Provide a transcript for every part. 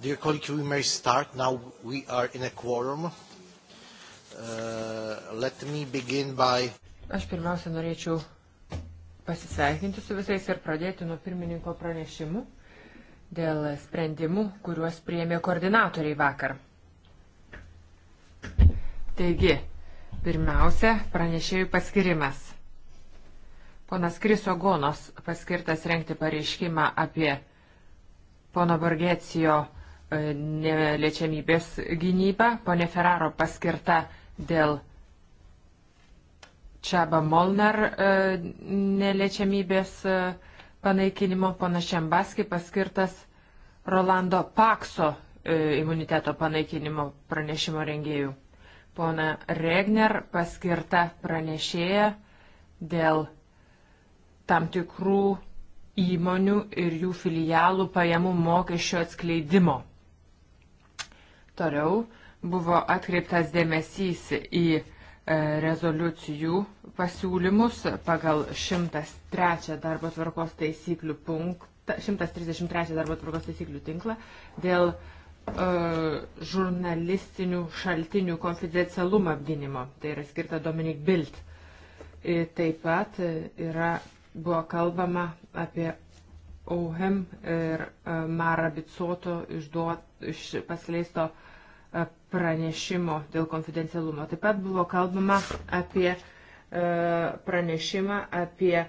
Dear colleague, we may start. Now we are in a quorum. Uh, let me begin by... Aš pirmiausia norėčiau pasisveikinti su visais ir pradėti nuo pirmininko pranešimų dėl sprendimų, kuriuos priėmė koordinatoriai vakar. Taigi, pirmiausia, pranešėjų paskirimas. Ponas Krisogonos paskirtas renkti pareiškimą apie pono Borgėcijo neliečiamybės gynyba. Pone Ferraro paskirta dėl Čiaba Molnar e, neliečiamybės e, panaikinimo. Pana Šembaski paskirtas Rolando Pakso e, imuniteto panaikinimo pranešimo rengėjų. Pona Regner paskirta pranešėja dėl tam tikrų įmonių ir jų filialų pajamų mokesčio atskleidimo. Toliau buvo atkreiptas dėmesys į e, rezoliucijų pasiūlymus pagal 103 darbo tvarkos taisyklių punktą, 133 darbo tvarkos taisyklių tinklą dėl uh, žurnalistinių šaltinių konfidencialumo apginimo. Tai yra skirta Dominik Bild. Ir taip pat e, yra, buvo kalbama apie OHEM ir Mara Bicoto išduot, iš paskleisto uh, pranešimo dėl konfidencialumo. Taip pat buvo kalbama apie e, pranešimą apie e,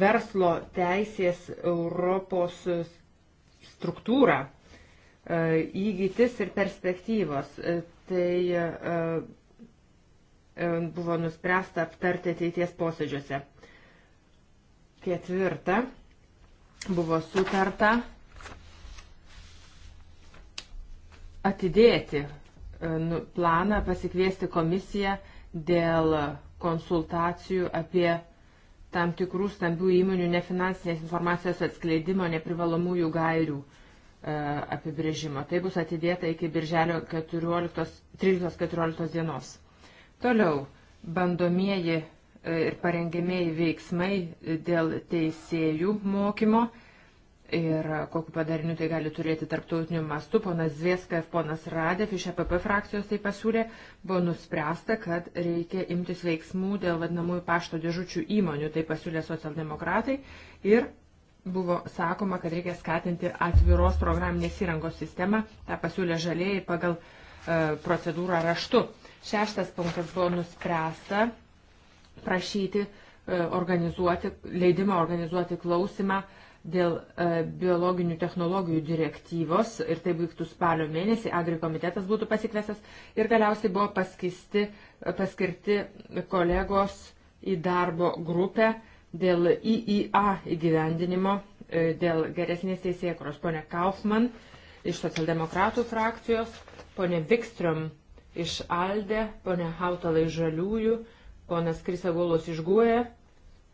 verslo teisės Europos struktūrą, e, įgytis ir perspektyvos. Tai buvo nuspręsta aptarti ateities posėdžiuose. Ketvirta, buvo sutarta atidėti e, nu, planą pasikviesti komisiją dėl konsultacijų apie tam tikrų stambių įmonių nefinansinės informacijos atskleidimo neprivalomųjų gairių e, apibrėžimo. Tai bus atidėta iki birželio 13-14 dienos. Toliau, bandomieji e, ir parengėmėjai veiksmai dėl teisėjų mokymo ir kokiu padariniu tai gali turėti tarptautiniu mastu. Ponas Zvieska ir ponas Radev iš EPP frakcijos tai pasiūlė, buvo nuspręsta, kad reikia imtis veiksmų dėl vadinamųjų pašto dėžučių įmonių, tai pasiūlė socialdemokratai ir buvo sakoma, kad reikia skatinti atviros programinės įrangos sistemą, tą pasiūlė žalėjai pagal e, procedūrą raštu. Šeštas punktas buvo nuspręsta prašyti e, organizuoti, leidimą organizuoti klausimą e, dėl e, biologinių technologijų direktyvos ir tai baigtų spalio mėnesį, agri komitetas būtų pasikvesęs ir galiausiai buvo paskisti, paskirti kolegos į darbo grupę dėl IIA įgyvendinimo, e, dėl geresnės teisėkuros. Pone Kaufman iš socialdemokratų frakcijos, pone Vikstrom iš Alde, pone Hautalai Žaliųjų, ponas Krisagolos iš Guoja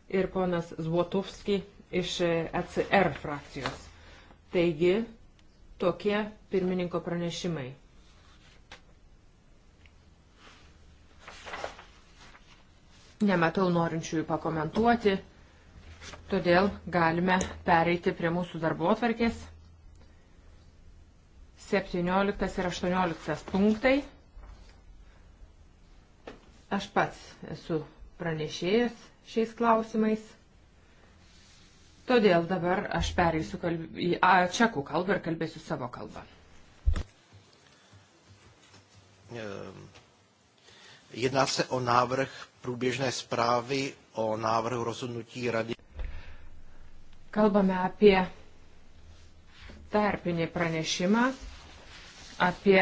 ir ponas Zvotovski iš ECR frakcijos. Taigi, tokie pirmininko pranešimai. Nematau norinčiųjų pakomentuoti, todėl galime pereiti prie mūsų darbo atvarkės. 17 ir 18 punktai. Aš pats esu pranešėjęs šiais klausimais. Todėl dabar aš pereisiu kalb... į a, čekų kalbą ir kalbėsiu savo kalbą. Jedná se o návrh průběžné zprávy o návrhu rozhodnutí rady. Kalbame apie tarpinį pranešimą, apie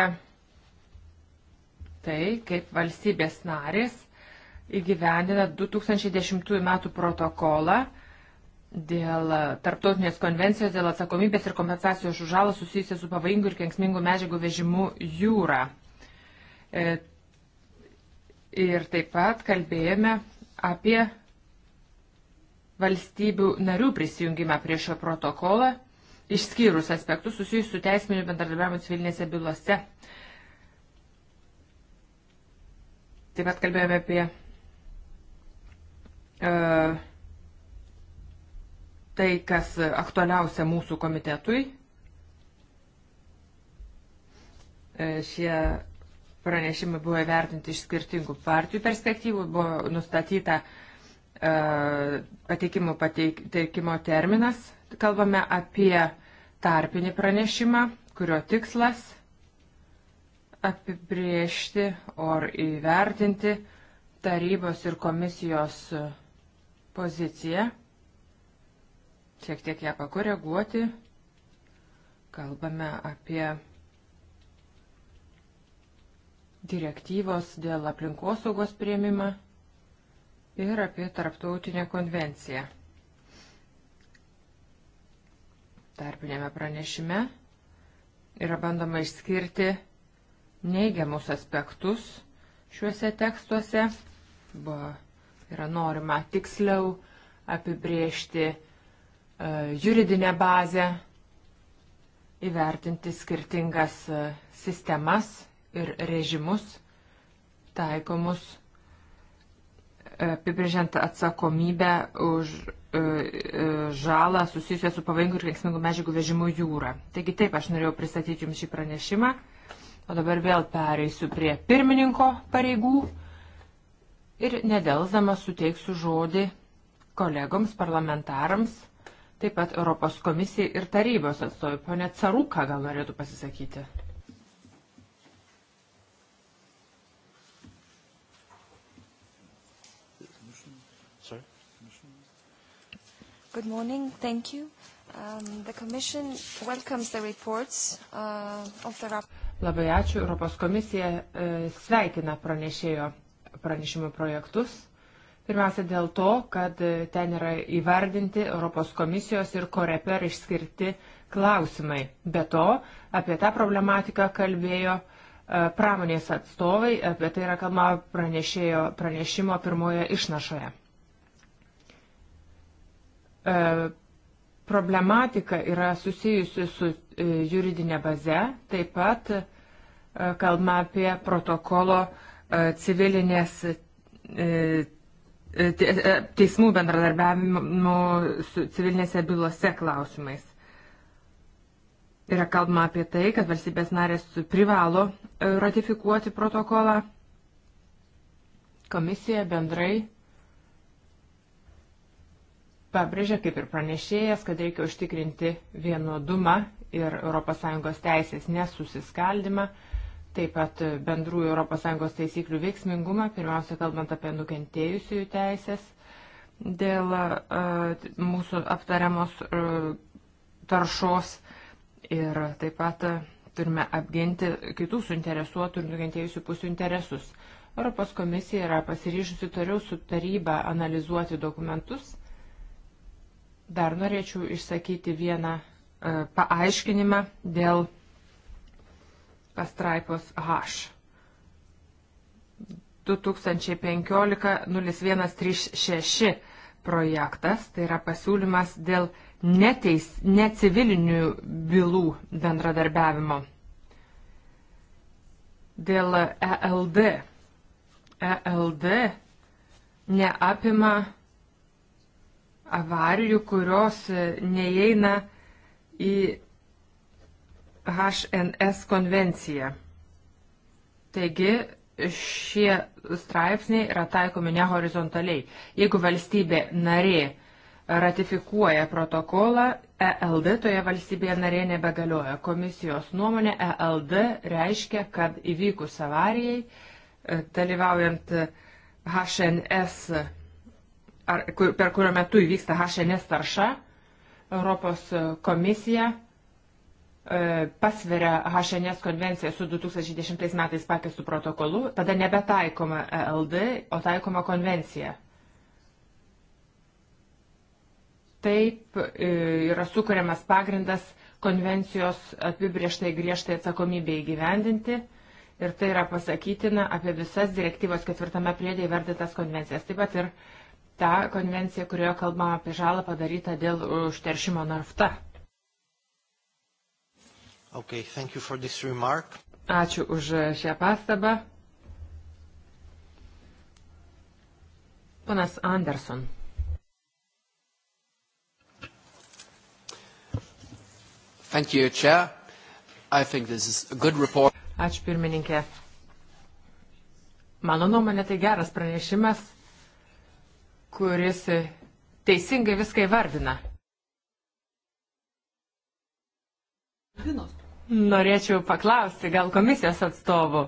tai, kaip valstybės narės įgyvendina 2010 m. protokolą dėl e, tarptautinės konvencijos dėl atsakomybės ir kompensacijos už žalą susijusią su pavojingų ir kenksmingų medžiagų vežimu jūra. E, ir taip pat kalbėjome apie valstybių narių prisijungimą prie šio protokolą, išskyrus aspektus susijusius su teisminiu bendradarbiavimu civilinėse bylose. Taip pat kalbėjome apie uh, tai, kas aktualiausia mūsų komitetui. E, šie pranešimai buvo įvertinti iš skirtingų partijų perspektyvų, buvo nustatyta e, pateikimo pateikimo terminas. Kalbame apie tarpinį pranešimą, kurio tikslas apibriežti ar įvertinti tarybos ir komisijos poziciją šiek tiek ją pakoreguoti. Kalbame apie direktyvos dėl aplinkosaugos prieimimą ir apie tarptautinę konvenciją. Tarpinėme pranešime yra bandoma išskirti neigiamus aspektus šiuose tekstuose. Buvo, yra norima tiksliau apibriežti E, juridinę bazę, įvertinti skirtingas e, sistemas ir režimus taikomus, e, apibrėžiant atsakomybę už žalą susijusią su pavojingų ir kenksmingų medžiagų vežimu jūra. Taigi taip, aš norėjau pristatyti Jums šį pranešimą, o dabar vėl pereisiu prie pirmininko pareigų ir nedelsdamas suteiksiu žodį kolegoms parlamentarams taip pat Europos komisijai ir tarybos atstovai. Pone Caruka gal norėtų pasisakyti. Good morning. Thank you. Um, the Commission welcomes the reports uh, of the rapport. Labai ačiū. Europos komisija e, sveikina pranešėjo pranešimų projektus Pirmiausia dėl to, kad ten yra įvardinti Europos komisijos ir koreper išskirti klausimai. Be to, apie tą problematiką kalbėjo e, pramonės atstovai, apie tai yra kalba pranešėjo, pranešimo pirmoje išnašoje. E, problematika yra susijusi su e, juridinė baze, taip pat kalba apie protokolo civilinės E, e, teismų bendradarbiavimu su civilinėse bylose klausimais. Yra kalbama apie tai, kad valstybės narės privalo e, ratifikuoti protokolą. Komisija bendrai pabrėžia, kaip ir pranešėjas, kad reikia užtikrinti vienodumą ir ES teisės nesusiskaldimą taip pat bendrųjų ES taisyklių veiksmingumą, pirmiausia, kalbant apie nukentėjusiųjų teisės dėl uh, mūsų aptariamos uh, taršos ir taip pat uh, turime apginti kitų suinteresuotų ir nukentėjusių pusių interesus. Europos komisija yra pasiryžusi toliau su taryba analizuoti dokumentus. Dar norėčiau išsakyti vieną paaiškinimą dėl pastraipos H. 2015-0136 projektas, tai yra pasiūlymas dėl neteis, necivilinių bylų bendradarbiavimo. Dėl ELD. ELD neapima avarijų, kurios neįeina į HNS konvenciją. Taigi šie straipsniai yra taikomi ne horizontaliai. Jeigu valstybė narė ratifikuoja protokolą, ELD toje valstybėje narė nebegalioja. Komisijos nuomonė ELD reiškia, kad įvykus avarijai, e, dalyvaujant HNS, ar, kur, per kurio metu įvyksta HNS tarša, Europos komisija E, pasveria HNS konvenciją su 2010 metais pakeistų protokolu, tada nebetaikoma ELD, o taikoma konvencija. Taip e, yra sukuriamas pagrindas konvencijos apibrieštai griežtai atsakomybė įgyvendinti ir tai yra pasakytina apie visas direktyvos ketvirtame priedė įvardytas konvencijas. Taip pat ir ta konvencija, kurioje kalbama apie žalą padarytą dėl užteršimo nafta. Okay, thank you for this remark. Ačiū už šią pastabą. Ponas Anderson. Thank you, Chair. I think this is a good report. Ačiū pirmininkė. Mano nuomonė tai geras pranešimas, kuris teisingai viską įvardina. Vinos. Norėčiau paklausti, gal komisijos atstovų.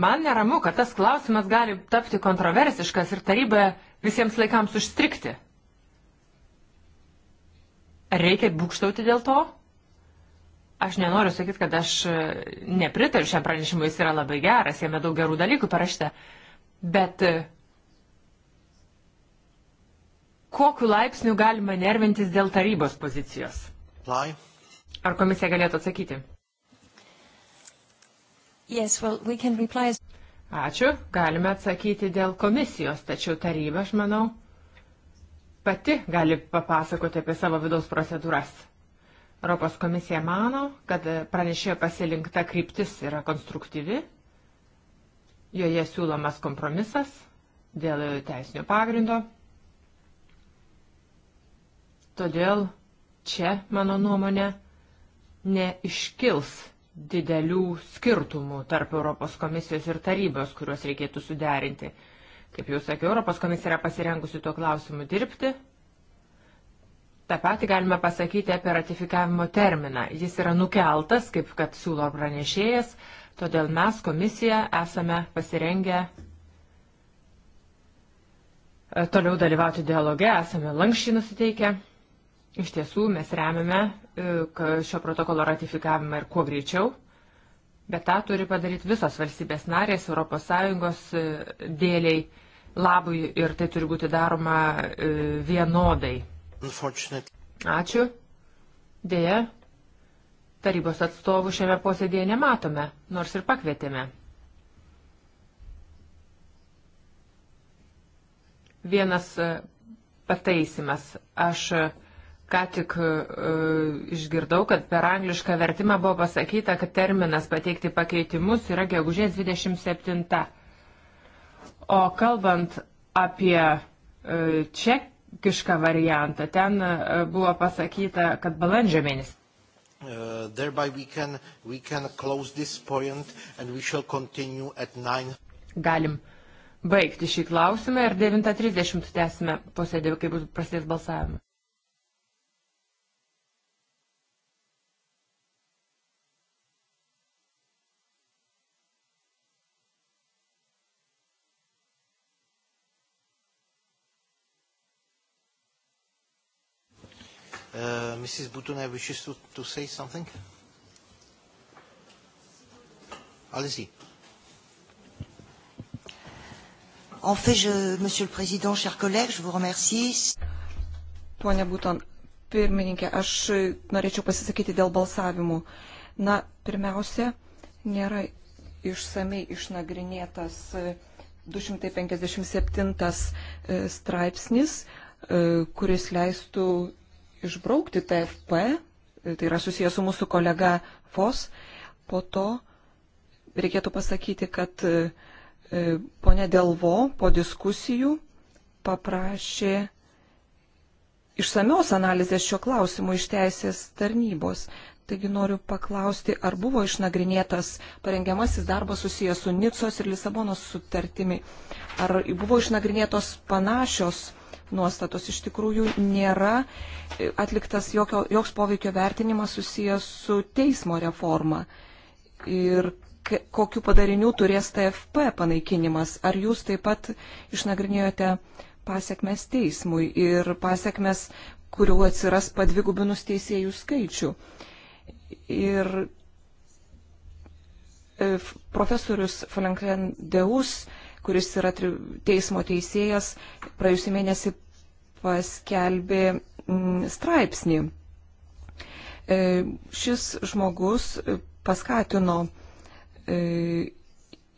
Man neramu, kad tas klausimas gali tapti kontroversiškas ir taryba visiems laikams užstrikti. Reikia būkštauti dėl to? Aš nenoriu sakyti, kad aš e, nepritariu šiam pranešimui, jis yra labai geras, jame daug gerų dalykų parašyta, bet e, kokiu laipsniu galima nervintis dėl tarybos pozicijos? Lai. Ar komisija galėtų atsakyti? Yes, well, we can reply. Ačiū, galime atsakyti dėl komisijos, tačiau taryba, aš manau, pati gali papasakoti apie savo vidaus procedūras. Europos komisija mano, kad pranešėjo pasilinkta kryptis yra konstruktyvi, joje siūlomas kompromisas dėl teisinio pagrindo Todėl čia, mano nuomonė, neiškils didelių skirtumų tarp Europos komisijos ir tarybos, kuriuos reikėtų suderinti. Kaip jau sakiau, Europos komisija yra pasirengusi tuo klausimu dirbti. Ta pati galime pasakyti apie ratifikavimo terminą. Jis yra nukeltas, kaip kad siūlo pranešėjas, todėl mes komisija esame pasirengę e, toliau dalyvauti dialoge, esame lankščiai nusiteikę. Iš tiesų, mes remiame e, šio protokolo ratifikavimą ir kuo greičiau, bet tą turi padaryti visos valstybės narės ES e, dėliai labui ir tai turi būti daroma e, vienodai. Ačiū. Deja, tarybos atstovų šiame posėdėje nematome, nors ir pakvietėme. Vienas pataisimas. Aš ką tik uh, išgirdau, kad per anglišką vertimą buvo pasakyta, kad terminas pateikti pakeitimus yra gegužės 27. O kalbant apie uh, čekišką variantą, ten uh, buvo pasakyta, kad balandžio mėnesį. Uh, thereby we can, we can close this point and we shall continue at 9. Galim baigti šį klausimą ir 9.30 tęsime posėdį, kai bus prasidės balsavimas. Mrs. Boutonnais wishes to, to say something? Allez-y. En fait, je, Monsieur le Président, chers collègues, je vous remercie. Pone Būton, pirmininkė, aš norėčiau pasisakyti dėl balsavimų. Na, pirmiausia, nėra išsamei išnagrinėtas 257 e, e, straipsnis, e, kuris leistų išbraukti TFP, tai yra susijęs su mūsų kolega Fos, po to reikėtų pasakyti, kad e, ponė Delvo po diskusijų paprašė išsamios analizės šio klausimu iš teisės tarnybos. Taigi noriu paklausti, ar buvo išnagrinėtas parengiamasis darbas susijęs su Nicos ir Lisabonos sutartimi, ar buvo išnagrinėtos panašios nuostatos. Iš tikrųjų nėra atliktas jokio, joks poveikio vertinimas susijęs su teismo reforma. Ir kokiu padariniu turės TFP panaikinimas. Ar jūs taip pat išnagrinėjote pasiekmes teismui ir pasiekmes, kurių atsiras padvigubinus teisėjų skaičių? Ir e, profesorius Falenkren Deus kuris yra teismo teisėjas, praėjusį mėnesį paskelbė mm, straipsnį. E, šis žmogus paskatino e,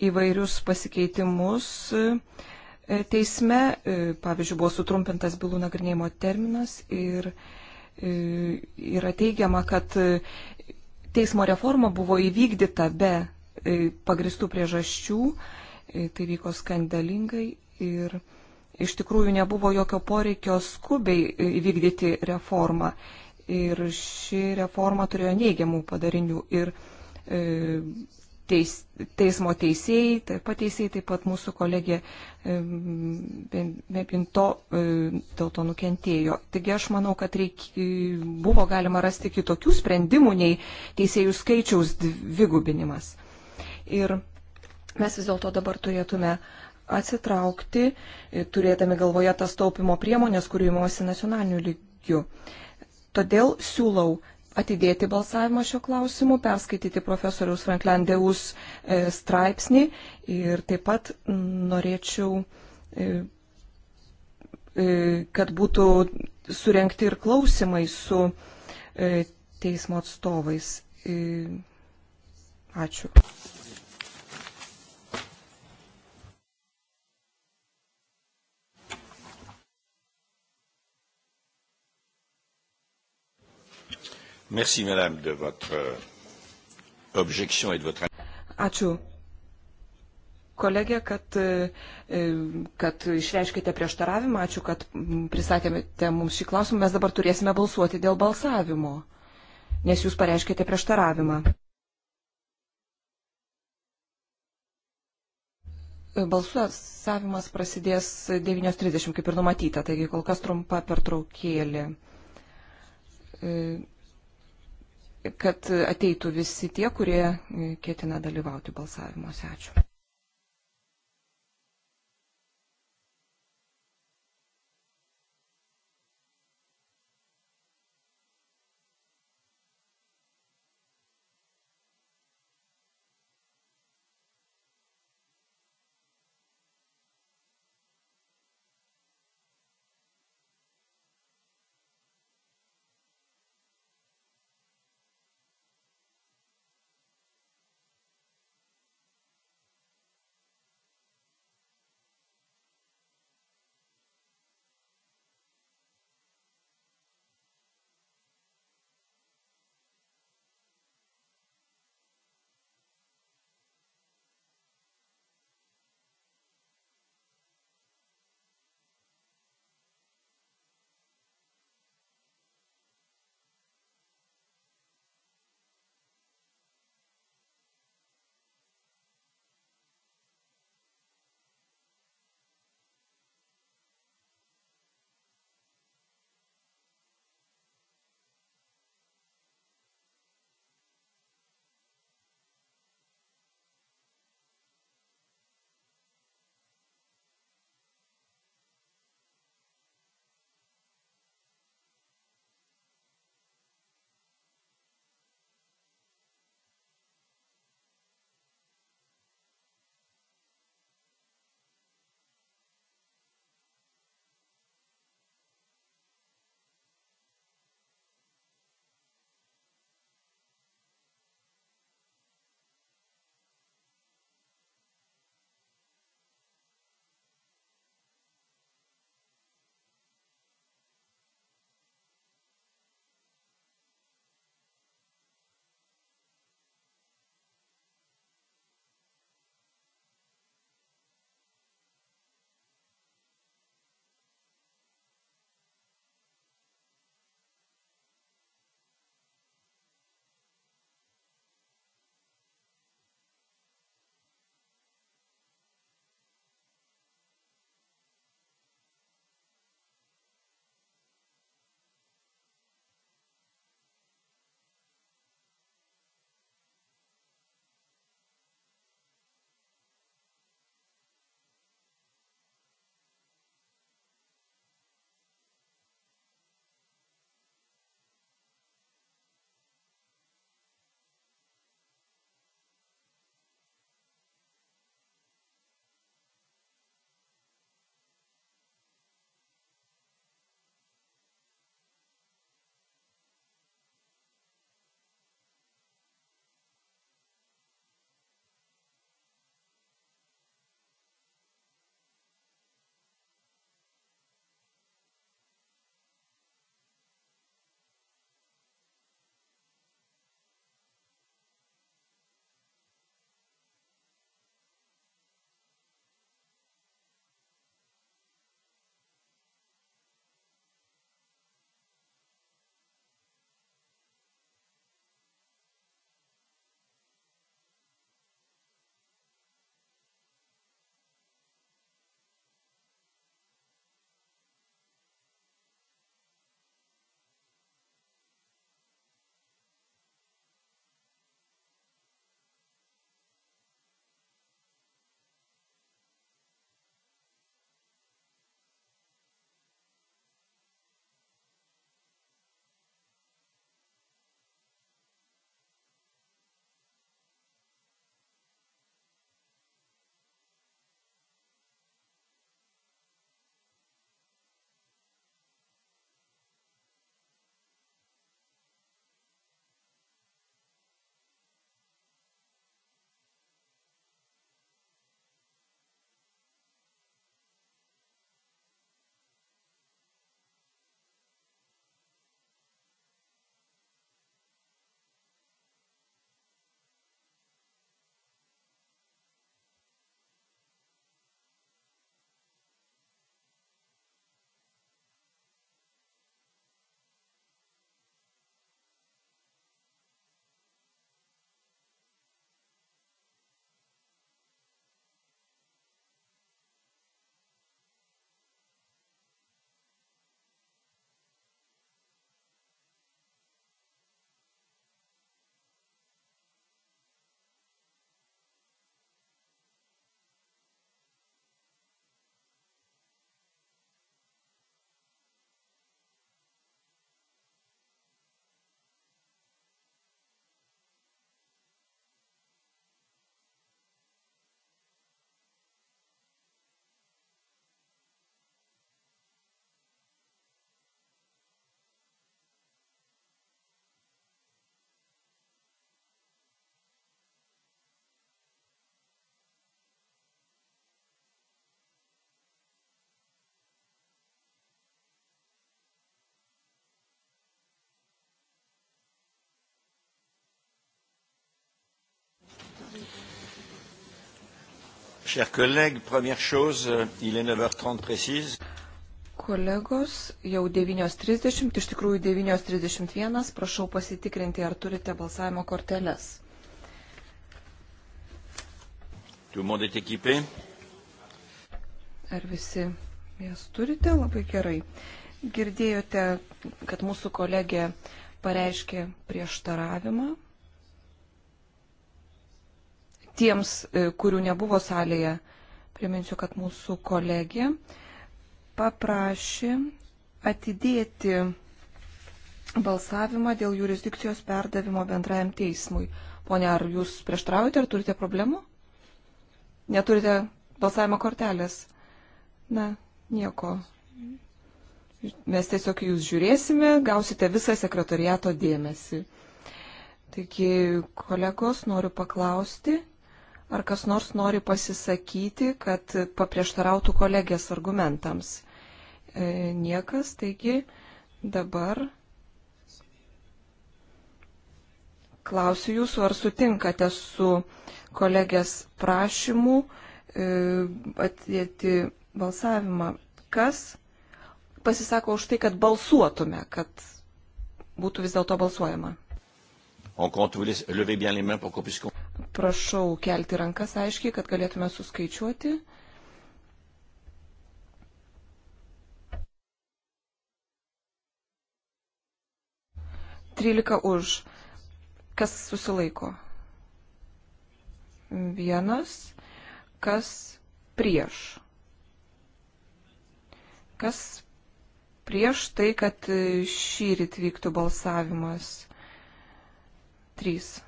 įvairius pasikeitimus e, teisme, pavyzdžiui, buvo sutrumpintas bylų nagrinėjimo terminas ir yra teigiama, kad teismo reforma buvo įvykdyta be pagristų priežasčių E, tai vyko skandalingai ir iš tikrųjų nebuvo jokio poreikio skubiai e, įvykdyti reformą. Ir ši reforma turėjo neigiamų padarinių. Ir e, teis, teismo teisėjai, taip pat teisėjai, taip pat mūsų kolegė Mepinto e, dėl to nukentėjo. Taigi aš manau, kad reik, e, buvo galima rasti kitokių sprendimų nei teisėjų skaičiaus dvigubinimas. Ir mes vis dėlto dabar turėtume atsitraukti, e, turėdami galvoje tas taupimo priemonės, kurių įmosi nacionaliniu lygiu. Todėl siūlau atidėti balsavimą šio klausimu, perskaityti profesoriaus Franklendeus e, straipsnį ir taip pat norėčiau, e, kad būtų surenkti ir klausimai su teismo atstovais. Ačiū. Merci, madame, de votre euh, objection et de votre. Ačiū, kolegė, kad, e, kad išreiškite prieštaravimą. Ačiū, kad prisakėte mums šį klausimą. Mes dabar turėsime balsuoti dėl balsavimo, nes jūs pareiškite prieštaravimą. Balsuosavimas prasidės 9.30, kaip ir numatyta, taigi kol kas trumpa pertraukėlė. E, kad ateitų visi tie, kurie ketina dalyvauti balsavimuose. Ačiū. Chers collègues, première chose, euh, il est 9h30 précise. Kolegos, jau 9.30, iš tikrųjų 9.31, prašau pasitikrinti, ar turite balsavimo korteles. Ar visi jas turite? Labai gerai. Girdėjote, kad mūsų kolegė pareiškė prieštaravimą tiems, e, kurių nebuvo salėje, priminsiu, kad mūsų kolegė paprašė atidėti balsavimą dėl jurisdikcijos perdavimo bendrajam teismui. Pone, ar jūs prieštraujate, ar turite problemų? Neturite balsavimo kortelės? Na, nieko. Mes tiesiog jūs žiūrėsime, gausite visą sekretoriato dėmesį. Taigi, kolegos, noriu paklausti, Ar kas nors nori pasisakyti, kad paprieštarautų kolegės argumentams? E, niekas, taigi dabar klausiu jūsų, ar sutinkate su kolegės prašymu e, atėti balsavimą. Kas pasisako už tai, kad balsuotume, kad būtų vis dėlto balsuojama? Prašau kelti rankas aiškiai, kad galėtume suskaičiuoti. Trylika už. Kas susilaiko? Vienas. Kas prieš? Kas prieš tai, kad šyrit vyktų balsavimas? Trys.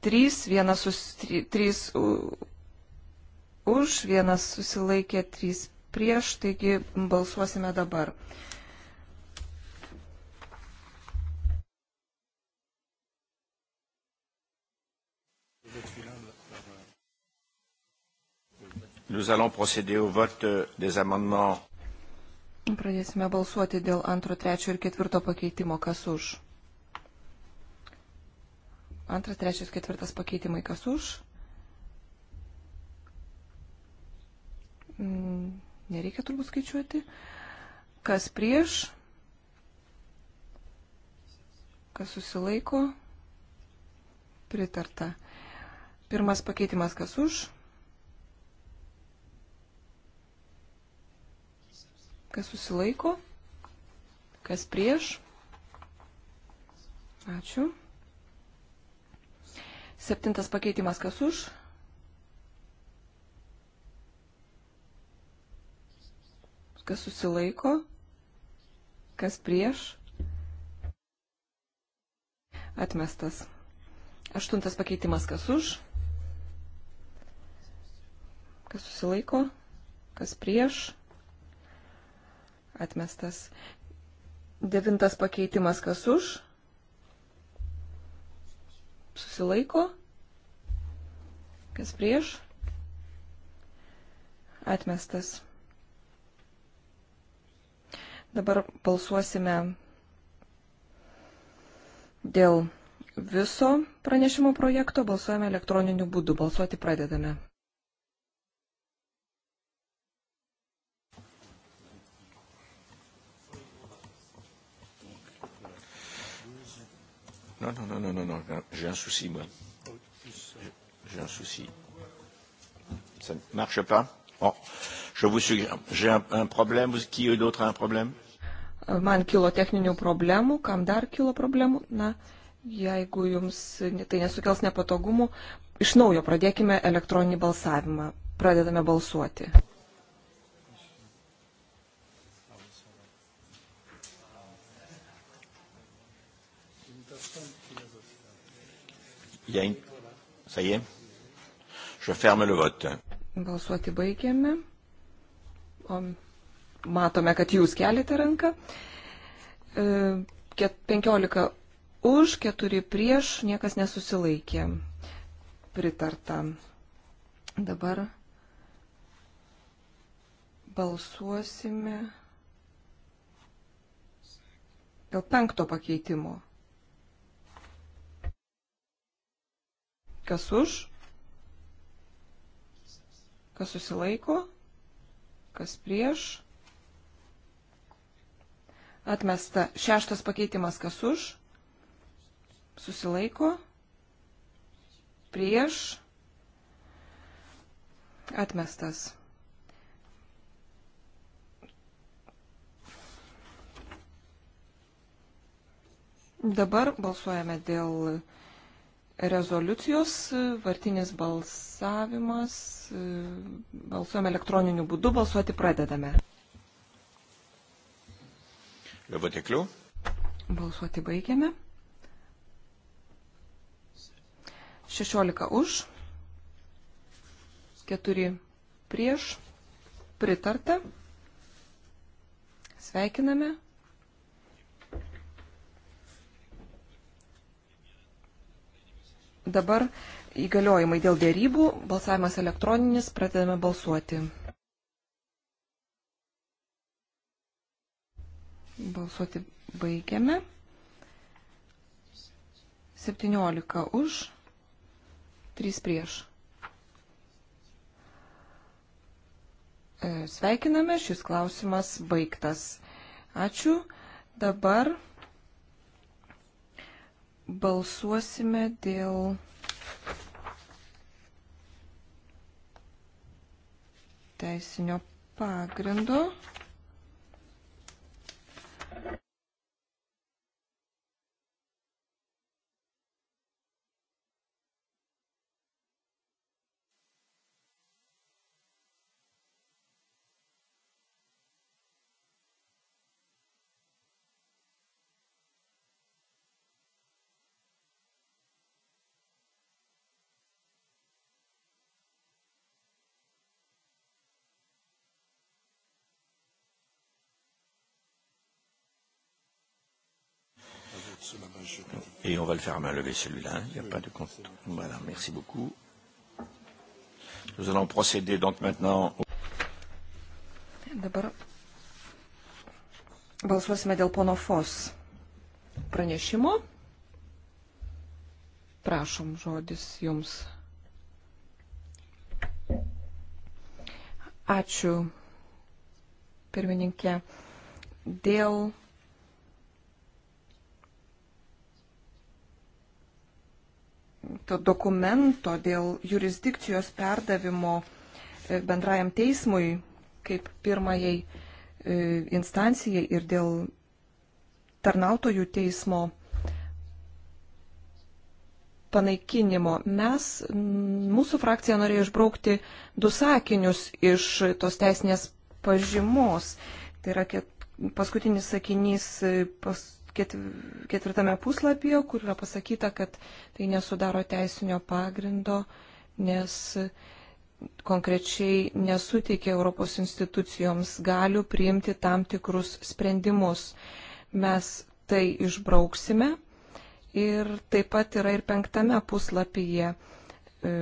3, vienas sus, 3 už, vienas susilaikė, 3 prieš, taigi balsuosime dabar. Nous allons procéder au vote euh, des amendements. Pradėsime balsuoti dėl antro, trečio ir ketvirto pakeitimo. Kas už? Antras, trečias, ketvirtas pakeitimai kas už. Mm, nereikia turbūt skaičiuoti. Kas prieš? Kas susilaiko? Pritarta. Pirmas pakeitimas kas už? Kas susilaiko? Kas prieš? Ačiū. Septintas pakeitimas kas už? Kas susilaiko? Kas prieš? Atmestas. Aštuntas pakeitimas kas už? Kas susilaiko? Kas prieš? Atmestas. Devintas pakeitimas kas už? susilaiko, kas prieš, atmestas. Dabar balsuosime dėl viso pranešimo projekto, balsuojame elektroniniu būdu, balsuoti pradedame. Non, non, non, non, non, non j'ai un souci, moi. J'ai un souci. Ça ne marche pas O, je vous suggère, j'ai un, un problème, qui d'autre a un problème? Euh, man kilo techninių problemų, kam dar kilo problemų? Na, jeigu jums tai nesukels nepatogumų, iš naujo pradėkime elektroninį balsavimą. Pradedame balsuoti. Il y a une... Ça y est Je ferme le vote. Balsuoti baigėme. O matome, kad jūs keliate ranką. 15 e, už, 4 prieš, niekas nesusilaikė. Pritarta. Dabar balsuosime dėl penkto pakeitimo. Kas už? Kas susilaiko? Kas prieš? Atmesta šeštas pakeitimas. Kas už? Susilaiko? Prieš? Atmestas. Dabar balsuojame dėl rezoliucijos, vartinis balsavimas, balsuojame elektroniniu būdu, balsuoti pradedame. Levatikliu. Balsuoti baigiame. 16 už, 4 prieš, pritarta. Sveikiname. Dabar įgaliojimai dėl dėrybų, balsavimas elektroninis, pradedame balsuoti. Balsuoti baigiame. 17 už, 3 prieš. E, sveikiname, šis klausimas baigtas. Ačiū. Dabar balsuosime dėl teisinio pagrindo. Et on va le faire à main levée celui-là. Il n'y a pas de compte. Voilà, merci beaucoup. Nous allons procéder donc maintenant. Dabar balsuosime dėl pono Fos pranešimo. Prašom, žodis jums. Ačiū, pirmininkė. Dėl to dokumento dėl jurisdikcijos perdavimo e, bendrajam teismui kaip pirmajai e, instancijai ir dėl tarnautojų teismo panaikinimo. Mes, mūsų frakcija norėjo išbraukti du sakinius iš tos teisinės pažymos. Tai yra paskutinis sakinys e, pas, ketvirtame puslapyje, kur yra pasakyta, kad tai nesudaro teisinio pagrindo, nes konkrečiai nesuteikia Europos institucijoms galių priimti tam tikrus sprendimus. Mes tai išbrauksime ir taip pat yra ir penktame puslapyje, e,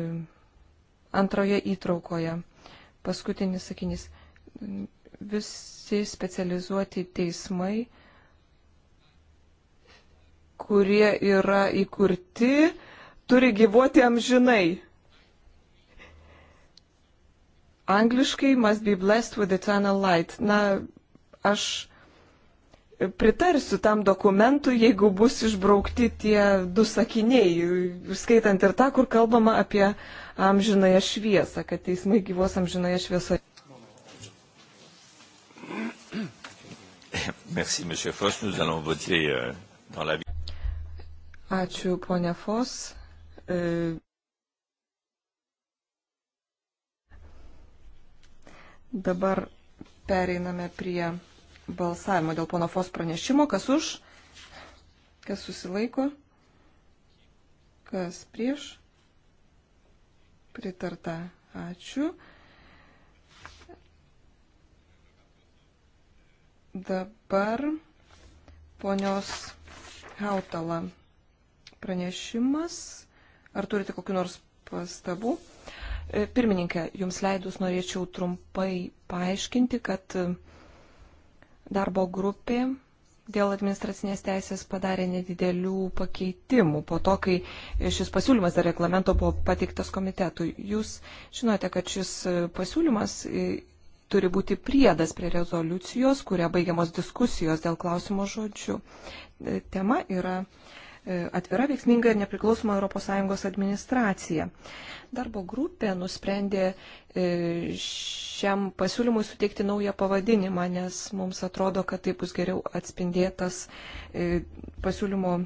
antroje įtraukoje. Paskutinis sakinys. Visi specializuoti teismai kurie yra įkurti, turi gyvuoti amžinai. Angliškai must be blessed with eternal light. Na, aš pritarsiu tam dokumentui, jeigu bus išbraukti tie du sakiniai, skaitant ir tą, kur kalbama apie amžinąją šviesą, kad teismai gyvos amžinąją šviesą. Merci, Monsieur Foss. Nous allons voter euh, dans la. Ačiū, ponė Fos. E, dabar pereiname prie balsavimo dėl pono Fos pranešimo. Kas už? Kas susilaiko? Kas prieš? Pritarta. Ačiū. Dabar ponios Hautala pranešimas. Ar turite kokiu nors pastabų? E, pirmininkė, jums leidus norėčiau trumpai paaiškinti, kad darbo grupė dėl administracinės teisės padarė nedidelių pakeitimų po to, kai šis pasiūlymas dar reglamento buvo pateiktas komitetui. Jūs žinote, kad šis pasiūlymas e, turi būti priedas prie rezoliucijos, kuria baigiamos diskusijos dėl klausimo žodžių. E, tema yra E, atvira, veiksminga ir nepriklausoma ES administracija. Darbo grupė nusprendė e, šiam pasiūlymui suteikti naują pavadinimą, nes mums atrodo, kad tai bus geriau atspindėtas e, pasiūlymo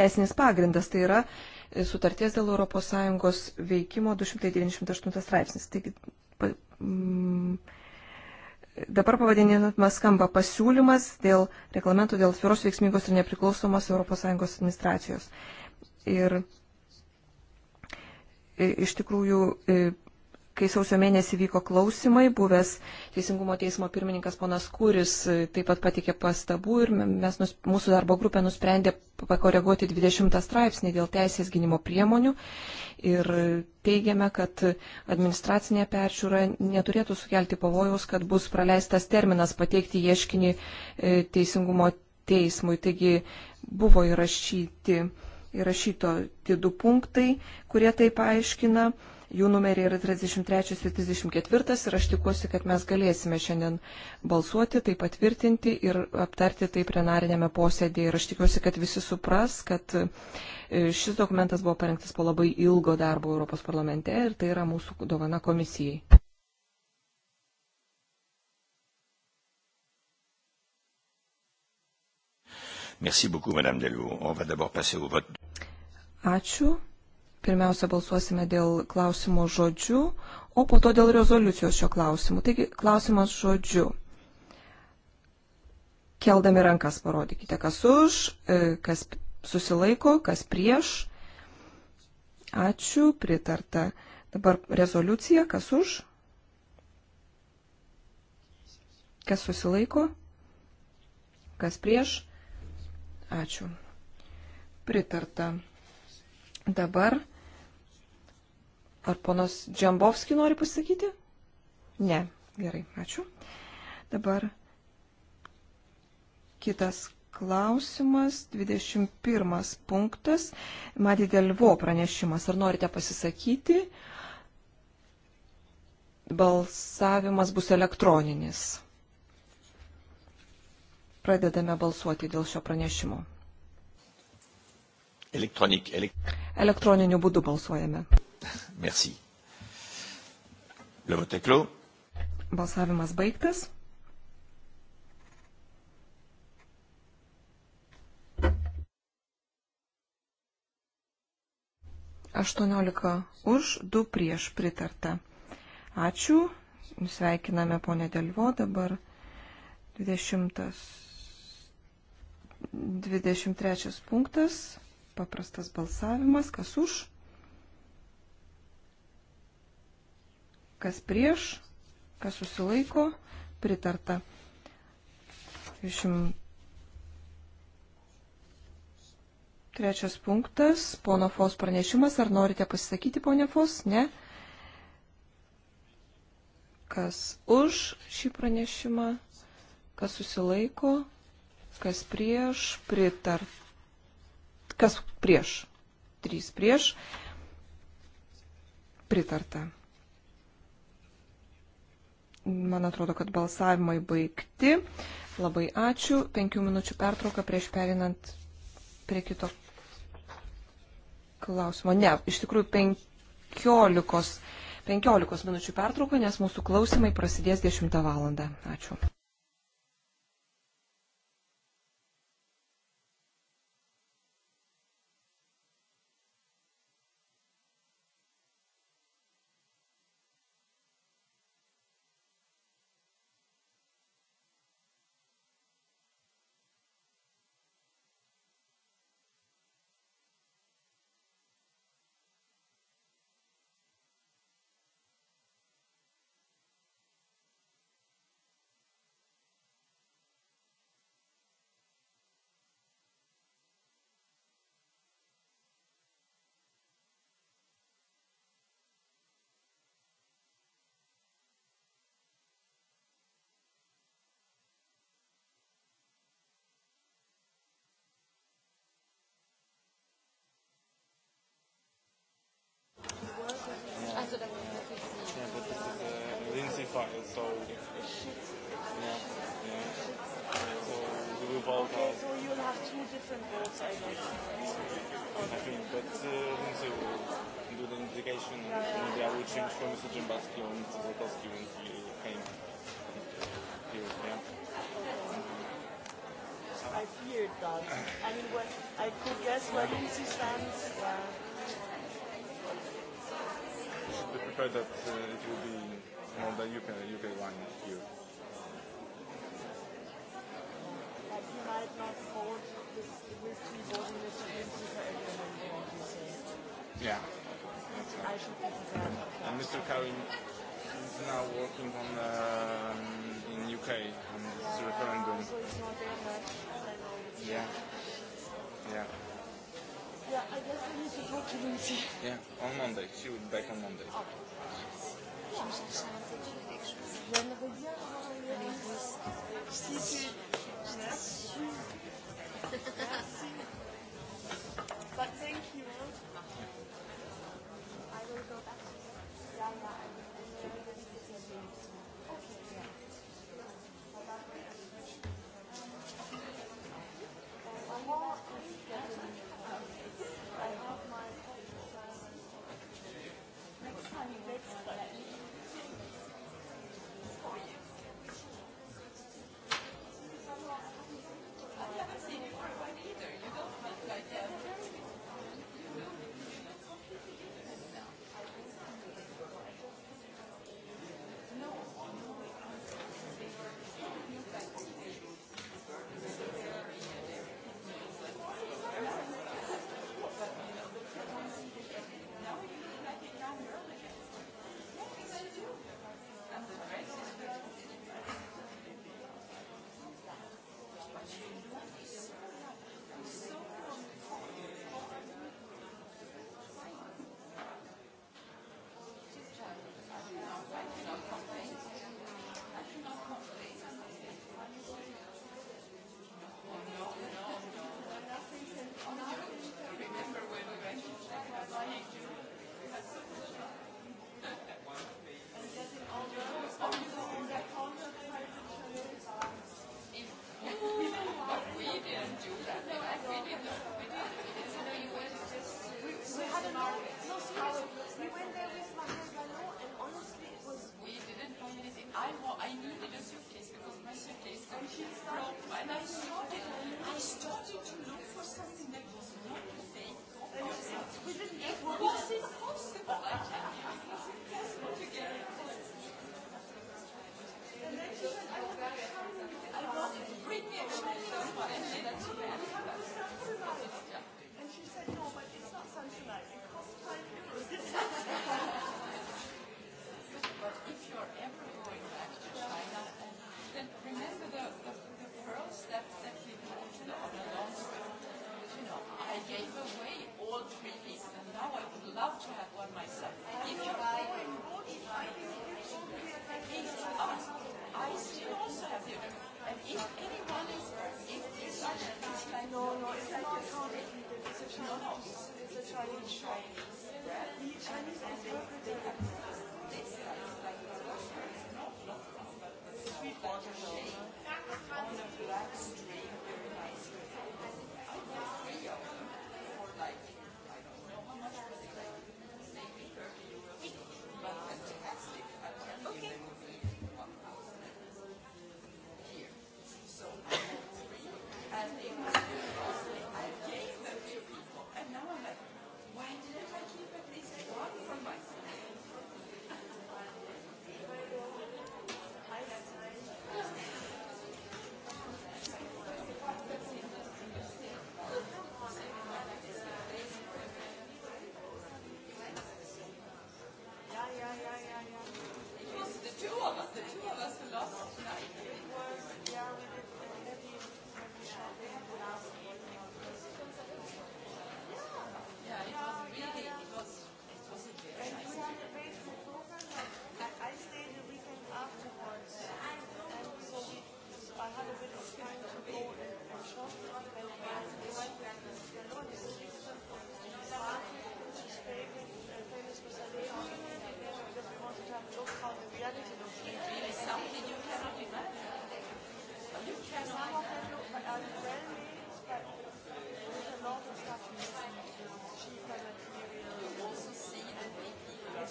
teisinis pagrindas. Tai yra sutarties dėl ES veikimo 298 straipsnis. Taigi, pa, mm, Dabar pavadinimas skamba pasiūlymas dėl reglamentų dėl atviros veiksmingos ir nepriklausomos ES administracijos. Ir iš tikrųjų kai sausio mėnesį vyko klausimai, buvęs Teisingumo teismo pirmininkas ponas Kūris e, taip pat patikė pastabų ir mes, mūsų darbo grupė nusprendė pakoreguoti 20 straipsnį dėl teisės gynimo priemonių ir teigiame, kad administracinė peržiūra neturėtų sukelti pavojaus, kad bus praleistas terminas pateikti ieškinį e, Teisingumo teismui. Taigi buvo įrašyti. Įrašyto tie du punktai, kurie tai paaiškina. Jų numeriai yra 33 ir 34 ir aš tikiuosi, kad mes galėsime šiandien balsuoti, tai patvirtinti ir aptarti tai plenarinėme posėdėje. Ir aš tikiuosi, kad visi supras, kad e, šis dokumentas buvo parengtas po labai ilgo darbo Europos parlamente ir tai yra mūsų dovana komisijai. Merci beaucoup, Madame Delou. On va d'abord passer au vote. Ačiū. Pirmiausia, balsuosime dėl klausimo žodžių, o po to dėl rezoliucijos šio klausimu. Taigi, klausimas žodžiu. Keldami rankas parodykite, kas už, e, kas susilaiko, kas prieš. Ačiū, pritarta. Dabar rezoliucija, kas už, kas susilaiko, kas prieš. Ačiū. Pritarta. Dabar ar ponas Džambovski nori pasakyti? Ne. Gerai, ačiū. Dabar kitas klausimas, 21 punktas, Madė Delvo pranešimas. Ar norite pasisakyti? Balsavimas bus elektroninis. Pradedame balsuoti dėl šio pranešimo. Elektronik, elekt... Elektroniniu būdu balsuojame. Merci. Le vote clos. Balsavimas baigtas. Aštuoniolika už, du prieš pritarta. Ačiū. Sveikiname ponę Delvo dabar. 20, 23 punktas paprastas balsavimas, kas už, kas prieš, kas susilaiko, pritarta. 23 punktas, pono Fos pranešimas, ar norite pasisakyti, ponė Fos, ne? Kas už šį pranešimą, kas susilaiko, kas prieš, pritarta. Kas prieš? 3 prieš. Pritarta. Man atrodo, kad balsavimai baigti. Labai ačiū. 5 minučių pertrauka prieš perinant prie kito klausimo. Ne, iš tikrųjų 15, 15 minučių pertrauka, nes mūsų klausimai prasidės 10 valandą. Ačiū. happening, but uh, so do the integration and maybe I will change for Mr. Dżembaski and Złotowski when he came here, yeah. I feared that. I mean, when I could guess where Lindsay stands. Uh, you should be prepared that uh, it will be more than UK, UK line here. Like you might not hold this, this keyboard in Mr. Lindsay for everything. Yeah. That's right. I should take that. And Mr. Karim is now working on uh, in UK on this yeah, referendum. So it's not there much. Yeah. Yeah. Yeah, I guess I need to talk to Lucy. Yeah, on Monday. She will be back on Monday. Okay. Yeah. Je ne veux bien avoir une réponse. Si, si. Je t'assure. Merci. But thank you.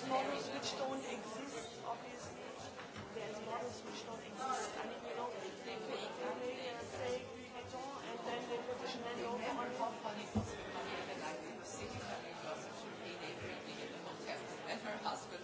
models which don't exist, obviously. There's models which don't exist. I mean, you know, they could make, uh, say, Louis Vuitton, and then they put the Chanel logo on top of it. And her husband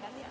kan ya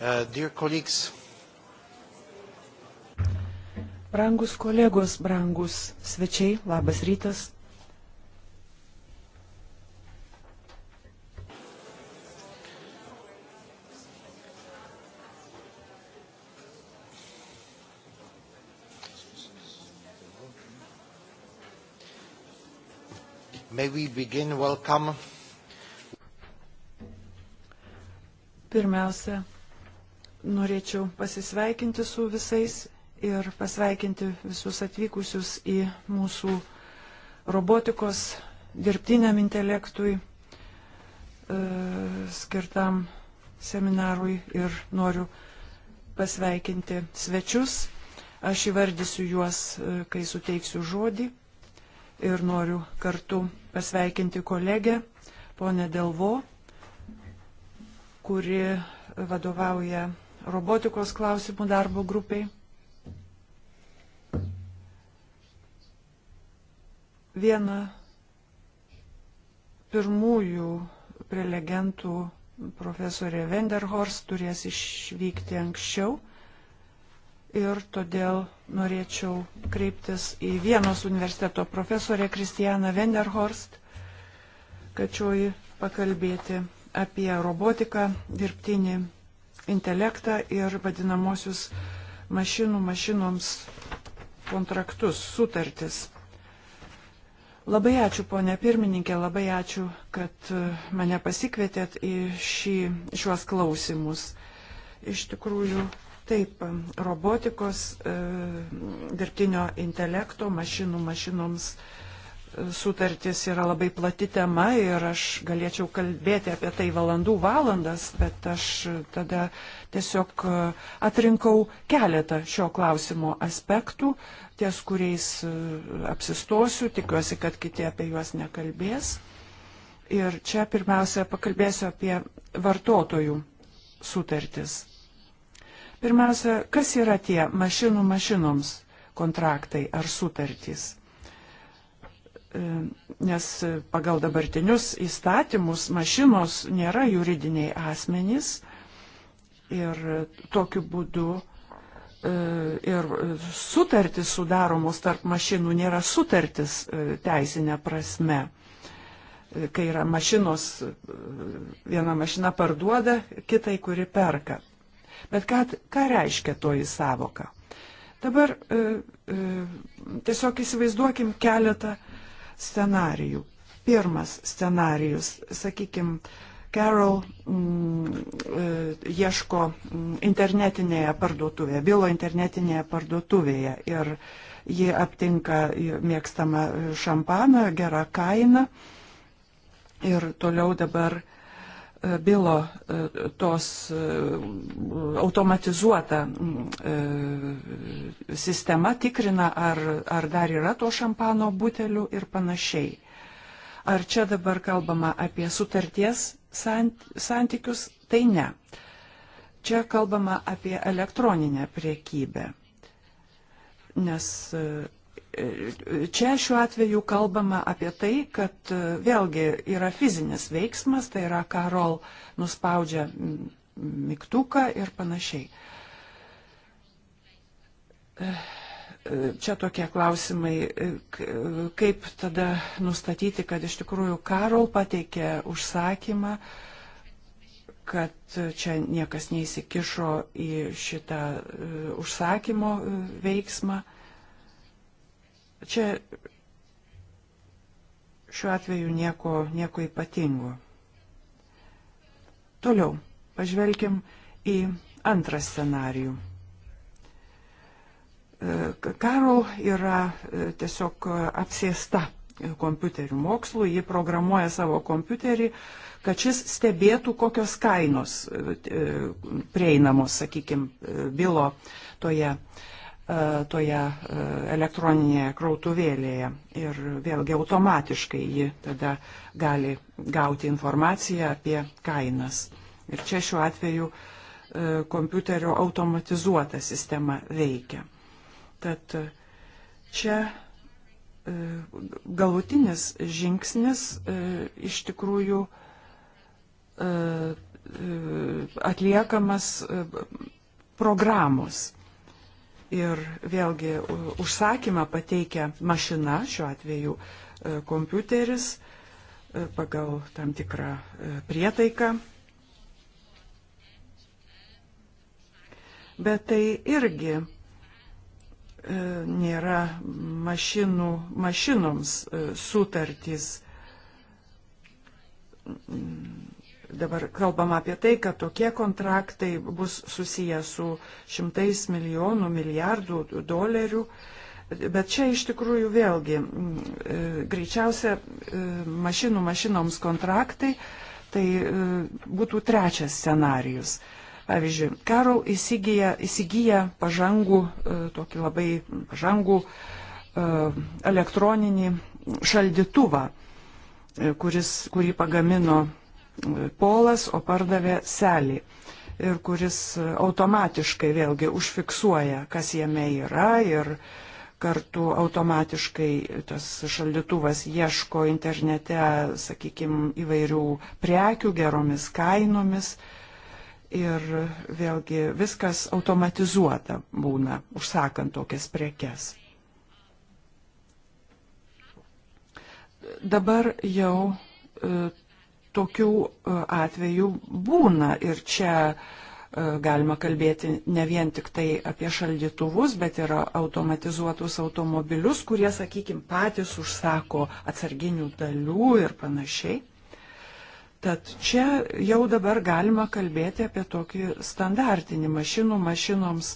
Uh, dear colleagues, Brangus kolegos, brangus svečiai, labas rytas. May we begin welcome. Pirmiausia, Norėčiau pasisveikinti su visais ir pasveikinti visus atvykusius į mūsų robotikos dirbtiniam intelektui e, skirtam seminarui ir noriu pasveikinti svečius. Aš įvardysiu juos, e, kai suteiksiu žodį ir noriu kartu pasveikinti kolegę, ponę Delvo, kuri vadovauja robotikos klausimų darbo grupiai. Viena pirmųjų prelegentų profesorė Venderhorst turės išvykti anksčiau ir todėl norėčiau kreiptis į Vienos universiteto profesorę Kristianą Venderhorst, kad šioji pakalbėti apie robotiką, dirbtinį intelektą ir vadinamosius mašinų mašinoms kontraktus, sutartis. Labai ačiū, ponė pirmininkė, labai ačiū, kad e, mane pasikvietėt į šį, šiuos klausimus. Iš tikrųjų, taip, robotikos, e, dirbtinio intelekto, mašinų mašinoms kontraktus sutartis yra labai plati tema ir aš galėčiau kalbėti apie tai valandų valandas, bet aš tada tiesiog e, atrinkau keletą šio klausimo aspektų, ties kuriais e, apsistosiu, tikiuosi, kad kiti apie juos nekalbės. Ir čia pirmiausia pakalbėsiu apie vartotojų sutartis. Pirmiausia, kas yra tie mašinų mašinoms kontraktai ar sutartys? E, nes pagal dabartinius įstatymus mašinos nėra juridiniai asmenys ir tokiu būdu e, ir sutartis sudaromos tarp mašinų nėra sutartis e, teisinė prasme. Kai yra mašinos, viena mašina parduoda, kitai, kuri perka. Bet ką, ką reiškia toji savoka? Dabar tiesiog įsivaizduokim keletą uh, scenarijų. Pirmas scenarijus, sakykime, Carol mm, e, ieško mm, internetinėje parduotuvėje, bylo internetinėje parduotuvėje ir ji aptinka mėgstamą e, šampaną, gerą kainą ir toliau dabar uh, bilo e, tos e, automatizuota e, sistema tikrina, ar, ar dar yra to šampano butelių ir panašiai. Ar čia dabar kalbama apie sutarties sant, santykius, tai ne. Čia kalbama apie elektroninę priekybę. Nes Čia šiuo atveju kalbama apie tai, kad e, vėlgi yra fizinis veiksmas, tai yra Karol nuspaudžia mygtuką ir panašiai. E, e, čia tokie klausimai, kaip tada nustatyti, kad iš tikrųjų Karol pateikė užsakymą, kad čia niekas neįsikišo į šitą užsakymo veiksmą. Čia šiuo atveju nieko, nieko ypatingo. Toliau pažvelkim į antrą scenarijų. E, Karol yra e, tiesiog apsėsta kompiuterių mokslų, ji programuoja savo kompiuterį, kad šis stebėtų, kokios kainos e, prieinamos, sakykime, bylo toje E, toje e, elektroninėje krautuvėlėje ir vėlgi automatiškai ji tada gali gauti informaciją apie kainas. Ir čia šiuo atveju e, kompiuterio automatizuota sistema veikia. Tad čia galutinis žingsnis iš tikrųjų atliekamas programos ir vėlgi užsakymą pateikia mašina, šiuo atveju e, kompiuteris e, pagal tam tikrą e, prietaiką. Bet tai irgi nėra mašinų, mašinoms sutartys Dabar kalbama apie tai, kad tokie kontraktai bus susiję su šimtais milijonų, milijardų dolerių. Bet čia iš tikrųjų vėlgi mm, e, greičiausia e, mašinų mašinoms kontraktai tai e, būtų trečias scenarius. Pavyzdžiui, karo įsigyja, įsigyja pažangų, tokį labai pažangų elektroninį šaldytuvą, kuris, kurį pagamino Polas, o pardavė Selį. Ir kuris automatiškai vėlgi užfiksuoja, kas jame yra ir kartu automatiškai tas šaldytuvas ieško internete, sakykime, įvairių prekių geromis kainomis. Ir vėlgi viskas automatizuota būna, užsakant tokias prekes. Dabar jau e, tokių e, atvejų būna ir čia e, galima kalbėti ne vien tik tai apie šaldytuvus, bet ir automatizuotus automobilius, kurie, sakykime, patys užsako atsarginių dalių ir panašiai. Tad čia jau dabar galima kalbėti apie tokį standartinį mašinų mašinoms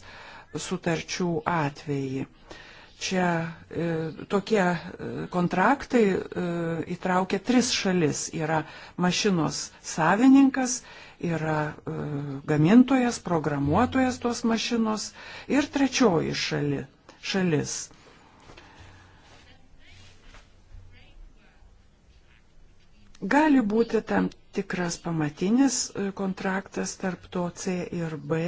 sutarčių atvejį. Uh, čia e, tokie e, kontraktai e, įtraukia tris šalis. Yra mašinos savininkas, yra e, gamintojas, programuotojas tos mašinos ir trečioji šali, šalis. Gali būti tam tikras pamatinis e, kontraktas tarp to C ir B.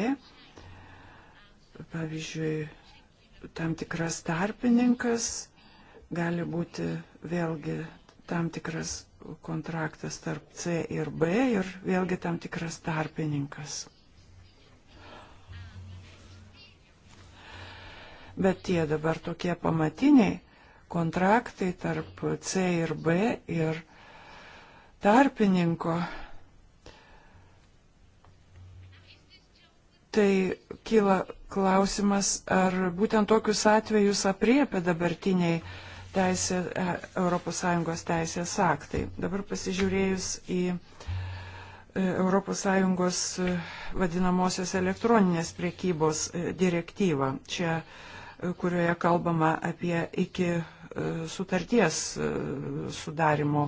Pavyzdžiui, tam tikras tarpininkas, gali būti vėlgi tam tikras kontraktas tarp C ir B ir vėlgi tam tikras tarpininkas. Bet tie dabar tokie pamatiniai kontraktai tarp C ir B ir tarpininko, tai kyla klausimas, ar būtent tokius atvejus apriepia dabartiniai teisė, ES teisės aktai. Dabar pasižiūrėjus į ES e, vadinamosios elektroninės priekybos e, direktyvą, čia, e, kurioje kalbama apie iki sutarties sudarimo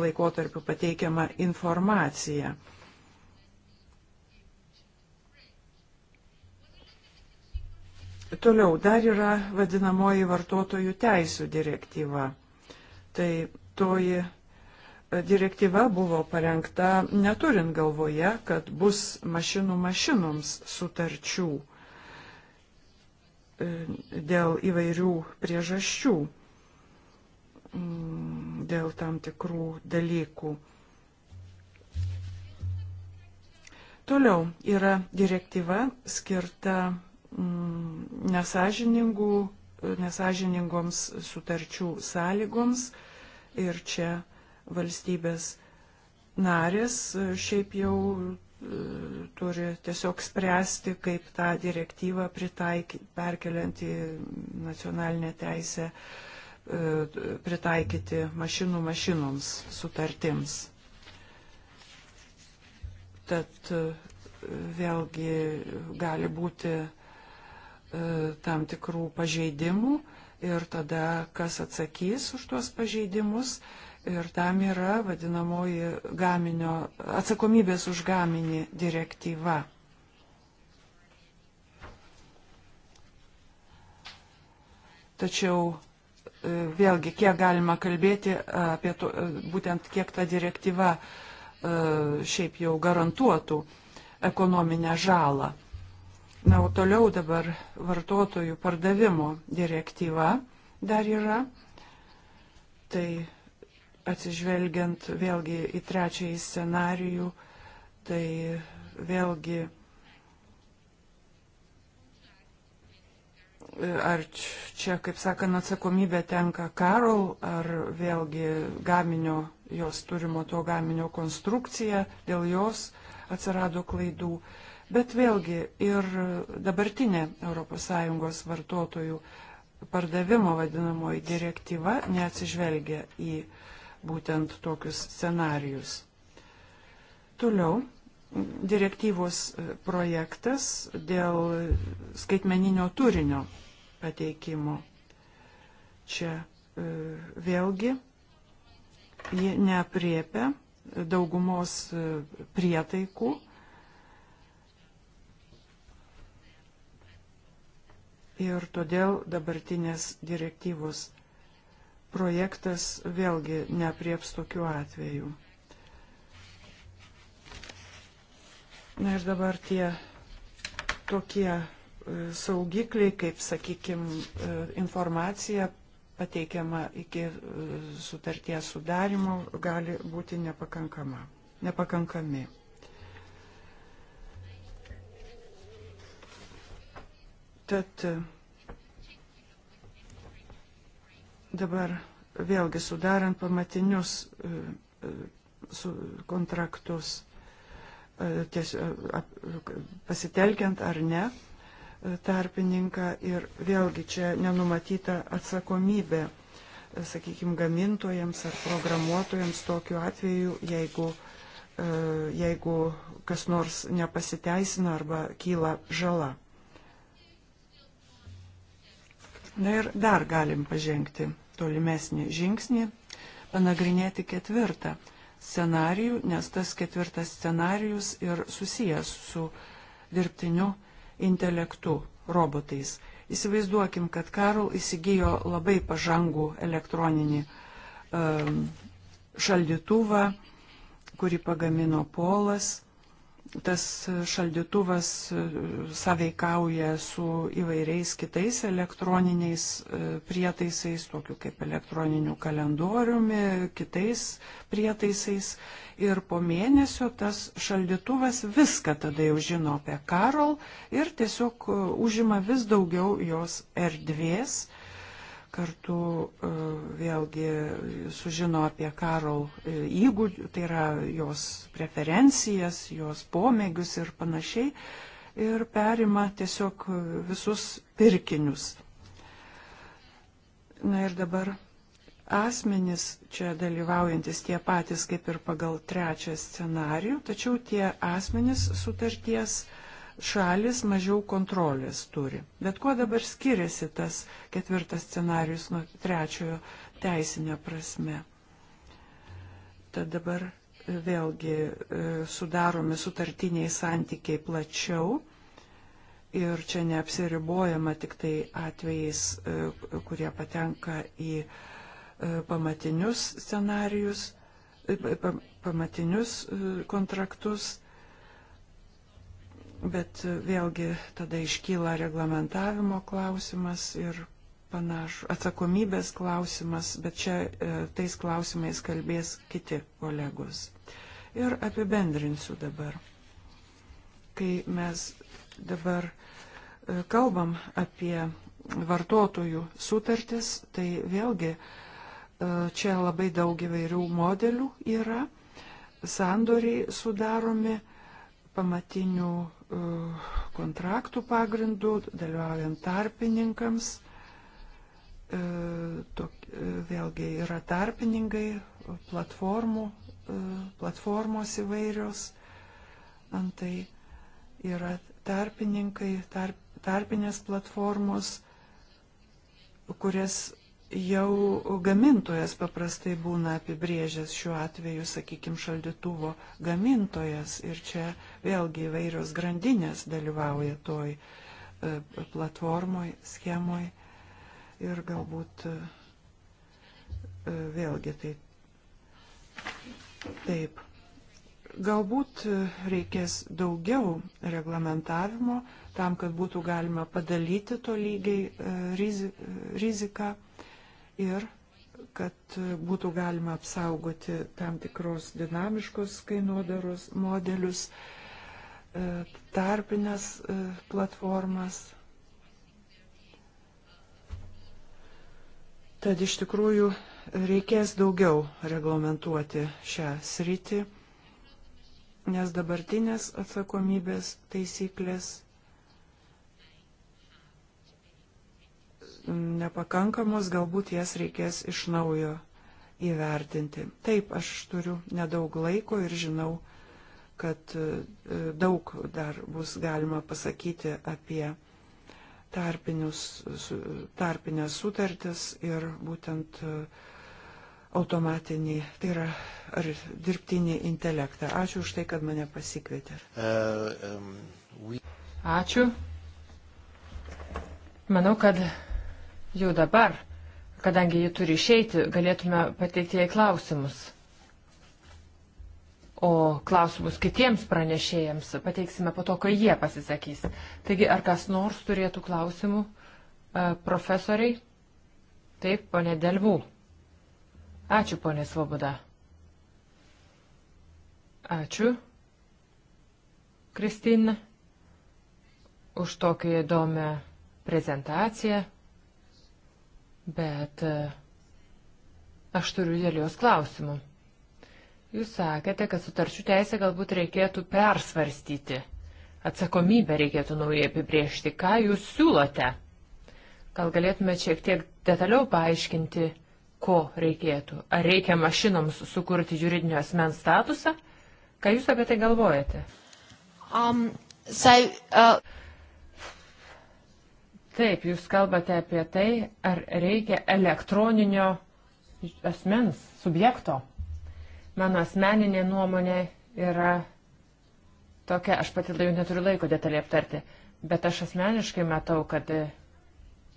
laikotarpiu pateikiamą informaciją. Toliau dar yra vadinamoji vartotojų teisų direktyva. Tai toji e, direktyva buvo parengta neturint galvoje, kad bus mašinų mašinoms sutarčių e, dėl įvairių priežasčių, mm, dėl tam tikrų dalykų. Toliau yra direktyva skirta Mm, nesažiningų, nesažiningoms sutarčių sąlygoms ir čia valstybės narės e, šiaip jau e, turi tiesiog spręsti, kaip tą direktyvą pritaikyti, perkeliant į nacionalinę teisę, e, pritaikyti mašinų mašinoms sutartims. Tad vėlgi gali būti E, tam tikrų pažeidimų ir tada kas atsakys už tuos pažeidimus. Ir tam yra vadinamoji gaminio, atsakomybės už gaminį direktyva. Tačiau e, vėlgi, kiek galima kalbėti apie to, e, būtent kiek ta direktyva šiaip jau garantuotų ekonominę žalą. Na, o toliau dabar vartotojų pardavimo direktyva dar yra. Tai atsižvelgiant vėlgi į trečiąjį scenarijų, tai vėlgi ar čia, kaip sakant, atsakomybė tenka Karol, ar vėlgi gaminio, jos turimo to gaminio konstrukcija, dėl jos atsirado klaidų. Uh, Bet vėlgi ir dabartinė ES vartotojų pardavimo vadinamoji direktyva neatsižvelgia į būtent tokius scenarius. Toliau direktyvos projektas dėl skaitmeninio turinio pateikimo. Čia e, vėlgi ji neapriepia daugumos e, prietaikų ir todėl dabartinės direktyvos projektas vėlgi neprieps tokių atvejų. Na ir dabar tie tokie e, saugikliai, kaip, sakykime, informacija pateikiama iki e, sutarties sudarimo, gali būti nepakankama, nepakankami. Tad e, dabar vėlgi sudarant pamatinius e, e, su kontraktus, ties, ap, pasitelkiant ar ne tarpininką ir vėlgi čia nenumatyta atsakomybė, sakykime, gamintojams ar programuotojams tokiu atveju, jeigu, jeigu kas nors nepasiteisina arba kyla žala. Na ir dar galim pažengti tolimesnį žingsnį, panagrinėti ketvirtą scenarijų, nes tas ketvirtas scenarijus ir susijęs su dirbtiniu intelektu, robotais. Įsivaizduokim, kad Karl įsigijo labai pažangų elektroninį um, šaldytuvą, kurį pagamino Polas tas šaldytuvas e, saveikauja su įvairiais kitais elektroniniais e, prietaisais, tokiu kaip elektroniniu kalendoriumi, kitais prietaisais. Ir po mėnesio tas šaldytuvas viską tada jau žino apie Karol ir tiesiog e, užima vis daugiau jos erdvės kartu e, vėlgi sužino apie Karol e, įgūdžių, tai yra jos preferencijas, jos pomėgius ir panašiai, ir perima tiesiog visus pirkinius. Na ir dabar asmenys čia dalyvaujantis tie patys kaip ir pagal trečią scenarių, tačiau tie asmenys sutarties uh, šalis mažiau kontrolės turi. Bet kuo dabar skiriasi tas ketvirtas scenarius nuo trečiojo teisinė prasme? Tad dabar e, vėlgi e, sudaromi sutartiniai santykiai plačiau ir čia neapsiribojama tik tai atvejais, e, kurie patenka į pamatinius scenarius, pamatinius kontraktus Bet e, vėlgi tada iškyla reglamentavimo klausimas ir panašu atsakomybės klausimas, bet čia e, tais klausimais kalbės kiti kolegos. Ir apibendrinsiu dabar. Kai mes dabar e, kalbam apie vartotojų sutartis, tai vėlgi e, čia labai daug įvairių modelių yra. Sandoriai sudaromi pamatinių E, kontraktų pagrindų, dalyvaujant tarpininkams. E, tok, e, vėlgi yra tarpininkai, platformų, platformos įvairios. Antai yra tarpininkai, tarp, tarpinės platformos, kurias jau gamintojas paprastai būna apibrėžęs šiuo atveju, sakykime, šaldytuvo gamintojas ir čia vėlgi įvairios grandinės dalyvauja toj e, platformoj, schemoj ir galbūt e, e, vėlgi tai taip. Galbūt reikės daugiau reglamentavimo tam, kad būtų galima padalyti to lygiai riziką. Riz, ir kad būtų galima apsaugoti tam tikros dinamiškos kainodaros modelius, e, tarpinės e, platformas. Tad iš tikrųjų reikės daugiau reglamentuoti šią sritį, nes dabartinės atsakomybės taisyklės nepakankamos, galbūt jas reikės iš naujo įvertinti. Taip, aš turiu nedaug laiko ir žinau, kad e, daug dar bus galima pasakyti apie tarpinius, tarpinės sutartis ir būtent e, automatinį, tai yra ar dirbtinį intelektą. Ačiū už tai, kad mane pasikvietė. Uh, um, we... Ačiū. Manau, kad jau dabar, kadangi ji turi išeiti, galėtume pateikti jai klausimus. O klausimus kitiems pranešėjams pateiksime po to, kai jie pasisakys. Taigi, ar kas nors turėtų klausimų? E, profesoriai? Taip, ponė Delvų. Ačiū, ponė Svoboda. Ačiū, Kristina, už tokią įdomią prezentaciją bet e, aš turiu dėl jos klausimų. Jūs sakėte, kad sutarčių teisę galbūt reikėtų persvarstyti. Atsakomybę reikėtų naujai apibriežti. Ką jūs siūlote? Gal galėtumėte šiek tiek detaliau paaiškinti, ko reikėtų? Ar reikia mašinoms sukurti juridinio asmens statusą? Ką jūs apie tai galvojate? Um, so, uh... Taip, jūs kalbate apie tai, ar reikia elektroninio asmens, subjekto. Mano asmeninė nuomonė yra tokia, aš pati jau neturiu laiko detaliai aptarti, bet aš asmeniškai matau, kad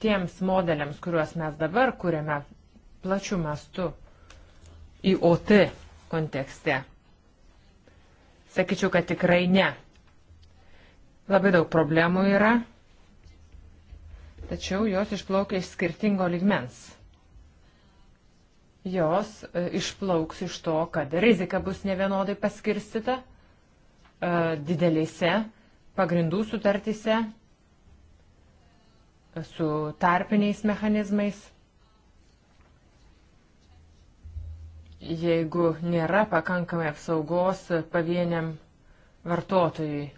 tiems modeliams, kuriuos mes dabar kūrėme plačių mastų IOT kontekste, sakyčiau, kad tikrai ne. Labai daug problemų yra tačiau jos išplaukia iš skirtingo ligmens. Jos e, išplauks iš to, kad rizika bus nevienodai paskirstita e, didelėse pagrindų sutartyse e, su tarpiniais mechanizmais. Jeigu nėra pakankamai apsaugos pavieniam vartotojui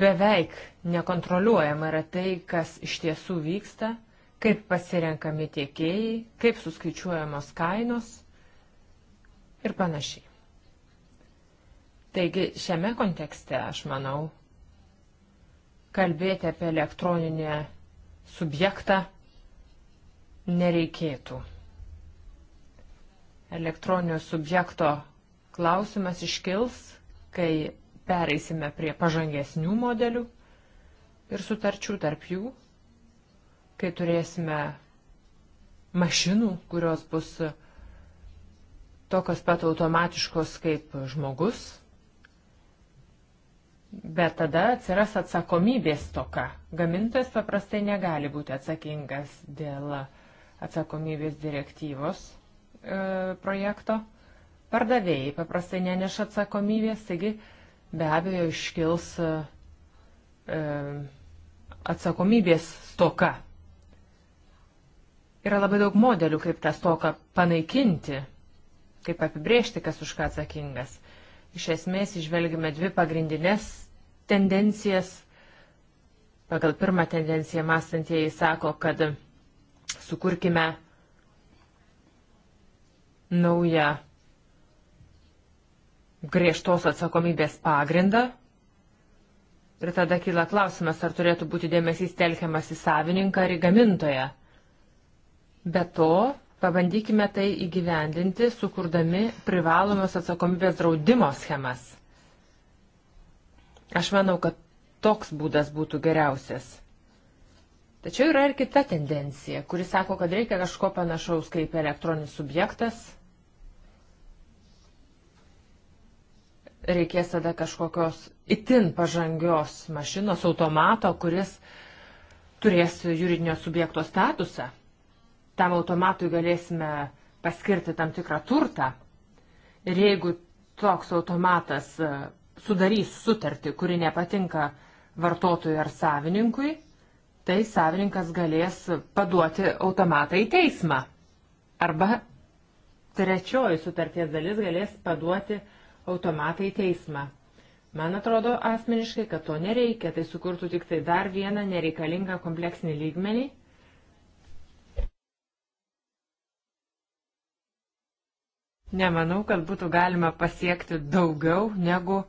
beveik nekontroliuojama yra tai, kas iš tiesų vyksta, kaip pasirenkami tiekėjai, kaip suskaičiuojamos kainos ir panašiai. Taigi šiame kontekste, aš manau, kalbėti apie elektroninę subjektą nereikėtų. Elektroninio subjekto klausimas iškils, kai pereisime prie pažangesnių modelių ir sutarčių tarp jų, kai turėsime mašinų, kurios bus tokios pat automatiškos kaip žmogus, bet tada atsiras atsakomybės toka. Gamintojas paprastai negali būti atsakingas dėl atsakomybės direktyvos e, projekto. Pardavėjai paprastai neneša atsakomybės, taigi e, be abejo iškils e, e, atsakomybės stoka. Yra labai daug modelių, kaip tą stoką panaikinti, kaip apibrėžti, kas už ką atsakingas. Iš esmės išvelgime dvi pagrindinės tendencijas. Pagal pirmą tendenciją mąstantieji sako, kad sukurkime naują griežtos atsakomybės pagrindą. Ir tada kyla klausimas, ar turėtų būti dėmesys telkiamas į savininką ar į gamintoją. Be to, pabandykime tai įgyvendinti, sukurdami privalomos atsakomybės draudimo schemas. Aš manau, kad toks būdas būtų geriausias. Tačiau yra ir kita tendencija, kuri sako, kad reikia kažko panašaus kaip elektroninis subjektas – reikės tada kažkokios itin pažangios mašinos, automato, kuris turės juridinio subjekto statusą. Tam automatui galėsime paskirti tam tikrą turtą. Ir jeigu toks automatas e, sudarys sutartį, kuri nepatinka vartotojui ar savininkui, tai savininkas galės paduoti automatą į teismą. Arba trečioji sutarties dalis galės paduoti automatą automatą į teismą. Man atrodo asmeniškai, kad to nereikia, tai sukurtų tik tai dar vieną nereikalingą kompleksinį lygmenį. Nemanau, kad būtų galima pasiekti daugiau negu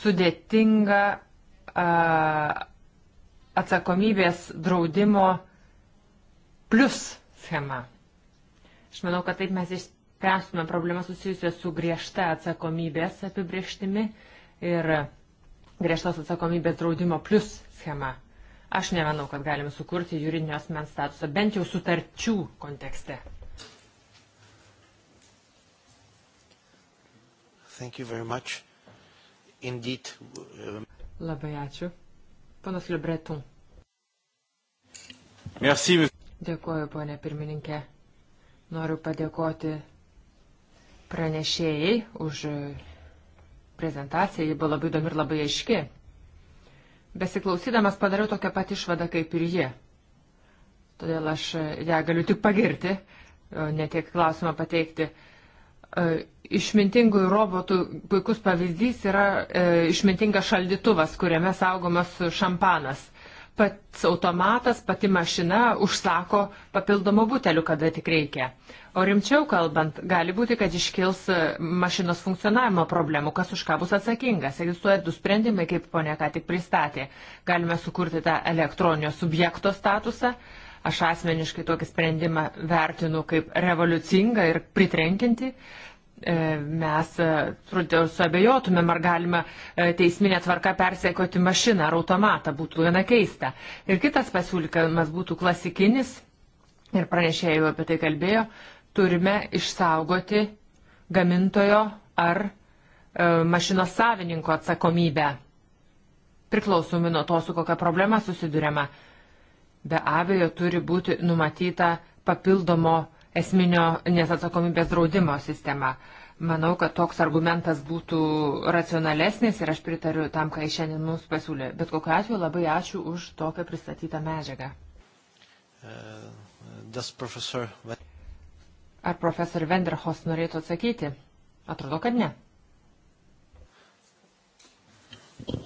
sudėtinga a, atsakomybės draudimo plus schema. Aš manau, kad taip mes spręstume problemas susijusias su griežta atsakomybės apibrieštimi ir griežtos atsakomybės draudimo plus schema. Aš nemanau, kad galime sukurti juridinio asmens statusą, bent jau sutarčių kontekste. Indeed, um... Labai ačiū. Panas Liubretum. Merci. Dėkuoju, ponė pirmininkė. Noriu padėkoti pranešėjai už prezentaciją. Ji buvo labai įdomi ir labai aiški. Besiklausydamas padariau tokią pat išvadą kaip ir ji. Todėl aš ją galiu tik pagirti, ne tiek klausimą pateikti. E, išmintingų robotų puikus pavyzdys yra e, išmintingas šaldytuvas, kuriame saugomas šampanas pats automatas, pati mašina užsako papildomų butelių, kada tik reikia. O rimčiau kalbant, gali būti, kad iškils mašinos funkcionavimo problemų, kas už ką bus atsakingas. Egzistuoja du sprendimai, kaip ponė ką tik pristatė. Galime sukurti tą elektroninio subjekto statusą. Aš asmeniškai tokį sprendimą vertinu kaip revoliucingą ir pritrenkinti. E, mes e, suabejotumėm, ar galima e, teisminė tvarka persiekoti mašiną ar automatą, būtų gana keista. Ir kitas pasiūlymas būtų klasikinis, ir pranešėjai apie tai kalbėjo, turime išsaugoti gamintojo ar mašinos savininko atsakomybę. Priklausomi nuo to, su kokia problema susidurėme. Be abejo, turi būti numatyta papildomo esminio nesatsakomybės draudimo sistemą. Manau, kad toks argumentas būtų racionalesnis ir aš pritariu tam, ką jis šiandien mums pasiūlė. Bet kokiu atveju labai ačiū už tokią pristatytą medžiagą. Uh, Ar profesor Venderhos norėtų atsakyti? Atrodo, kad ne.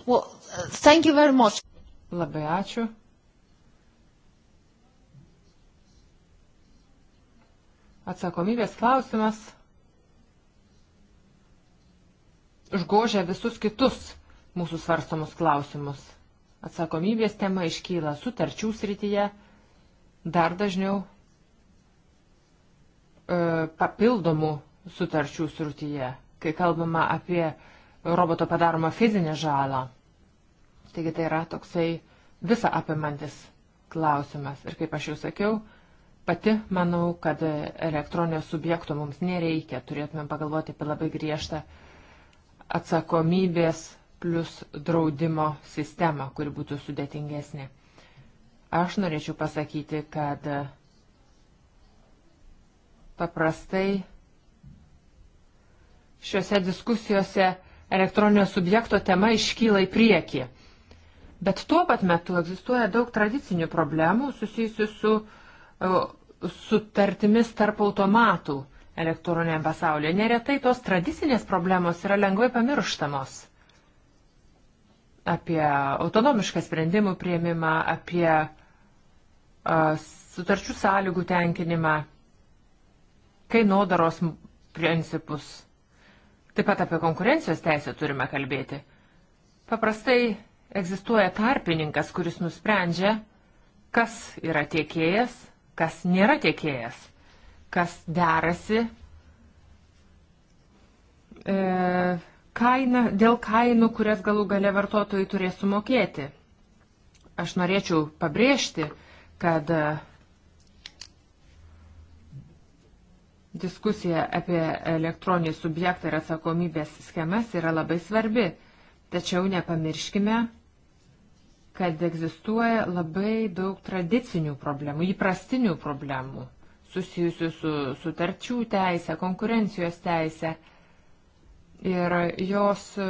Well, uh, Labai ačiū. atsakomybės klausimas užgožia visus kitus mūsų svarstomus klausimus. Atsakomybės tema iškyla sutarčių srityje, dar dažniau e, papildomų sutarčių srityje, kai kalbama apie roboto padaromą fizinę žalą. Taigi tai yra toksai visą apimantis klausimas. Ir kaip aš jau sakiau, Pati manau, kad elektroninio subjekto mums nereikia, turėtumėm pagalvoti apie labai griežtą atsakomybės plus draudimo sistemą, kuri būtų sudėtingesnė. Aš norėčiau pasakyti, kad paprastai šiuose diskusijose elektroninio subjekto tema iškyla į priekį. Bet tuo pat metu egzistuoja daug tradicinių problemų susijusių su e, sutartimis tarp automatų elektroninėme pasaulyje. Neretai tos tradicinės problemos yra lengvai pamirštamos. Apie autonomišką sprendimų prieimimą, apie uh, sutarčių sąlygų tenkinimą, kainodaros principus. Taip pat apie konkurencijos teisę turime kalbėti. Paprastai egzistuoja tarpininkas, kuris nusprendžia, kas yra tiekėjas kas nėra tiekėjas, kas derasi e, kaina, dėl kainų, kurias galų gale vartotojai turės sumokėti. Aš norėčiau pabrėžti, kad e, diskusija apie elektroninį subjektą ir atsakomybės schemas yra labai svarbi. Tačiau nepamirškime, kad egzistuoja labai daug tradicinių problemų, įprastinių problemų susijusių su sutarčių teisė, konkurencijos teisė. Ir jos e,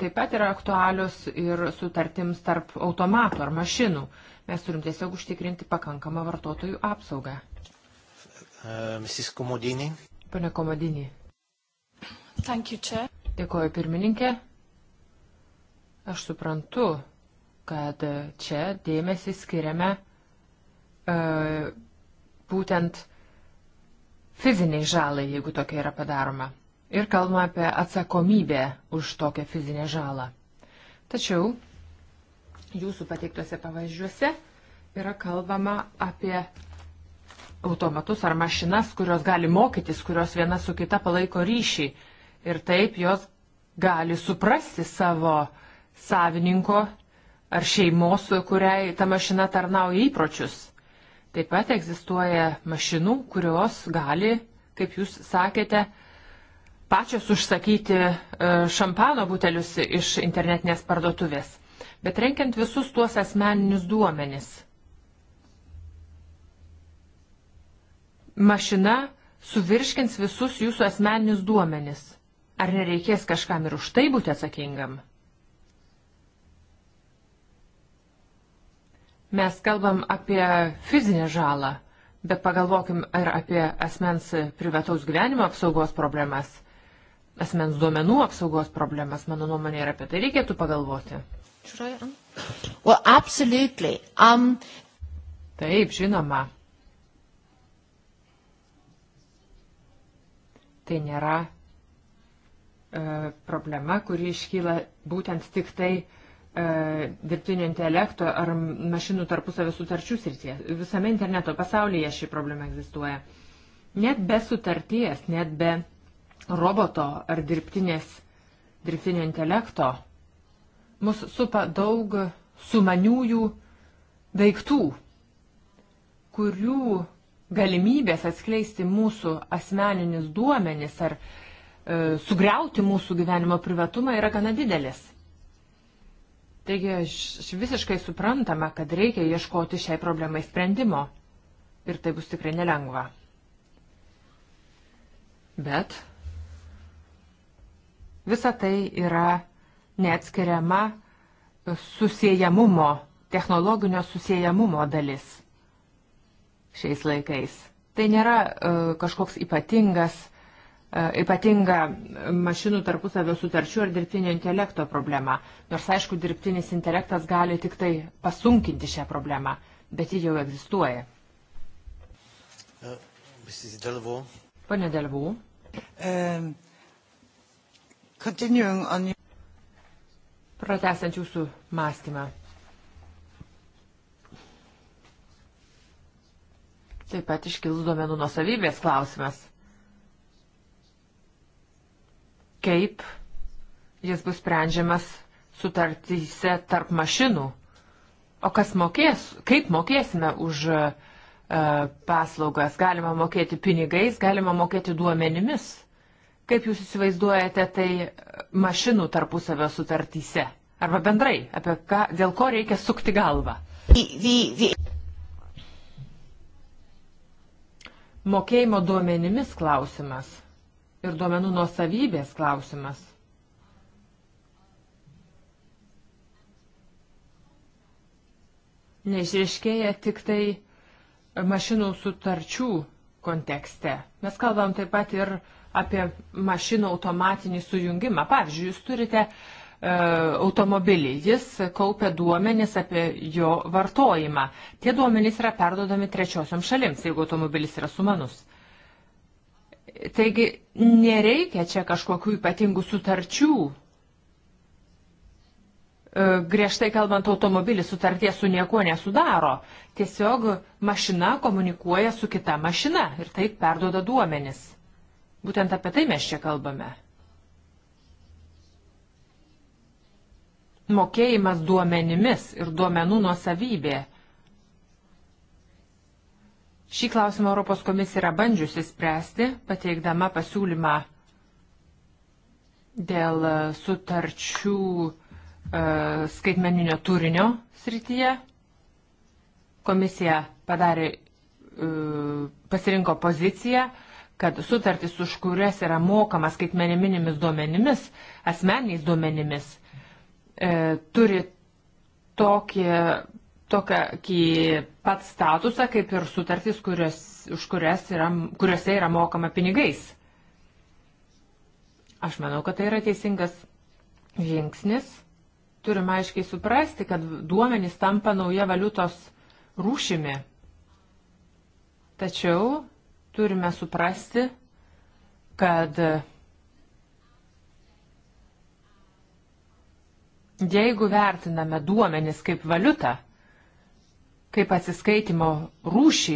taip pat yra aktualios ir sutartims tarp automatų ar mašinų. Mes turim tiesiog užtikrinti pakankamą vartotojų apsaugą. E, Mrs. Komodinį. Pane Komodinį. Dėkoju pirmininkė. Aš suprantu, kad čia dėmesį skiriame e, būtent fiziniai žalai, jeigu tokia yra padaroma. Ir kalbame apie atsakomybę už tokią fizinę žalą. Tačiau jūsų pateiktose pavažiuose yra kalbama apie automatus ar mašinas, kurios gali mokytis, kurios viena su kita palaiko ryšį. Ir taip jos gali suprasti savo savininko ar šeimos, kuriai ta mašina tarnauja įpročius. Taip pat egzistuoja mašinų, kurios gali, kaip jūs sakėte, pačios užsakyti e, šampano butelius iš internetinės parduotuvės. Bet renkiant visus tuos asmeninius duomenis, mašina suvirškins visus jūsų asmeninius duomenis. Ar nereikės kažkam ir už tai būti atsakingam? Mes kalbam apie fizinę žalą, bet pagalvokim ir apie asmens privataus gyvenimo apsaugos problemas, asmens duomenų apsaugos problemas, mano nuomonė, ir apie tai reikėtų pagalvoti. Well, absolutely. Um... Taip, žinoma. Tai nėra e, problema, kuri iškyla būtent tik tai e, E, dirbtinio intelekto ar mašinų tarpusavio sutarčių srityje. Visame interneto pasaulyje ši problema egzistuoja. Net be sutarties, net be roboto ar dirbtinės, dirbtinio intelekto mus supa daug sumaniųjų daiktų, kurių galimybės atskleisti mūsų asmeninis duomenis ar e, sugriauti mūsų gyvenimo privatumą yra gana didelis. Taigi aš visiškai suprantama, kad reikia ieškoti šiai problemai sprendimo. Ir tai bus tikrai nelengva. Bet visa tai yra neatskiriama susijęjamumo, technologinio susijęjamumo dalis šiais laikais. Tai nėra uh, kažkoks ypatingas E, ypatinga mašinų tarpusavio sutarčių ar dirbtinio intelekto problema. Nors aišku, dirbtinis intelektas gali tik tai pasunkinti šią problemą, bet ji jau egzistuoja. Pane Delvų. Pratesant jūsų mąstymą. Taip pat iškils duomenų nusavybės klausimas. kaip jis bus sprendžiamas sutartyse tarp mašinų. O kas mokės, kaip mokėsime už uh, paslaugas? Galima mokėti pinigais, galima mokėti duomenimis. Kaip jūs įsivaizduojate tai e, mašinų tarpusavio sutartyse? Arba bendrai, apie ką, dėl ko reikia sukti galvą? Mokėjimo duomenimis klausimas ir duomenų nuosavybės klausimas. Neišriškėja tik tai mašinų sutarčių kontekste. Mes kalbam taip pat ir apie mašinų automatinį sujungimą. Pavyzdžiui, jūs turite e, automobilį, jis kaupia duomenis apie jo vartojimą. Tie duomenys yra perdodami trečiosiom šalims, jeigu automobilis yra sumanus. manus. Taigi nereikia čia kažkokių ypatingų sutarčių. E, griežtai kalbant, automobilis sutarties su niekuo nesudaro. Tiesiog mašina komunikuoja su kita mašina ir taip perdoda duomenis. Būtent apie tai mes čia kalbame. Mokėjimas duomenimis ir duomenų nuosavybė Šį klausimą Europos komisija yra bandžiusi spręsti, pateikdama pasiūlymą dėl sutarčių e, skaitmeninio turinio srityje. Komisija padarė, e, pasirinko poziciją, kad sutartis, už kurias yra mokama skaitmeninėmis duomenimis, asmeniais duomenimis, e, turi tokį tokį pat statusą, kaip ir sutartys, kurios, už kurias yra, kuriuose yra mokama pinigais. Aš manau, kad tai yra teisingas žingsnis. Turime aiškiai suprasti, kad duomenys tampa nauja valiutos rūšimi. Tačiau turime suprasti, kad jeigu vertiname duomenis kaip valiutą, kaip atsiskaitimo rūšį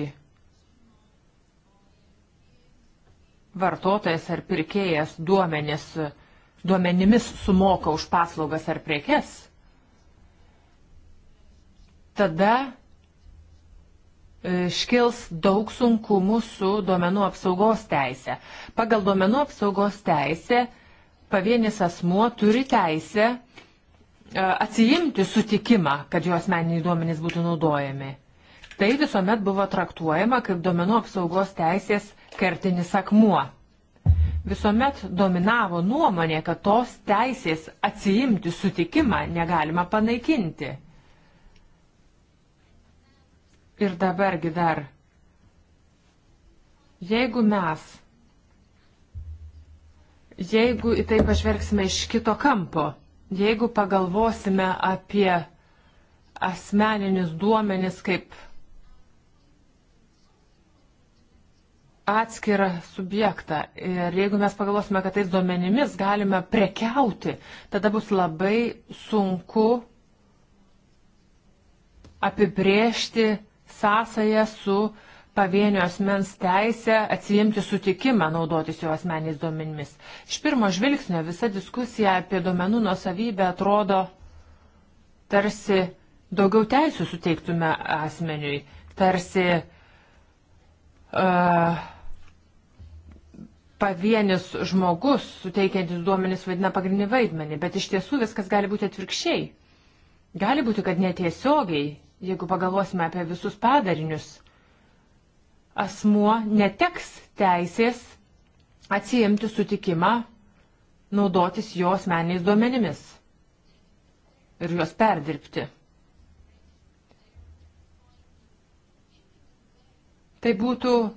vartotojas ar pirkėjas duomenis, duomenimis sumoka už paslaugas ar prekes, tada iškils e, daug sunkumų su duomenų apsaugos teise. Pagal duomenų apsaugos teisę pavienis asmuo turi teisę E, atsijimti sutikimą, kad jo asmeniniai duomenys būtų naudojami. Tai visuomet buvo traktuojama kaip duomenų apsaugos teisės kertinis akmuo. Visuomet dominavo nuomonė, kad tos teisės atsijimti sutikimą negalima panaikinti. Ir dabargi dar, jeigu mes, jeigu į tai pažvelgsime iš kito kampo, Jeigu pagalvosime apie asmeninius duomenis kaip atskirą subjektą ir jeigu mes pagalvosime, kad tais duomenimis galime prekiauti, tada bus labai sunku apibriežti sąsają su uh, pavienio asmens teisę atsijimti sutikimą naudotis jo asmeniais duomenimis. Iš pirmo žvilgsnio visa diskusija apie duomenų nuosavybę atrodo tarsi daugiau teisų suteiktume asmeniui, tarsi uh, pavienis žmogus suteikiantis duomenis vaidina pagrindinį vaidmenį, bet iš tiesų viskas gali būti atvirkščiai. Gali būti, kad netiesiogiai, jeigu pagalvosime apie visus padarinius, asmuo neteks teisės atsijimti sutikimą naudotis jo asmeniais duomenimis ir juos perdirbti. Tai būtų e,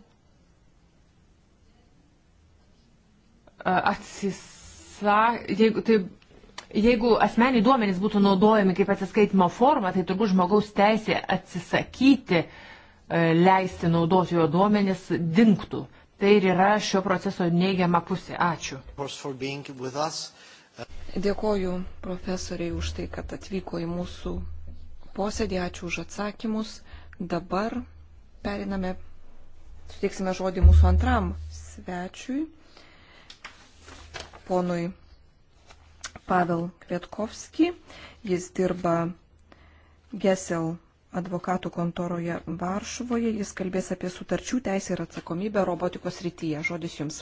atsisa, jeigu, tai, jeigu asmeniai duomenys būtų naudojami kaip atsiskaitimo forma, tai turbūt žmogaus teisė atsisakyti uh, E, leisti naudoti jo duomenis dinktų. Tai ir yra šio proceso neigiama pusė. Ačiū. Dėkoju profesoriai už tai, kad atvyko į mūsų posėdį. Ačiū už atsakymus. Dabar periname, suteiksime žodį mūsų antram svečiui, ponui Pavel Kvietkovski. Jis dirba Gesel advokatų kontoroje Varšuvoje. Jis kalbės apie sutarčių teisę ir atsakomybę robotikos rytyje. Žodis jums.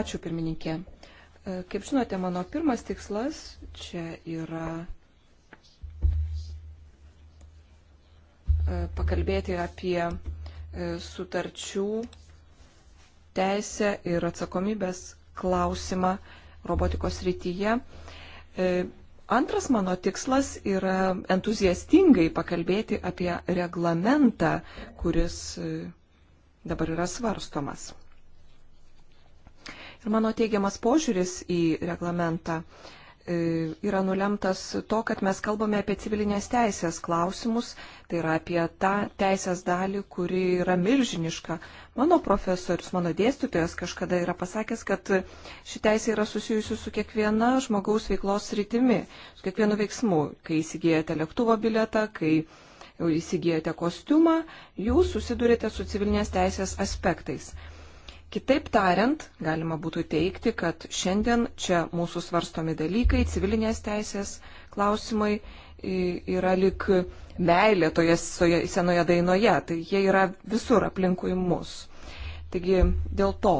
Ačiū, pirmininkė. E, kaip žinote, mano pirmas tikslas čia yra e, pakalbėti apie e, sutarčių teisę ir atsakomybės klausimą robotikos rytyje Antras mano tikslas yra entuziastingai pakalbėti apie reglamentą, kuris e, dabar yra svarstomas. Ir mano teigiamas požiūris į reglamentą E, yra nulemtas to, kad mes kalbame apie civilinės teisės klausimus, tai yra apie tą teisės dalį, kuri yra milžiniška. Mano profesorius, mano dėstytojas kažkada yra pasakęs, kad ši teisė yra susijusi su kiekviena žmogaus veiklos rytimi, su kiekvienu veiksmu, kai įsigijate lėktuvo biletą, kai įsigijate kostiumą, jūs susidurite su civilinės teisės aspektais. Kitaip tariant, galima būtų teikti, kad šiandien čia mūsų svarstomi dalykai, civilinės teisės klausimai yra lik meilė toje senoje dainoje, tai jie yra visur aplinkui mus. Taigi dėl to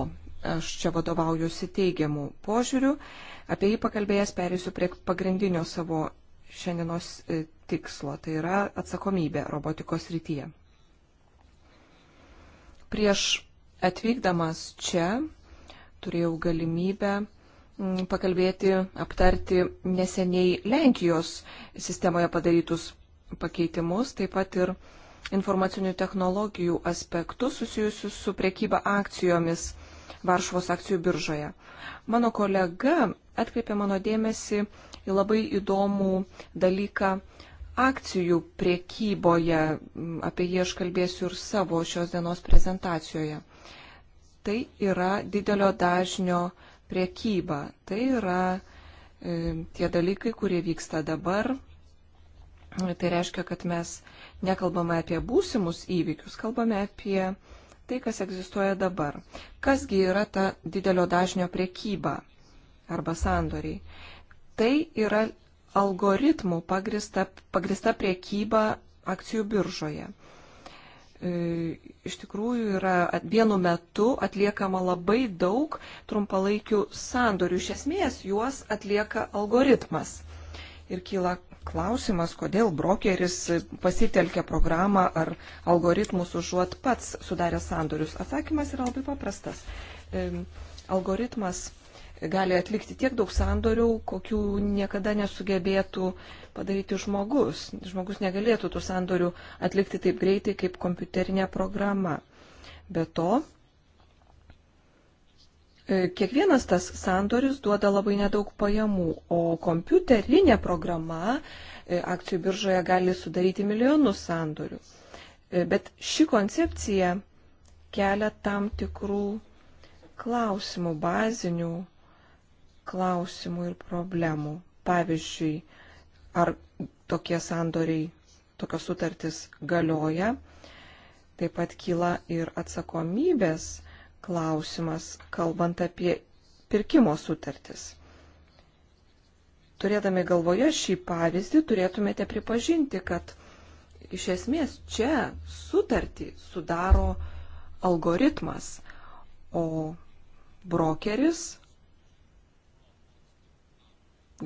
aš čia vadovaujuosi teigiamų požiūrių, apie jį pakalbėjęs perėsiu prie pagrindinio savo šiandienos e, tikslo, tai yra atsakomybė robotikos rytyje. Prieš Atvykdamas čia turėjau galimybę mm, pakalbėti, aptarti neseniai Lenkijos sistemoje padarytus pakeitimus, taip pat ir informacinių technologijų aspektus susijusius su priekyba akcijomis Varšuvos akcijų biržoje. Mano kolega atkreipė mano dėmesį į labai įdomų dalyką akcijų priekyboje, mm, apie jį aš kalbėsiu ir savo šios dienos prezentacijoje tai yra didelio dažnio priekyba. Tai yra e, tie dalykai, kurie vyksta dabar. Tai reiškia, kad mes nekalbame apie būsimus įvykius, kalbame apie tai, kas egzistuoja dabar. Kasgi yra ta didelio dažnio priekyba arba sandoriai? Tai yra algoritmų pagrista, pagrista priekyba akcijų biržoje. E, iš tikrųjų yra vienu metu atliekama labai daug trumpalaikių sandorių. Iš esmės juos atlieka algoritmas. Ir kyla klausimas, kodėl brokeris pasitelkė programą ar algoritmus užuot pats sudarė sandorius. Atsakymas yra labai paprastas. E, algoritmas gali atlikti tiek daug sandorių, kokių niekada nesugebėtų padaryti žmogus. Žmogus negalėtų tų sandorių atlikti taip greitai kaip kompiuterinė programa. Be to, e, kiekvienas tas sandoris duoda labai nedaug pajamų, o kompiuterinė programa e, akcijų biržoje gali sudaryti milijonus sandorių. E, bet ši koncepcija kelia tam tikrų klausimų, bazinių klausimų ir problemų. Pavyzdžiui, ar tokie sandoriai, tokios sutartys galioja. Taip pat kyla ir atsakomybės klausimas, kalbant apie pirkimo sutartis. Turėdami galvoje šį pavyzdį, turėtumėte pripažinti, kad iš esmės čia sutartį sudaro algoritmas, o brokeris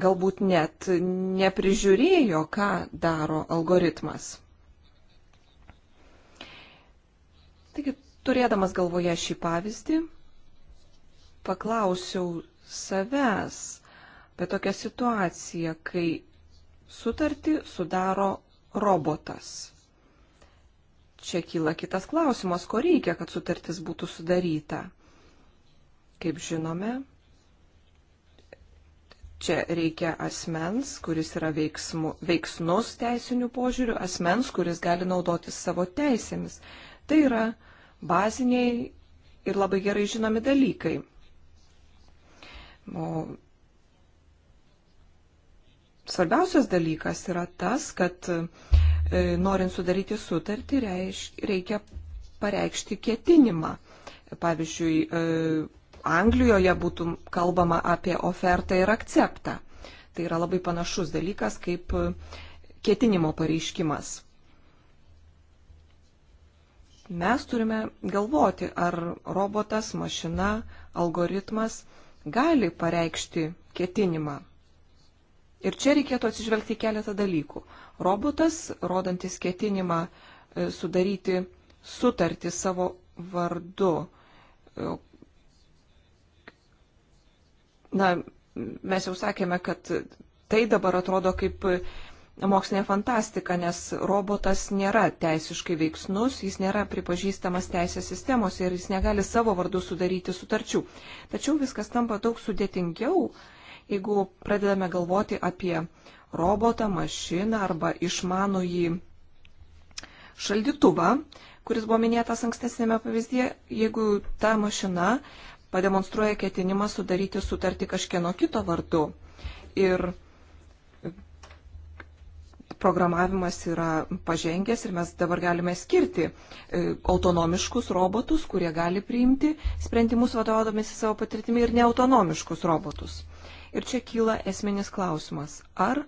galbūt net neprižiūrėjo, ką daro algoritmas. Taigi, turėdamas galvoje šį pavyzdį, paklausiau savęs apie tokią situaciją, kai sutartį sudaro robotas. Čia kyla kitas klausimas, ko reikia, kad sutartis būtų sudaryta. Kaip žinome, Čia reikia asmens, kuris yra veiksmu, veiksnus teisinių požiūrių, asmens, kuris gali naudotis savo teisėmis. Tai yra baziniai ir labai gerai žinomi dalykai. O svarbiausias dalykas yra tas, kad e, norint sudaryti sutartį, reiš, reikia pareikšti ketinimą. Pavyzdžiui, e, Anglijoje būtų kalbama apie ofertą ir akceptą. Tai yra labai panašus dalykas kaip e, ketinimo pareiškimas. Mes turime galvoti, ar robotas, mašina, algoritmas gali pareikšti ketinimą. Ir čia reikėtų atsižvelgti keletą dalykų. Robotas, rodantis ketinimą e, sudaryti sutartį savo vardu, e, Na, mes jau sakėme, kad tai dabar atrodo kaip mokslinė fantastika, nes robotas nėra teisiškai veiksnus, jis nėra pripažįstamas teisės sistemos ir jis negali savo vardu sudaryti sutarčių. Tačiau viskas tampa daug sudėtingiau, jeigu pradedame galvoti apie robotą, mašiną arba išmanųjį šaldytuvą, kuris buvo minėtas ankstesnėme pavyzdėje, jeigu ta mašina pademonstruoja ketinimą sudaryti sutartį kažkieno kito vardu. Ir programavimas yra pažengęs ir mes dabar galime skirti e, autonomiškus robotus, kurie gali priimti sprendimus vadovaudomėsi savo patirtimi ir neautonomiškus robotus. Ir čia kyla esminis klausimas, ar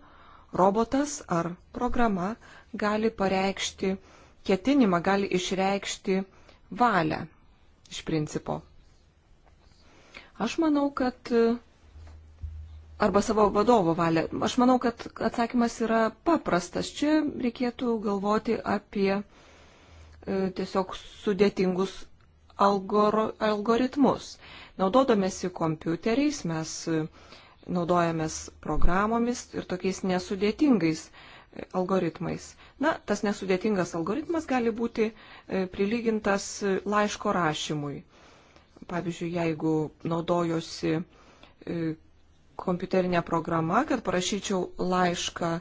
robotas ar programa gali pareikšti ketinimą, gali išreikšti valią iš principo. Aš manau, kad arba savo vadovo valią. Aš manau, kad atsakymas yra paprastas. Čia reikėtų galvoti apie e, tiesiog sudėtingus algoro, algoritmus. Naudodamėsi kompiuteriais mes e, naudojamės programomis ir tokiais nesudėtingais e, algoritmais. Na, tas nesudėtingas algoritmas gali būti e, prilygintas laiško rašymui pavyzdžiui, jeigu naudojosi e, kompiuterinė programa, kad parašyčiau laišką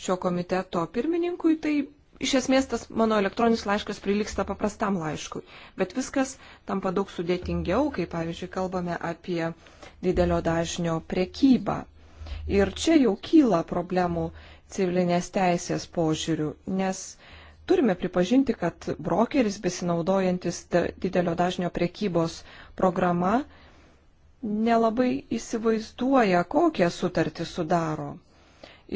šio komiteto pirmininkui, tai iš esmės tas mano elektroninis laiškas priliksta paprastam laiškui. Bet viskas tampa daug sudėtingiau, kai pavyzdžiui kalbame apie didelio dažnio prekybą. Ir čia jau kyla problemų civilinės teisės požiūrių, nes turime pripažinti, kad brokeris besinaudojantis didelio dažnio prekybos programa nelabai įsivaizduoja, kokią sutartį sudaro.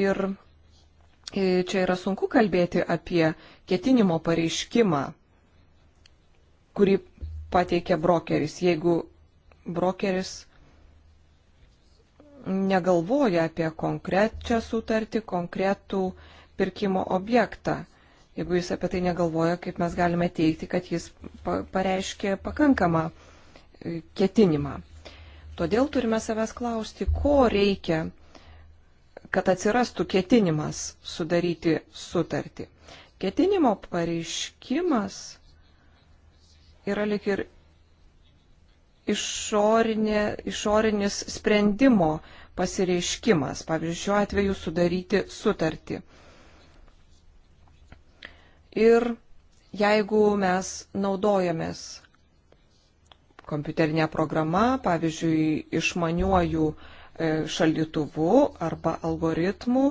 Ir e, čia yra sunku kalbėti apie ketinimo pareiškimą, kurį pateikia brokeris. Jeigu brokeris negalvoja apie konkrečią sutartį, konkretų pirkimo objektą, jeigu jis apie tai negalvoja, kaip mes galime teikti, kad jis pareiškė pakankamą ketinimą. Todėl turime savęs klausti, ko reikia, kad atsirastų ketinimas sudaryti sutartį. Ketinimo pareiškimas yra lik ir išorinė, išorinis sprendimo pasireiškimas, pavyzdžiui, šiuo atveju sudaryti sutartį. Ir jeigu mes naudojamės kompiuterinė programa, pavyzdžiui, išmaniuoju e, šaldytuvu arba algoritmų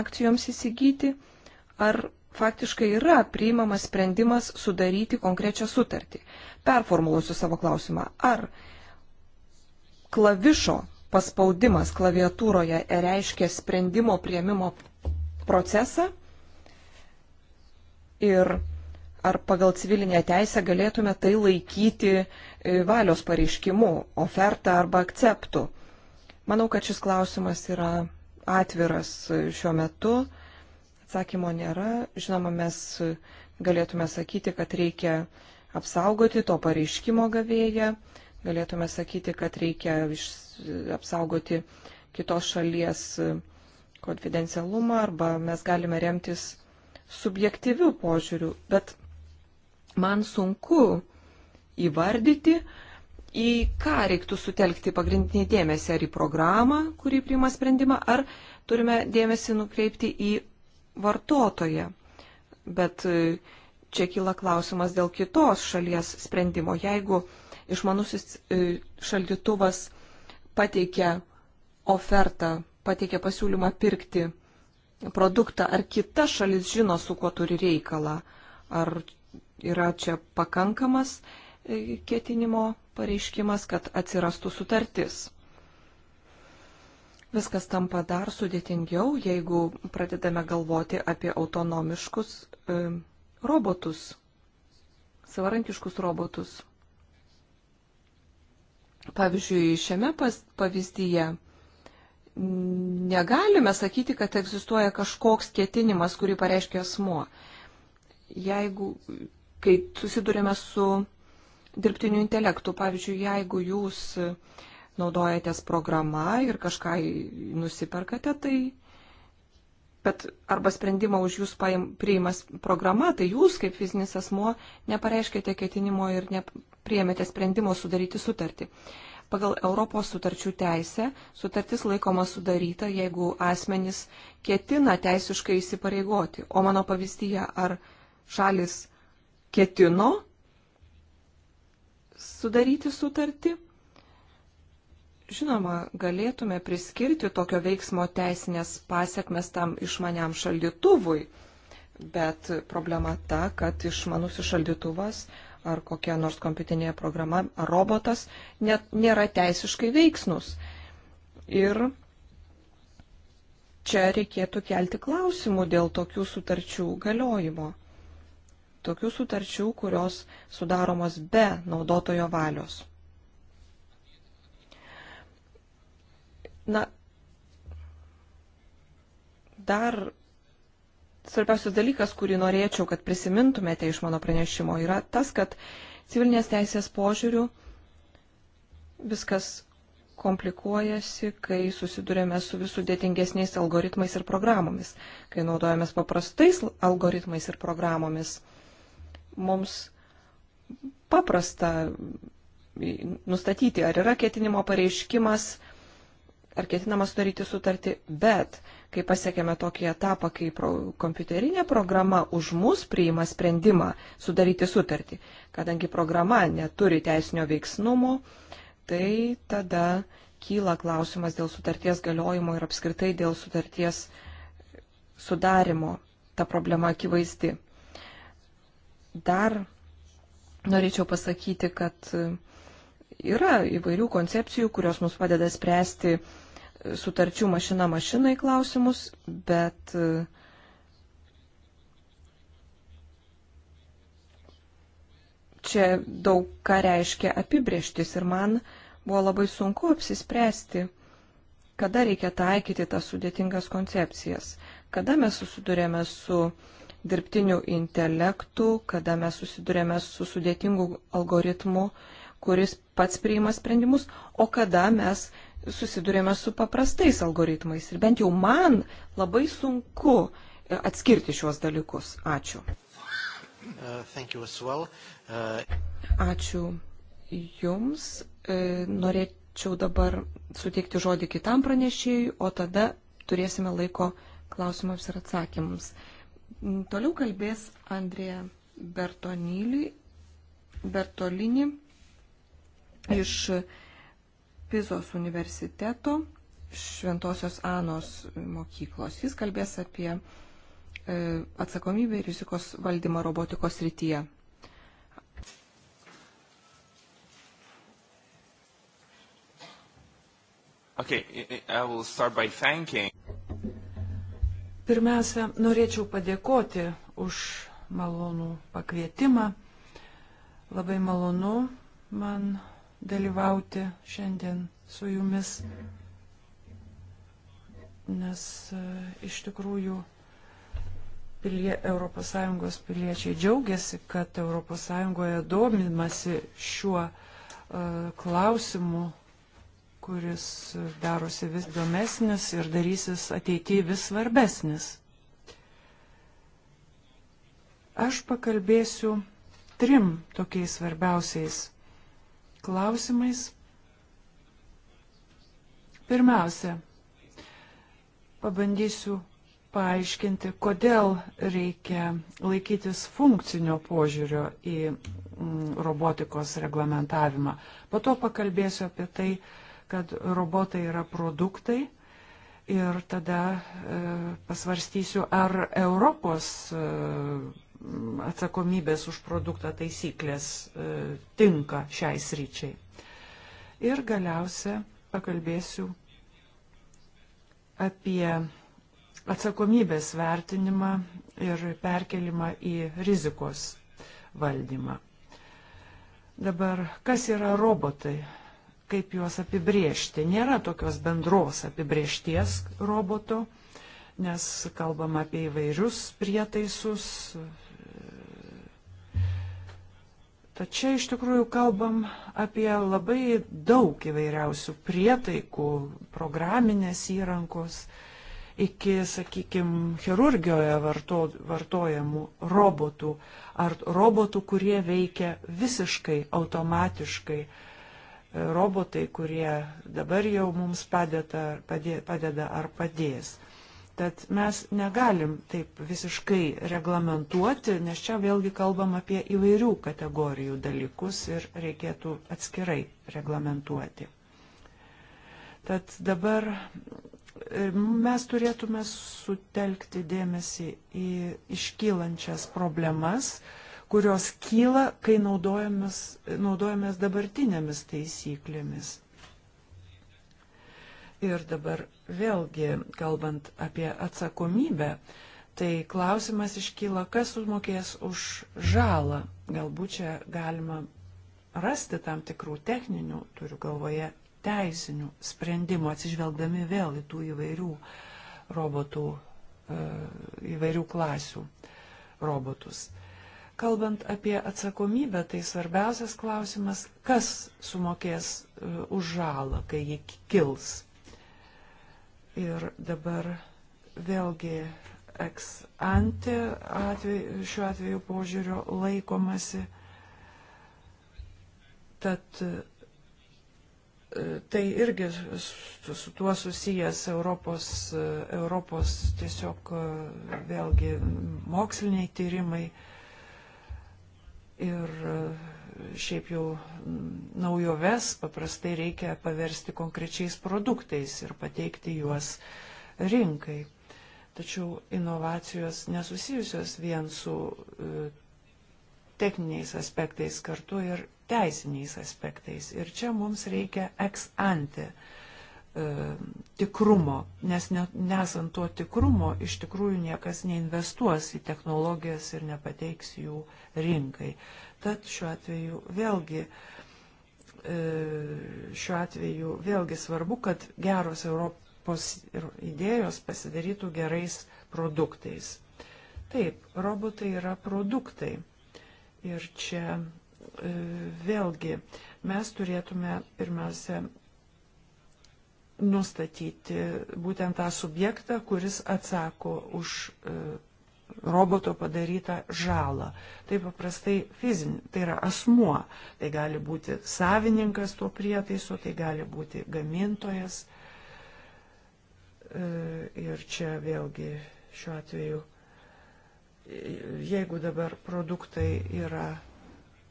akcijoms įsigyti, ar faktiškai yra priimamas sprendimas sudaryti konkrečią sutartį. Performuluosiu savo klausimą. Ar klavišo paspaudimas klaviatūroje reiškia sprendimo prieimimo procesą? Ir ar pagal civilinę teisę galėtume tai laikyti uh, E, valios pareiškimu, oferta arba akceptu. Manau, kad šis klausimas yra atviras šiuo metu. Atsakymo nėra. Žinoma, mes galėtume sakyti, kad reikia apsaugoti to pareiškimo gavėją. Galėtume sakyti, kad reikia apsaugoti kitos šalies konfidencialumą arba mes galime remtis subjektyvių požiūrių, bet man sunku įvardyti, į ką reiktų sutelkti pagrindinį dėmesį, ar į programą, kuri priima sprendimą, ar turime dėmesį nukreipti į vartotoją. Bet e, čia kyla klausimas dėl kitos šalies sprendimo. Jeigu išmanusis e, šaldytuvas pateikia ofertą, pateikia pasiūlymą pirkti produktą, ar kita šalis žino, su kuo turi reikalą, ar yra čia pakankamas ketinimo pareiškimas, kad atsirastų sutartis. Viskas tampa dar sudėtingiau, jeigu pradedame galvoti apie autonomiškus e, robotus, savarankiškus robotus. Pavyzdžiui, šiame pavyzdyje negalime sakyti, kad egzistuoja kažkoks ketinimas, kurį pareiškia asmuo. Jeigu, kai susidurime su dirbtiniu intelektu. Pavyzdžiui, jeigu jūs naudojatės programą ir kažką nusiperkate, tai bet arba sprendimą už jūs paim, priimas programa, tai jūs kaip fizinis asmuo nepareiškite ketinimo ir nepriemėte sprendimo sudaryti sutartį. Pagal Europos sutarčių teisę sutartis laikoma sudaryta, jeigu asmenys ketina teisiškai įsipareigoti. O mano pavyzdyje, ar šalis ketino sudaryti sutartį. Žinoma, galėtume priskirti tokio veiksmo teisinės pasiekmes tam išmaniam šaldytuvui, bet problema ta, kad išmanusis šaldytuvas ar kokia nors kompiuterinė programa ar robotas net nėra teisiškai veiksnus. Ir čia reikėtų kelti klausimų dėl tokių sutarčių galiojimo tokių sutarčių, kurios sudaromos be naudotojo valios. Na, dar svarbiausias dalykas, kurį norėčiau, kad prisimintumėte iš mano pranešimo, yra tas, kad civilinės teisės požiūrių viskas komplikuojasi, kai susidurėme su vis sudėtingesniais algoritmais ir programomis, kai naudojamės paprastais algoritmais ir programomis mums paprasta nustatyti, ar yra ketinimo pareiškimas, ar ketinama sudaryti sutartį, bet kai pasiekėme tokį etapą, kai pro, kompiuterinė programa už mus priima sprendimą sudaryti sutartį, kadangi programa neturi teisinio veiksnumo, tai tada kyla klausimas dėl sutarties galiojimo ir apskritai dėl sutarties sudarimo. Ta problema akivaizdi dar norėčiau pasakyti, kad yra įvairių koncepcijų, kurios mums padeda spręsti sutarčių mašina mašinai klausimus, bet e, čia daug ką reiškia apibrieštis ir man buvo labai sunku apsispręsti, kada reikia taikyti tas sudėtingas koncepcijas, kada mes susidurėme su uh, dirbtinių intelektų, kada mes susidurėme su sudėtingu algoritmu, kuris pats priima sprendimus, o kada mes susidurėme su paprastais algoritmais. Ir bent jau man labai sunku e, atskirti šiuos dalykus. Ačiū. Uh, well. uh... Ačiū Jums. E, norėčiau dabar suteikti žodį kitam pranešėjui, o tada turėsime laiko klausimams ir atsakymams. Mm, toliau kalbės Andrėja Bertolini iš Pizos universiteto Šventosios Anos mokyklos. Jis kalbės apie e, atsakomybę ir rizikos valdymą robotikos rytyje. Okay, I will start by thanking. Pirmiausia, norėčiau padėkoti už malonų pakvietimą. Labai malonu man dalyvauti šiandien su jumis, nes e, iš tikrųjų pilie, ES piliečiai džiaugiasi, kad ES domimasi šiuo uh, klausimu kuris darosi vis domesnis ir darysis ateityje vis svarbesnis. Aš pakalbėsiu trim tokiais svarbiausiais klausimais. Pirmiausia, pabandysiu paaiškinti, kodėl reikia laikytis funkcinio požiūrio į mm, robotikos reglamentavimą. Po to pakalbėsiu apie tai, kad robotai yra produktai ir tada e, pasvarstysiu, ar Europos e, atsakomybės už produktą taisyklės e, tinka šiai sryčiai. Ir galiausia pakalbėsiu apie atsakomybės vertinimą ir perkelimą į rizikos valdymą. Dabar, kas yra robotai? kaip juos apibriežti. Nėra tokios bendros apibriešties roboto, nes kalbam apie įvairius prietaisus. Tačiau iš tikrųjų kalbam apie labai daug įvairiausių prietaikų, programinės įrankos, iki, sakykime, chirurgijoje varto, vartojamų robotų ar robotų, kurie veikia visiškai automatiškai robotai, kurie dabar jau mums padeda, padė, padeda ar padės. Tad mes negalim taip visiškai reglamentuoti, nes čia vėlgi kalbam apie įvairių kategorijų dalykus ir reikėtų atskirai reglamentuoti. Tad dabar e, mes turėtume sutelkti dėmesį į iškylančias problemas, uh, kurios kyla, kai naudojamės, naudojamės dabartinėmis taisyklėmis. Ir dabar vėlgi, kalbant apie atsakomybę, tai klausimas iškyla, kas sumokės už žalą. Galbūt čia galima rasti tam tikrų techninių, turiu galvoje, teisinių sprendimų, atsižvelgdami vėl į tų įvairių robotų, e, įvairių klasių robotus. Kalbant apie atsakomybę, tai svarbiausias klausimas, kas sumokės e, už žalą, kai ji kils. Ir dabar vėlgi eks ante atveju, šiuo atveju požiūrio laikomasi. Tad e, tai irgi su, su tuo susijęs Europos, e, Europos tiesiog vėlgi moksliniai tyrimai Ir e, šiaip jau naujoves paprastai reikia paversti konkrečiais produktais ir pateikti juos rinkai. Tačiau inovacijos nesusijusios vien su e, techniniais aspektais kartu ir teisiniais aspektais. Ir čia mums reikia ex ante uh, E, tikrumo, nes nesant to tikrumo iš tikrųjų niekas neinvestuos į technologijas ir nepateiks jų rinkai. Tad šiuo atveju vėlgi e, šiuo atveju vėlgi svarbu, kad geros Europos idėjos pasidarytų gerais produktais. Taip, robotai yra produktai. Ir čia e, vėlgi mes turėtume pirmiausia nustatyti būtent tą subjektą, kuris atsako už e, roboto padarytą žalą. Tai paprastai fizinis, tai yra asmuo. Tai gali būti savininkas to prietaiso, tai gali būti gamintojas. E, ir čia vėlgi šiuo atveju, e, jeigu dabar produktai yra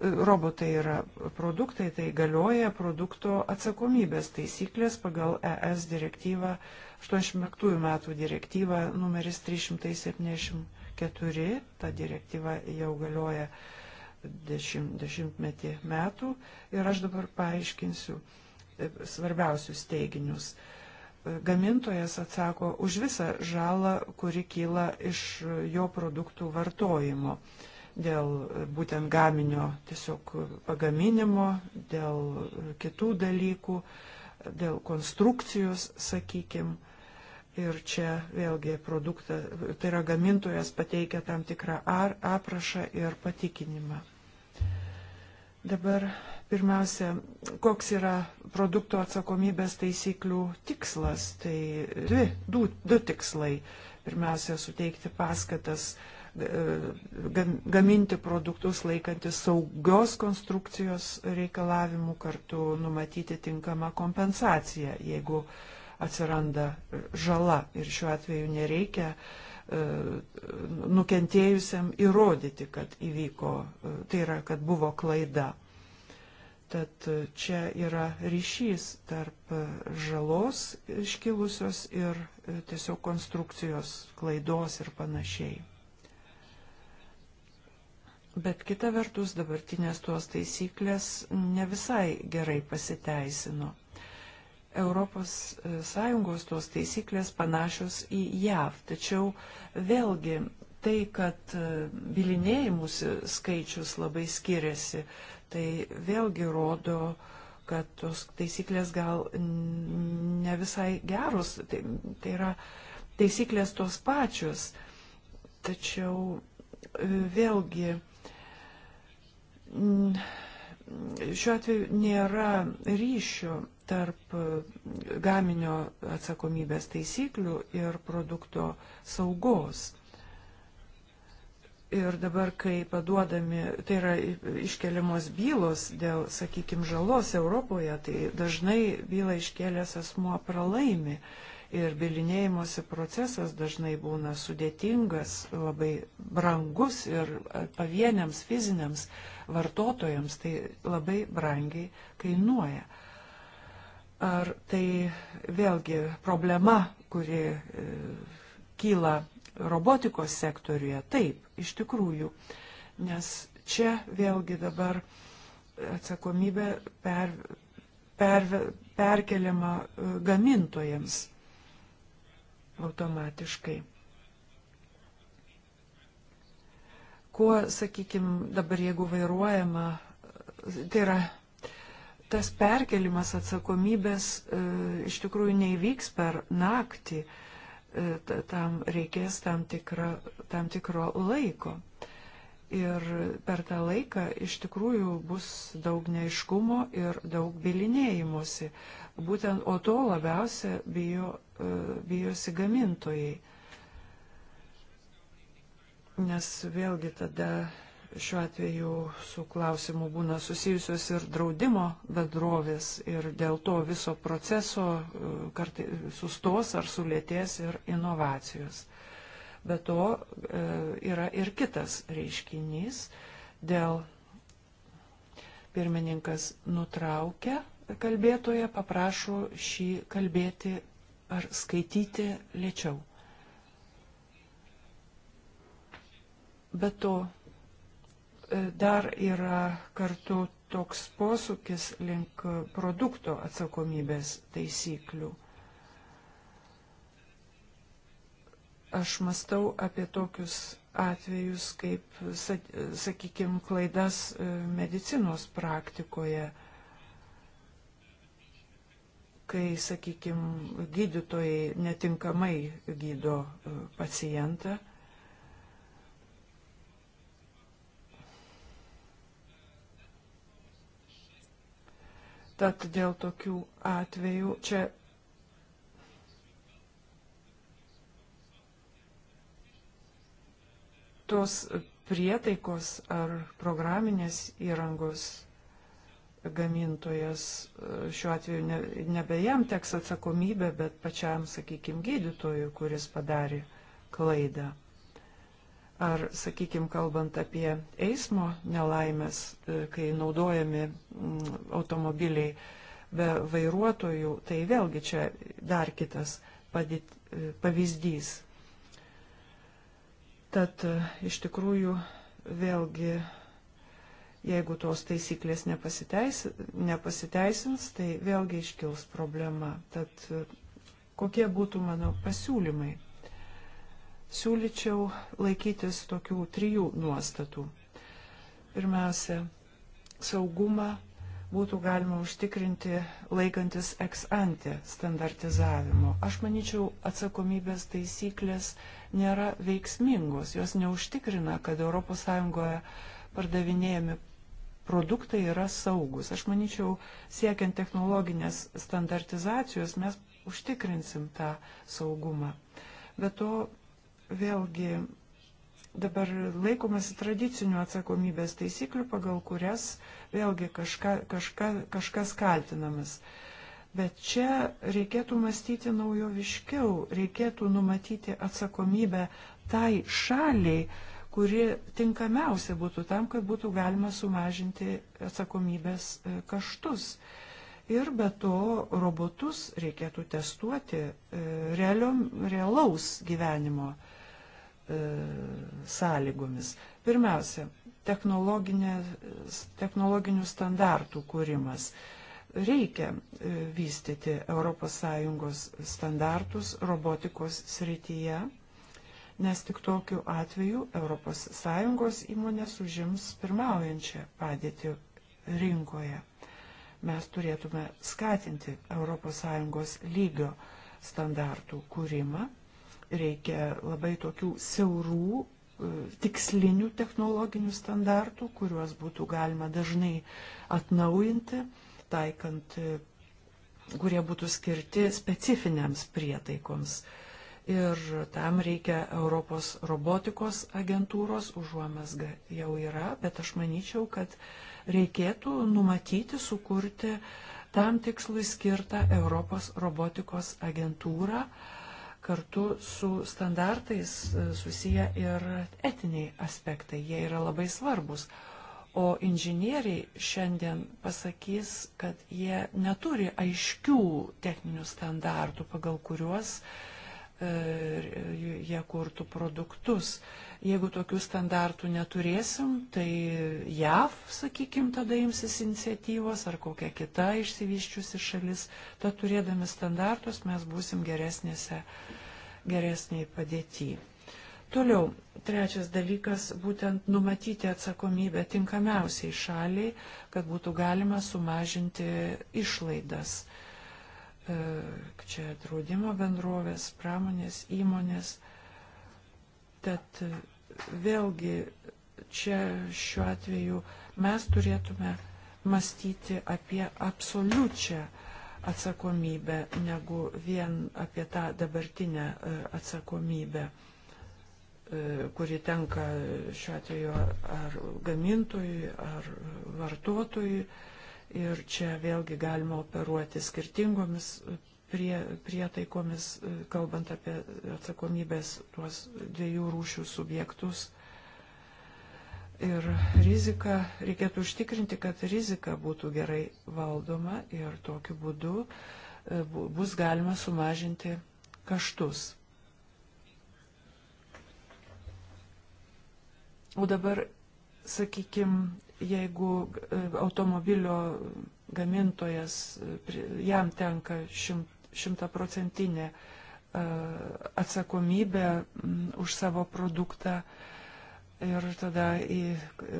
robotai yra produktai, tai galioja produkto atsakomybės taisyklės pagal ES direktyvą, 85 metų direktyvą numeris 374, ta direktyva jau galioja dešimt, dešimtmetį metų ir aš dabar paaiškinsiu e, svarbiausius teiginius. E, gamintojas atsako už visą žalą, kuri kyla iš jo produktų vartojimo dėl e, būtent gaminio tiesiog pagaminimo, dėl e, kitų dalykų, dėl konstrukcijos, sakykime. Ir čia vėlgi produktą, tai yra gamintojas pateikia tam tikrą ar, aprašą ir patikinimą. Dabar pirmiausia, koks yra produkto atsakomybės taisyklių tikslas? Tai dvi, du, du tikslai. Pirmiausia, suteikti paskatas uh, gaminti produktus laikantis saugios konstrukcijos reikalavimų, kartu numatyti tinkamą kompensaciją, jeigu atsiranda žala. Ir šiuo atveju nereikia e, nukentėjusiam įrodyti, kad įvyko, e, tai yra, kad buvo klaida. Tad e, čia yra ryšys tarp žalos iškilusios ir tiesiog konstrukcijos klaidos ir panašiai. Bet kita vertus dabartinės tuos taisyklės ne visai gerai pasiteisino. ES e, tos taisyklės panašios į JAV. Tačiau vėlgi tai, kad e, bilinėjimusi skaičius labai skiriasi, tai vėlgi rodo, kad tos taisyklės gal ne visai geros. Tai, tai yra taisyklės tos pačios. Tačiau e, vėlgi Mm, šiuo atveju nėra ryšių tarp e, gaminio atsakomybės taisyklių ir produkto saugos. Ir dabar, kai paduodami, tai yra iškeliamos bylos dėl, sakykime, žalos Europoje, tai dažnai bylą iškėlęs asmuo pralaimi. Uh, Ir bilinėjimosi procesas dažnai būna sudėtingas, labai brangus ir pavieniams fiziniams vartotojams tai labai brangiai kainuoja. Ar tai vėlgi problema, kuri e, kyla robotikos sektoriuje? Taip, iš tikrųjų, nes čia vėlgi dabar atsakomybė per, per, perkeliama e, gamintojams automatiškai. Kuo, sakykime, dabar jeigu vairuojama, tai yra tas perkelimas atsakomybės e, iš tikrųjų neįvyks per naktį, e, tam reikės tam, tikra, tam tikro laiko. Ir per tą laiką iš tikrųjų bus daug neiškumo ir daug bilinėjimosi. Būtent, o to labiausia bijo, e, bijosi gamintojai. Nes vėlgi tada šiuo atveju su klausimu būna susijusios ir draudimo bendrovės ir dėl to viso proceso e, kartai sustos ar sulėties ir inovacijos. Be to e, yra ir kitas reiškinys, dėl pirmininkas nutraukia kalbėtoja paprašo šį kalbėti ar skaityti lėčiau. Be to, e, dar yra kartu toks posūkis link produkto atsakomybės taisyklių. Aš mastau apie tokius atvejus kaip, sakykime, klaidas e, medicinos praktikoje – kai, sakykime, gydytojai netinkamai gydo e, pacientą. Tad dėl tokių atvejų čia tos prietaikos ar programinės įrangos gamintojas e, šiuo atveju ne, nebe jam teks atsakomybė, bet pačiam, sakykime, gydytojui, kuris padarė klaidą. Ar, sakykime, kalbant apie eismo nelaimės, e, kai naudojami mm, automobiliai be vairuotojų, tai vėlgi čia dar kitas padėt, e, pavyzdys. Tad iš tikrųjų vėlgi Jeigu tos taisyklės nepasiteis, nepasiteisins, tai vėlgi iškils problema. Tad kokie būtų mano pasiūlymai? Siūlyčiau laikytis tokių trijų nuostatų. Pirmiausia, saugumą būtų galima užtikrinti laikantis ex ante standartizavimo. Aš manyčiau, atsakomybės taisyklės nėra veiksmingos, jos neužtikrina, kad ES pardavinėjami produktai yra saugus. Aš manyčiau, siekiant technologinės standartizacijos mes užtikrinsim tą saugumą. Bet to vėlgi dabar laikomasi tradicinių atsakomybės taisyklių, pagal kurias vėlgi kažka, kažka, kažkas kaltinamas. Bet čia reikėtų mąstyti naujoviškiau, reikėtų numatyti atsakomybę tai šaliai, kuri tinkamiausia būtų tam, kad būtų galima sumažinti atsakomybės e, kaštus. Ir be to robotus reikėtų testuoti e, realiom, realaus gyvenimo e, sąlygomis. Pirmiausia, technologinių standartų kūrimas. Reikia vystyti ES standartus robotikos srityje nes tik tokiu atveju ES įmonės užims pirmaujančią padėtį rinkoje. Mes turėtume skatinti ES lygio standartų kūrimą. Reikia labai tokių siaurų, e, tikslinių technologinių standartų, kuriuos būtų galima dažnai atnaujinti, taikant, e, kurie būtų skirti specifinėms prietaikoms ir tam reikia Europos robotikos agentūros, užuomasga jau yra, bet aš manyčiau, kad reikėtų numatyti, sukurti tam tikslui skirtą Europos robotikos agentūrą, kartu su standartais e, susiję ir etiniai aspektai, jie yra labai svarbus. O inžinieriai šiandien pasakys, kad jie neturi aiškių techninių standartų, pagal kuriuos uh, jie kurtų produktus. Jeigu tokių standartų neturėsim, tai JAV, sakykime, tada imsis iniciatyvos ar kokia kita išsivyščiusi šalis, tad turėdami standartus mes būsim geresnėse, geresniai padėti. Toliau, trečias dalykas - būtent numatyti atsakomybę tinkamiausiai šaliai, kad būtų galima sumažinti išlaidas. Uh, E, čia draudimo bendrovės, pramonės įmonės. Tad e, vėlgi čia šiuo atveju mes turėtume mąstyti apie absoliučią atsakomybę, negu vien apie tą dabartinę e, atsakomybę, kuri tenka šiuo atveju ar gamintojui, ar vartotojui Ir čia vėlgi galima operuoti skirtingomis e, prie, prietaikomis, e, kalbant apie atsakomybės tuos dviejų rūšių subjektus. Ir rizika, reikėtų užtikrinti, kad rizika būtų gerai valdoma ir tokiu būdu e, bus galima sumažinti kaštus. O dabar, sakykime, jeigu e, automobilio gamintojas, e, jam tenka šimtaprocentinė e, atsakomybė už savo produktą ir tada į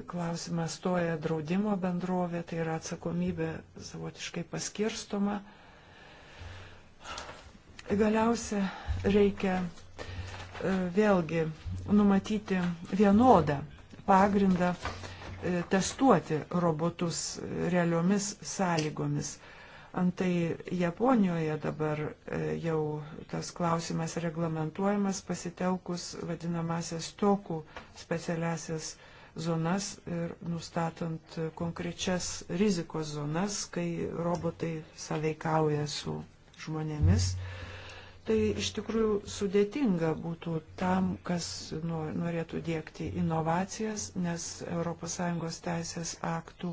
klausimą stoja draudimo bendrovė, tai yra atsakomybė savotiškai paskirstoma. Galiausia reikia vėlgi numatyti vienodą pagrindą E, testuoti robotus realiomis sąlygomis. Antai Japonijoje dabar e, jau tas klausimas reglamentuojamas pasitelkus vadinamasias tokų specialiasias zonas ir nustatant konkrečias rizikos zonas, kai robotai saveikauja su žmonėmis. Mm Tai iš tikrųjų sudėtinga būtų tam, kas norėtų dėkti inovacijas, nes ES teisės aktų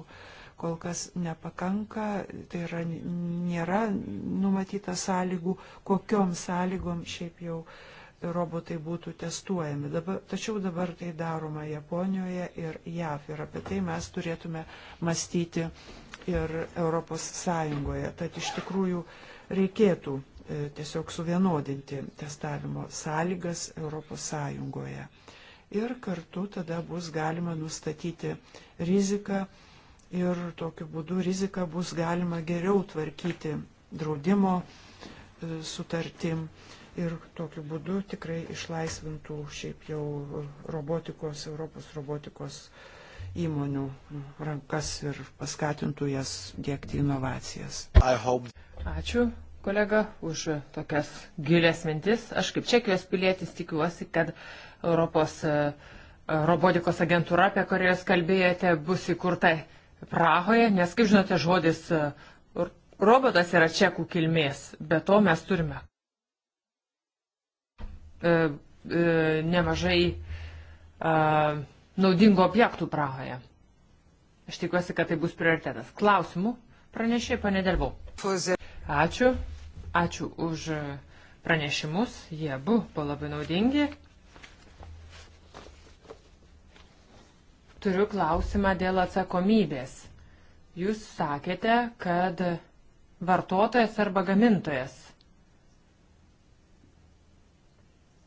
kol kas nepakanka, tai yra, nėra numatyta sąlygų, kokiom sąlygom šiaip jau robotai būtų testuojami. Dabar, tačiau dabar tai daroma Japonijoje ir JAV ir apie tai mes turėtume mąstyti ir Europos Sąjungoje. Tad iš tikrųjų reikėtų E, tiesiog suvienodinti testavimo sąlygas ES. Ir kartu tada bus galima nustatyti riziką ir tokiu būdu riziką bus galima geriau tvarkyti draudimo e, sutartim ir tokiu būdu tikrai išlaisvintų šiaip jau robotikos, Europos robotikos įmonių rankas ir paskatintų jas dėkti inovacijas. Ačiū kolega už tokias gilės mintis. Aš kaip Čekijos pilietis tikiuosi, kad Europos e, robotikos agentūra, apie kurią jūs kalbėjote, bus įkurta Prahoje, nes, kaip žinote, žodis e, robotas yra čekų kilmės, bet to mes turime e, nemažai naudingų objektų Prahoje. Aš tikiuosi, kad tai bus prioritetas. Klausimų pranešė, panedelbau. Ačiū. Ačiū už pranešimus, jie abu buvo labai naudingi. Turiu klausimą dėl atsakomybės. Jūs sakėte, kad vartotojas arba gamintojas.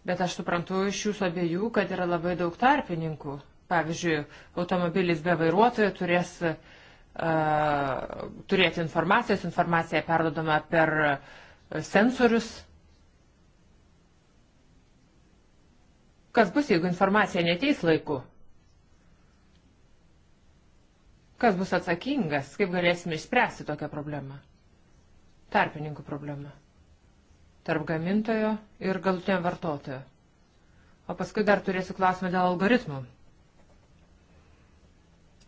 Bet aš suprantu iš jūsų abiejų, kad yra labai daug tarpininkų. Pavyzdžiui, automobilis be vairuotojo turės uh, turėti informacijos, informacija perdodama per uh, sensorius. Kas bus, jeigu informacija neteis laiku? Kas bus atsakingas, kaip galėsime išspręsti tokią problemą? Tarpininkų problemą. Tarp gamintojo ir galutinio vartotojo. O paskui dar turėsiu klausimą dėl algoritmų.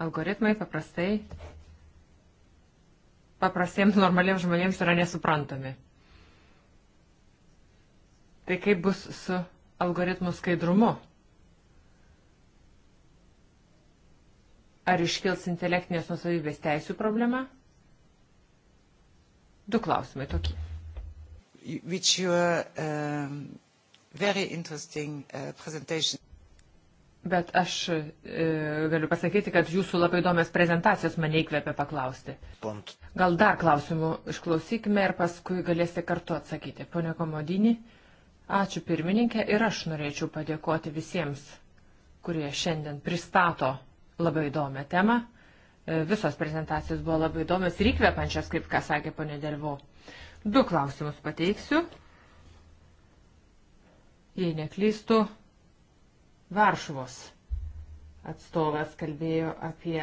Algoritmai paprastai paprastiems normaliems žmonėms yra nesuprantami. Tai kaip bus su algoritmų skaidrumu? Ar iškils intelektinės nusavybės teisų problema? Du klausimai tokie. Which your um, very interesting uh, presentation. Bet aš e, galiu pasakyti, kad jūsų labai įdomias prezentacijos mane įkvėpė paklausti. Pont. Gal dar klausimų išklausykime ir paskui galėsite kartu atsakyti. Pone Komodinį, Ačiū pirmininkė ir aš norėčiau padėkoti visiems, kurie šiandien pristato labai įdomią temą. E, visos prezentacijos buvo labai įdomios ir įkvepančios, kaip ką sakė ponė Delvo. Du klausimus pateiksiu. Jei neklystu, Varšuvos atstovas kalbėjo apie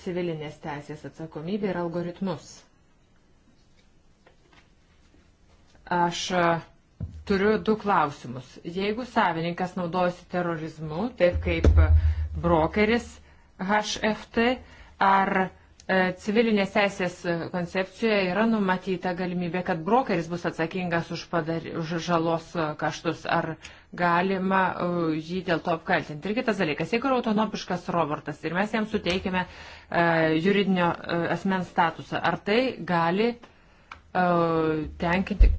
civilinės teisės atsakomybę ir algoritmus. Aš Turiu du klausimus. Jeigu savininkas naudojasi terorizmu, taip kaip brokeris HFT, ar e, civilinės teisės koncepcijoje yra numatyta galimybė, kad brokeris bus atsakingas už, padar, už žalos kaštus, ar galima e, jį dėl to apkaltinti. Ir kitas dalykas, jeigu yra autonomiškas Robertas ir mes jam suteikime uh, juridinio uh, asmens statusą, ar tai gali uh, tenkinti.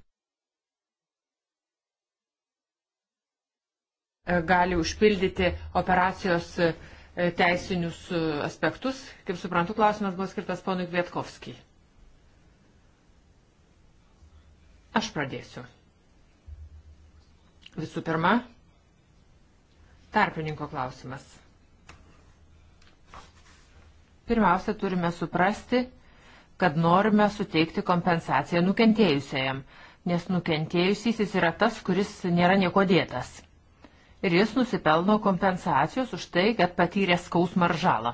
E, gali užpildyti operacijos e, teisinius e, aspektus. Kaip suprantu, klausimas buvo skirtas ponui Kvietkovskijai. Aš pradėsiu. Visų pirma, tarpininko klausimas. Pirmiausia, turime suprasti, kad norime suteikti kompensaciją nukentėjusiajam, nes nukentėjusysis yra tas, kuris nėra nieko dėtas ir jis nusipelno kompensacijos už tai, kad patyrė skausmą ar žalą.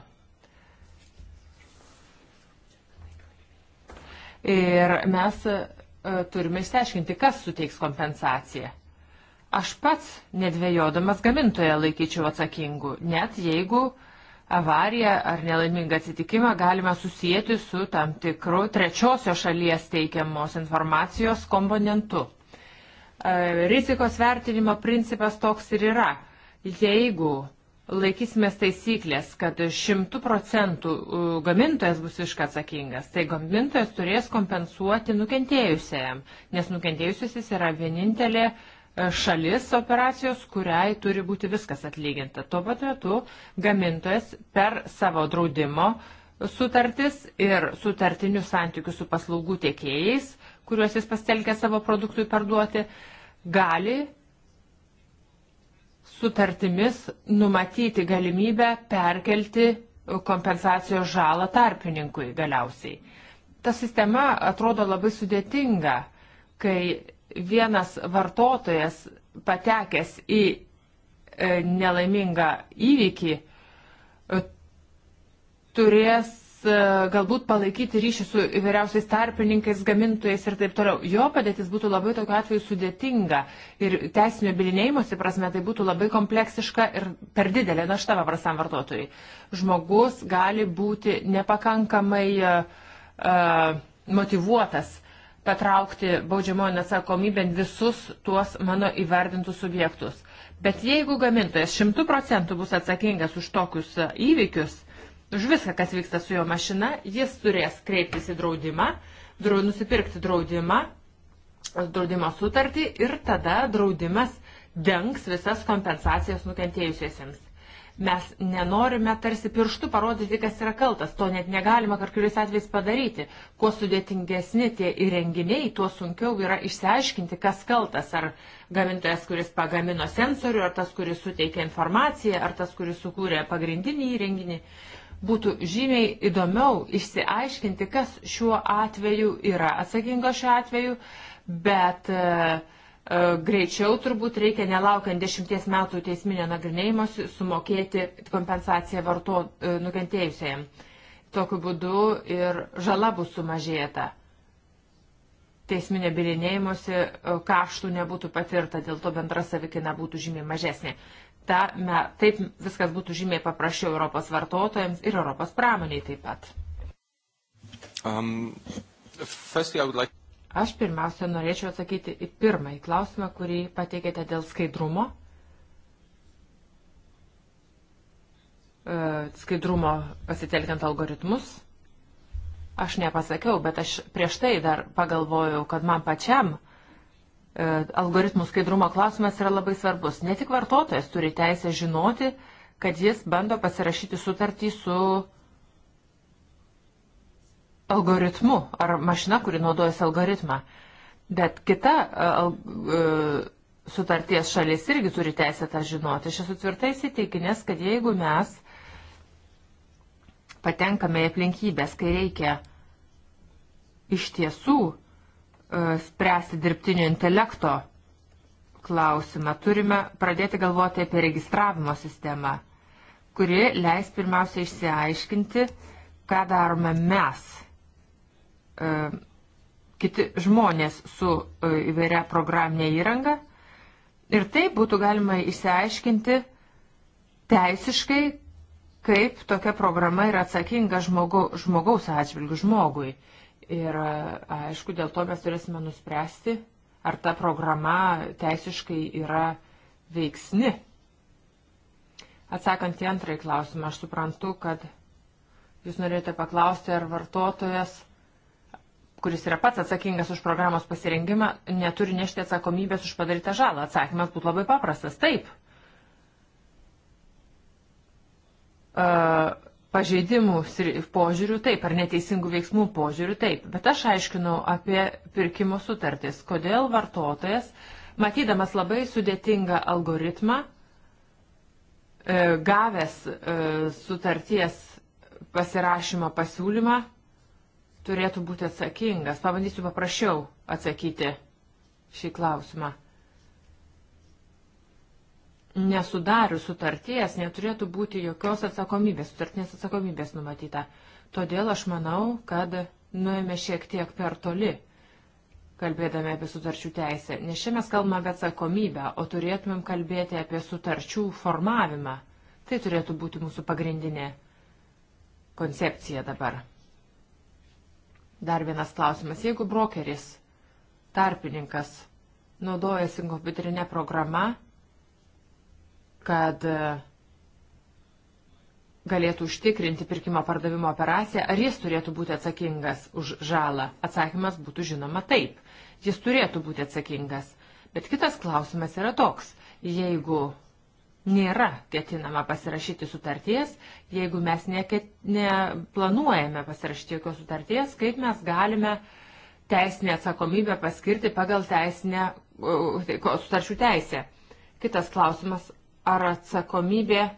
Ir mes e, turime išsiaiškinti, kas suteiks kompensaciją. Aš pats, nedvėjodamas gamintoje, laikyčiau atsakingu, net jeigu avariją ar nelaimingą atsitikimą galime susijęti su tam tikru trečiosios šalies teikiamos informacijos komponentu. E, rizikos vertinimo principas toks ir yra. Jeigu laikysimės taisyklės, kad šimtų procentų e, gamintojas bus iška atsakingas, tai gamintojas turės kompensuoti nukentėjusiajam, nes nukentėjusiasis yra vienintelė e, šalis operacijos, kuriai turi būti viskas atlyginta. Tuo pat metu gamintojas per savo draudimo sutartis ir sutartinius santykius su paslaugų tiekėjais kuriuos jis pastelgia savo produktui parduoti, gali sutartimis numatyti galimybę perkelti kompensacijos žalą tarpininkui galiausiai. Ta sistema atrodo labai sudėtinga, kai vienas vartotojas patekęs į e, nelaimingą įvykį e, turės E, galbūt palaikyti ryšį su įvairiausiais tarpininkais, gamintojais ir taip toliau. Jo padėtis būtų labai tokiu atveju sudėtinga ir teisinio bilinėjimosi prasme tai būtų labai kompleksiška ir per didelė našta paprastam vartotojui. Žmogus gali būti nepakankamai uh, motivuotas patraukti baudžiamojo atsakomybę visus tuos mano įvardintus subjektus. Bet jeigu gamintojas šimtų procentų bus atsakingas už tokius įvykius, už viską, kas vyksta su jo mašina, jis turės kreiptis į draudimą, drau, nusipirkti draudimą, draudimo sutartį ir tada draudimas dengs visas kompensacijas nukentėjusiesiems. Mes nenorime tarsi pirštų parodyti, kas yra kaltas, to net negalima karkuriais atvejais padaryti. Kuo sudėtingesni tie įrenginiai, tuo sunkiau yra išsiaiškinti, kas kaltas, ar gamintojas, kuris pagamino sensorių, ar tas, kuris suteikė informaciją, ar tas, kuris sukūrė pagrindinį įrenginį. Uh, būtų žymiai įdomiau išsiaiškinti, kas šiuo atveju yra atsakinga šiuo atveju, bet e, e, greičiau turbūt reikia nelaukiant dešimties metų teisminio nagrinėjimo sumokėti kompensaciją varto e, nukentėjusiajam. Tokiu būdu ir žala bus sumažėta. Teisminė bilinėjimuose kaštų nebūtų patirta, dėl to bendra savikina būtų žymiai mažesnė ta, me, taip viskas būtų žymiai paprasčiau Europos vartotojams ir Europos pramoniai taip pat. Um, firstly, like... Aš pirmiausia norėčiau atsakyti į pirmąjį klausimą, kurį pateikėte dėl skaidrumo. E, skaidrumo pasitelkiant algoritmus. Aš nepasakiau, bet aš prieš tai dar pagalvojau, kad man pačiam uh, E, algoritmų skaidrumo klausimas yra labai svarbus. Ne tik vartotojas turi teisę žinoti, kad jis bando pasirašyti sutartį su algoritmu ar mašina, kuri naudojasi algoritmą. Bet kita e, al, e, sutarties šalis irgi turi teisę tą žinoti. Aš esu tvirtai įsitikinęs, kad jeigu mes patenkame į aplinkybės, kai reikia iš tiesų E, spręsti dirbtinio intelekto klausimą. Turime pradėti galvoti apie registravimo sistemą, kuri leis pirmiausia išsiaiškinti, ką darome mes, e, kiti žmonės su e, įvairia programinė įranga. Ir tai būtų galima išsiaiškinti teisiškai, kaip tokia programa yra atsakinga žmogu, žmogaus atžvilgių žmogui. žmogui Ir aišku, dėl to mes turėsime nuspręsti, ar ta programa teisiškai yra veiksni. Atsakant į antrąjį klausimą, aš suprantu, kad jūs norėjote paklausti, ar vartotojas, kuris yra pats atsakingas už programos pasirengimą, neturi nešti atsakomybės už padarytą žalą. Atsakymas būtų labai paprastas. Taip. Uh, pažeidimų požiūrių taip, ar neteisingų veiksmų požiūrių taip, bet aš aiškinau apie pirkimo sutartis, kodėl vartotojas, matydamas labai sudėtingą algoritmą, e, gavęs e, sutarties pasirašymo pasiūlymą, turėtų būti atsakingas. Pabandysiu paprašiau atsakyti šį klausimą nesudarius sutarties neturėtų būti jokios atsakomybės, sutartinės atsakomybės numatyta. Todėl aš manau, kad nuėjome šiek tiek per toli, kalbėdami apie sutarčių teisę. Nes čia mes kalbame apie atsakomybę, o turėtumėm kalbėti apie sutarčių formavimą. Tai turėtų būti mūsų pagrindinė koncepcija dabar. Dar vienas klausimas. Jeigu brokeris, tarpininkas, naudojasi kompiuterinė programa, kad e, galėtų užtikrinti pirkimo pardavimo operaciją, ar jis turėtų būti atsakingas už žalą? Atsakymas būtų žinoma taip. Jis turėtų būti atsakingas. Bet kitas klausimas yra toks. Jeigu nėra ketinama pasirašyti sutarties, jeigu mes neket, neplanuojame pasirašyti jokios sutarties, kaip mes galime teisinę atsakomybę paskirti pagal teisinę tai sutarčių teisę. Kitas klausimas, ar atsakomybė a,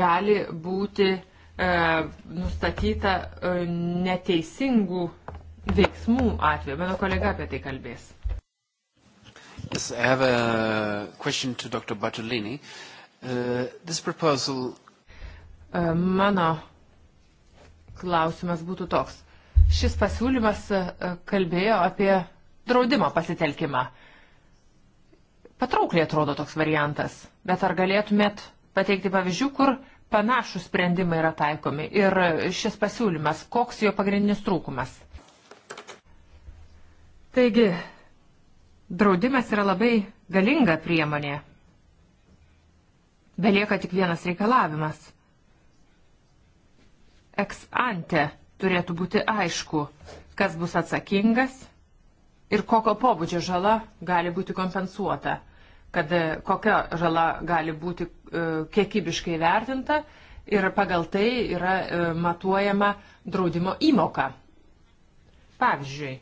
gali būti a, nustatyta a, neteisingų veiksmų atveju. Mano kolega apie tai kalbės. Yes, I have a question to Dr. Bartolini. Uh, this proposal... Mano klausimas būtų toks. Šis pasiūlymas kalbėjo apie draudimo pasitelkimą. Uh, Patraukliai atrodo toks variantas, bet ar galėtumėt pateikti pavyzdžių, kur panašų sprendimai yra taikomi ir šis pasiūlymas, koks jo pagrindinis trūkumas? Taigi, draudimas yra labai galinga priemonė. Belieka tik vienas reikalavimas. Ex ante turėtų būti aišku, kas bus atsakingas ir kokio pobūdžio žala gali būti kompensuota kad e, kokia žala gali būti e, kiekybiškai vertinta ir pagal tai yra e, matuojama draudimo įmoka. Pavyzdžiui,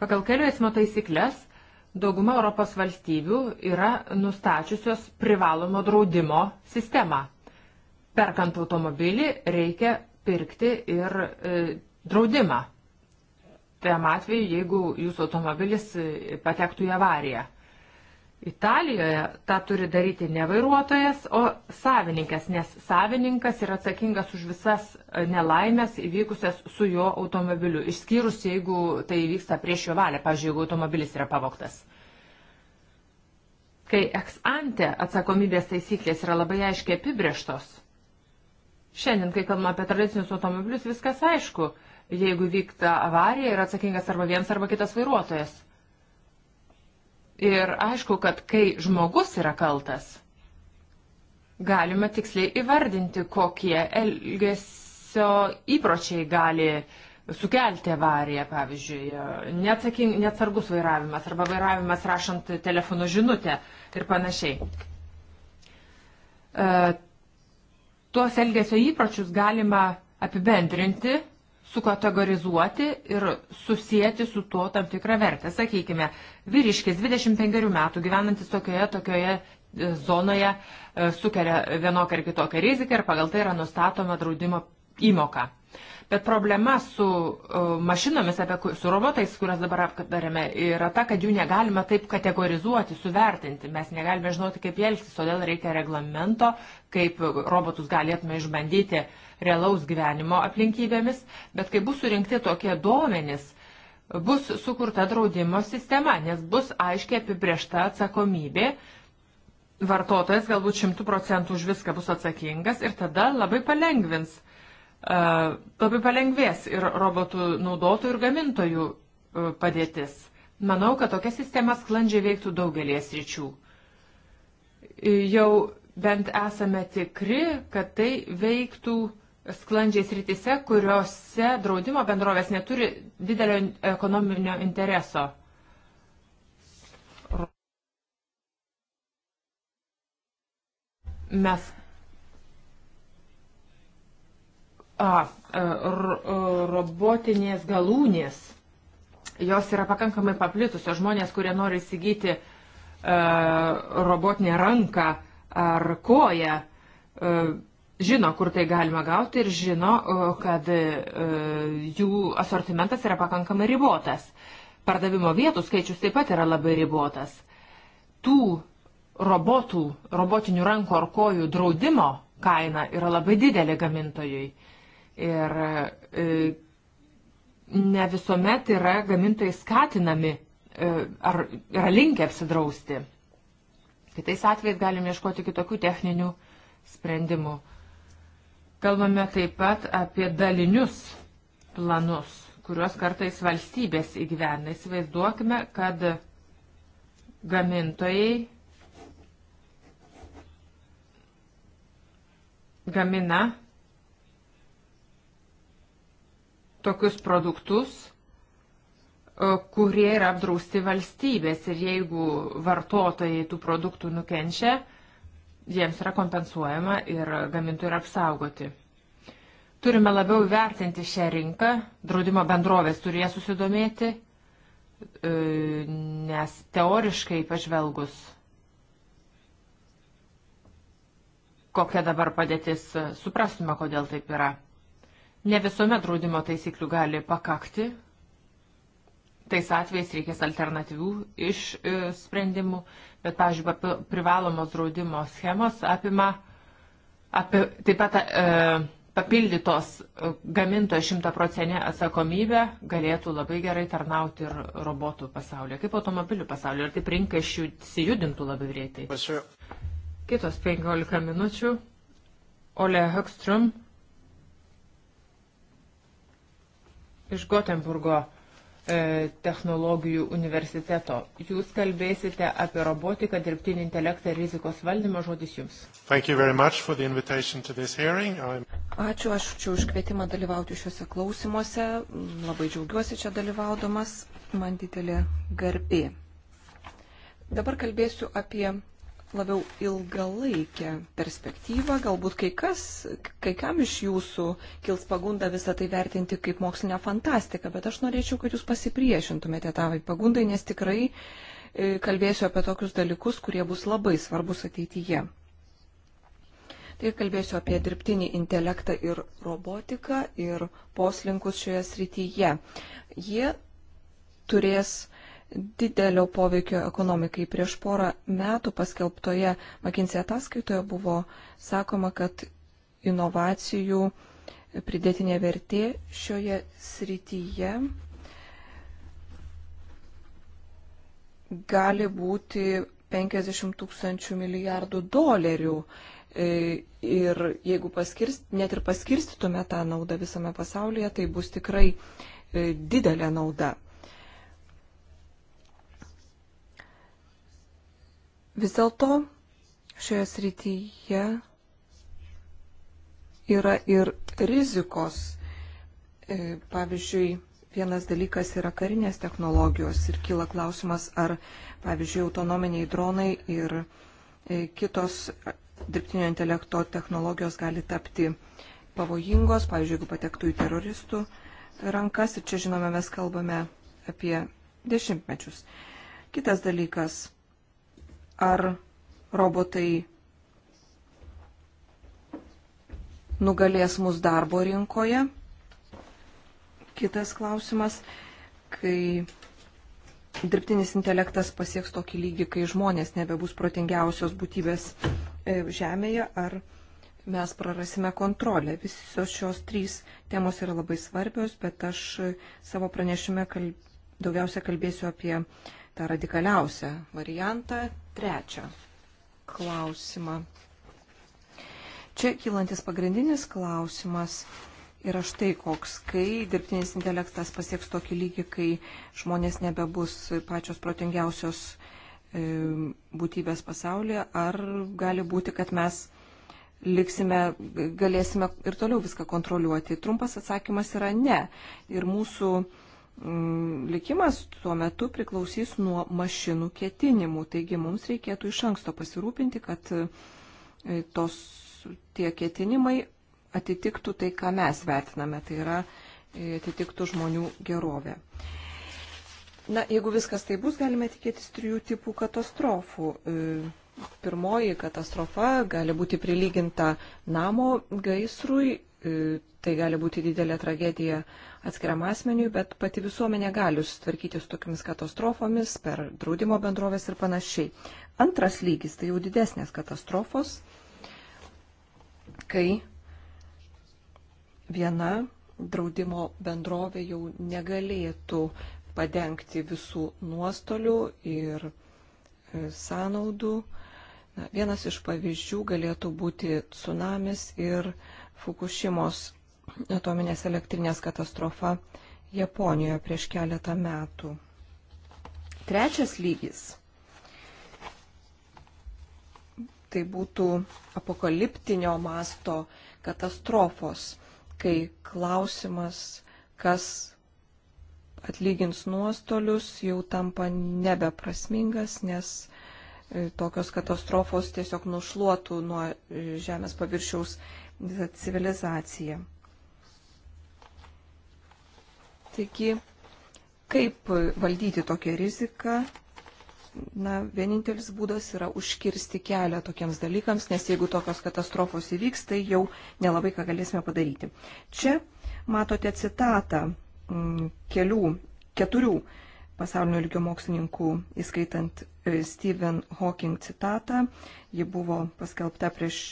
pagal kelių eismo taisyklės dauguma Europos valstybių yra nustačiusios privalomo draudimo sistemą. Perkant automobilį reikia pirkti ir e, draudimą. Tam atveju, jeigu jūsų automobilis patektų į avariją. Italijoje tą turi daryti ne vairuotojas, o savininkas, nes savininkas yra atsakingas už visas e, nelaimės įvykusias su jo automobiliu, išskyrus jeigu tai vyksta prieš jo valią, pavyzdžiui, jeigu automobilis yra pavoktas. Kai ex-ante atsakomybės taisyklės yra labai aiškiai apibrieštos, šiandien, kai kalbame apie tradicinius automobilius, viskas aišku, jeigu vyksta avarija yra atsakingas arba vienas arba kitas vairuotojas Ir aišku, kad kai žmogus yra kaltas, galima tiksliai įvardinti, kokie elgesio įpročiai gali sukelti avariją, pavyzdžiui, neatsargus vairavimas arba vairavimas rašant telefono žinutę ir panašiai. E, tuos elgesio įpročius galima apibendrinti sukategorizuoti ir susijęti su tuo tam tikrą vertę. Sakykime, vyriškis 25 metų gyvenantis tokioje, tokioje e, zonoje e, sukelia vienokią ar kitokią riziką ir pagal tai yra nustatoma draudimo įmoka. Bet problema su e, mašinomis, apie, su robotais, kurias dabar aptarėme, yra ta, kad jų negalima taip kategorizuoti, suvertinti. Mes negalime žinoti, kaip elgtis, todėl reikia reglamento, kaip robotus galėtume išbandyti uh, realaus gyvenimo aplinkybėmis, bet kai bus surinkti tokie duomenys, bus sukurta draudimo sistema, nes bus aiškiai apibriešta atsakomybė. Vartotojas galbūt šimtų procentų už viską bus atsakingas ir tada labai palengvins, e, labai palengvės ir robotų naudotojų ir gamintojų e, padėtis. Manau, kad tokia sistema sklandžiai veiktų daugelės ryčių. Jau bent esame tikri, kad tai veiktų uh, sklandžiai sritise, kuriuose draudimo bendrovės neturi didelio ekonominio intereso. Mes a, robotinės galūnės, jos yra pakankamai paplitusios. Žmonės, kurie nori įsigyti a, robotinę ranką ar koją, a, žino, kur tai galima gauti ir žino, kad e, jų asortimentas yra pakankamai ribotas. Pardavimo vietų skaičius taip pat yra labai ribotas. Tų robotų, robotinių rankų ar kojų draudimo kaina yra labai didelė gamintojui. Ir e, ne visuomet yra gamintojai skatinami e, ar yra linkę apsidrausti. Kitais atvejais galim ieškoti kitokių techninių sprendimų. Kalbame taip pat apie dalinius planus, kuriuos kartais valstybės įgyvena. Įsivaizduokime, kad gamintojai gamina tokius produktus, kurie yra apdrausti valstybės ir jeigu vartotojai tų produktų nukenčia, jiems yra kompensuojama ir gamintojai yra apsaugoti. Turime labiau vertinti šią rinką, draudimo bendrovės turi ją susidomėti, e, nes teoriškai pažvelgus, kokia dabar padėtis, suprastume, kodėl taip yra. Ne visuomet draudimo taisyklių gali pakakti. Tais atvejais reikės alternatyvių iš e, sprendimų Bet, pavyzdžiui, privalomos draudimo schemos apima apie, taip pat e, papildytos e, gamintojo šimtaprocentinė atsakomybė galėtų labai gerai tarnauti ir robotų pasaulyje, kaip automobilių pasaulyje. Ir taip rinka išsijudintų labai greitai. Kitos 15 minučių. Ole Hökström iš Gotemburgo E, technologijų universiteto. Jūs kalbėsite apie robotiką, dirbtinį intelektą ir rizikos valdymą. Žodis jums. Ačiū, aš čia už kvietimą dalyvauti šiuose klausimuose. Labai džiaugiuosi čia dalyvaudamas. Man didelė garbė. Dabar kalbėsiu apie labiau ilgalaikę perspektyvą. Galbūt kai kas, kai kam iš jūsų kils pagunda visą tai vertinti kaip mokslinę fantastiką, bet aš norėčiau, kad jūs pasipriešintumėte tavai pagundai, nes tikrai e, kalbėsiu apie tokius dalykus, kurie bus labai svarbus ateityje. Tai kalbėsiu apie dirbtinį intelektą ir robotiką ir poslinkus šioje srityje. Jie turės didelio poveikio ekonomikai. Prieš porą metų paskelbtoje McKinsey ataskaitoje buvo sakoma, kad inovacijų pridėtinė vertė šioje srityje gali būti 50 tūkstančių milijardų dolerių. E, ir jeigu paskirst, net ir paskirstytume tą naudą visame pasaulyje, tai bus tikrai e, didelė nauda. Vis dėlto šioje srityje yra ir rizikos. E, pavyzdžiui, vienas dalykas yra karinės technologijos ir kyla klausimas, ar, pavyzdžiui, autonominiai dronai ir e, kitos dirbtinio intelekto technologijos gali tapti pavojingos, pavyzdžiui, jeigu patektų į teroristų rankas. Ir čia, žinome, mes kalbame apie dešimtmečius. Kitas dalykas ar robotai nugalės mus darbo rinkoje. Kitas klausimas, kai dirbtinis intelektas pasieks tokį lygį, kai žmonės nebebus protingiausios būtybės e, žemėje, ar mes prarasime kontrolę. Visos šios trys temos yra labai svarbios, bet aš savo pranešime kalb... daugiausia kalbėsiu apie tą radikaliausią variantą. Trečią klausimą. Čia kylantis pagrindinis klausimas yra štai koks, kai dirbtinis intelektas pasieks tokį lygį, kai žmonės nebebus pačios protingiausios e, būtybės pasaulyje, ar gali būti, kad mes liksime, galėsime ir toliau viską kontroliuoti. Trumpas atsakymas yra ne. Ir mūsų uh, Mm, likimas tuo metu priklausys nuo mašinų ketinimų. Taigi mums reikėtų iš anksto pasirūpinti, kad e, tos, tie ketinimai atitiktų tai, ką mes vertiname, tai yra e, atitiktų žmonių gerovę. Na, jeigu viskas tai bus, galime tikėtis trijų tipų katastrofų. E, pirmoji katastrofa gali būti prilyginta namo gaisrui E, tai gali būti didelė tragedija atskiriam asmeniui, bet pati visuomenė gali susitvarkyti su tokiamis katastrofomis per draudimo bendrovės ir panašiai. Antras lygis tai jau didesnės katastrofos, kai viena draudimo bendrovė jau negalėtų padengti visų nuostolių ir e, sąnaudų. Na, vienas iš pavyzdžių galėtų būti tsunamis ir uh, Fukushimos atominės elektrinės katastrofa Japonijoje prieš keletą metų. Trečias lygis - tai būtų apokaliptinio masto katastrofos, kai klausimas, kas atlygins nuostolius, jau tampa nebeprasmingas, nes e, tokios katastrofos tiesiog nušluotų nuo e, žemės paviršiaus visą civilizaciją. Taigi, kaip valdyti tokią riziką? Na, vienintelis būdas yra užkirsti kelią tokiems dalykams, nes jeigu tokios katastrofos įvyks, tai jau nelabai ką galėsime padaryti. Čia matote citatą mm, kelių, keturių pasaulinio lygio mokslininkų, įskaitant e, Stephen Hawking citatą. Ji buvo paskelbta prieš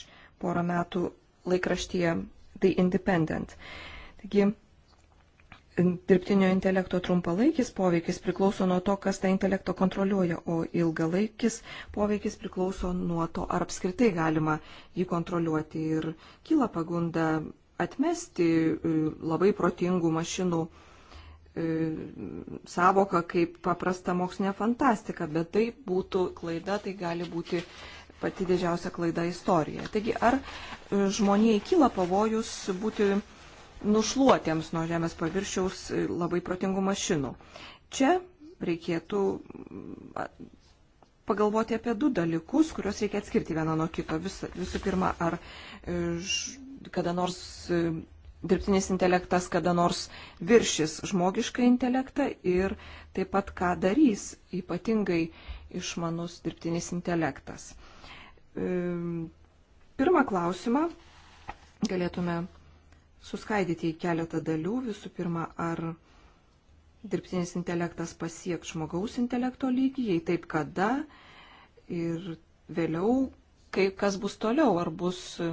porą metų laikraštyje The Independent. Taigi, dirbtinio intelekto trumpalaikis poveikis priklauso nuo to, kas tą intelektą kontroliuoja, o ilgalaikis poveikis priklauso nuo to, ar apskritai galima jį kontroliuoti. Ir kyla pagunda atmesti e, labai protingų mašinų e, savoką kaip paprasta mokslinė fantastika, bet tai būtų klaida, tai gali būti pati didžiausia klaida istorijoje. Taigi, ar e, žmonijai kyla pavojus būti nušluotiems nuo žemės paviršiaus e, labai protingų mašinų? Čia reikėtų pagalvoti apie du dalykus, kuriuos reikia atskirti vieną nuo kito. Vis, visų pirma, ar e, ž, kada nors dirbtinis intelektas kada nors viršis žmogišką intelektą ir taip pat ką darys ypatingai išmanus dirbtinis intelektas. Pirmą klausimą galėtume suskaidyti į keletą dalių. Visų pirma, ar dirbtinis intelektas pasieks žmogaus intelekto lygį, jei taip kada ir vėliau, kai, kas bus toliau, ar bus e,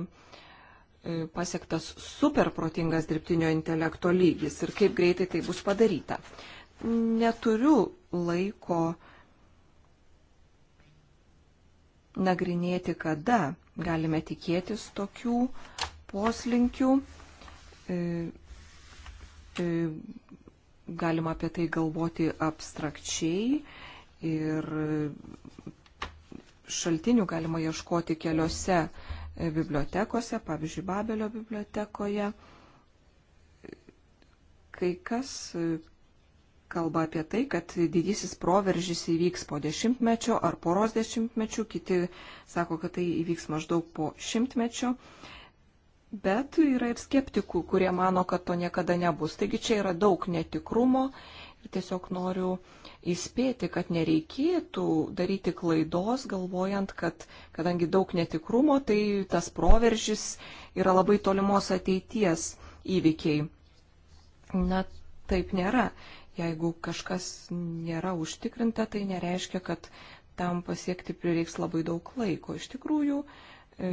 pasiektas superprotingas dirbtinio intelekto lygis ir kaip greitai tai bus padaryta. Neturiu laiko uh, nagrinėti, kada galime tikėtis tokių poslinkių. E, e, galima apie tai galvoti abstrakčiai ir šaltinių galima ieškoti keliose e, bibliotekose, pavyzdžiui, Babelio bibliotekoje. Kai kas kalba apie tai, kad didysis proveržys įvyks po dešimtmečio ar poros dešimtmečių, kiti sako, kad tai įvyks maždaug po šimtmečio. Bet yra ir skeptikų, kurie mano, kad to niekada nebus. Taigi čia yra daug netikrumo ir tiesiog noriu įspėti, kad nereikėtų daryti klaidos, galvojant, kad kadangi daug netikrumo, tai tas proveržys yra labai tolimos ateities įvykiai. Na, taip nėra. Jeigu kažkas nėra užtikrinta, tai nereiškia, kad tam pasiekti prireiks labai daug laiko. Iš tikrųjų, e,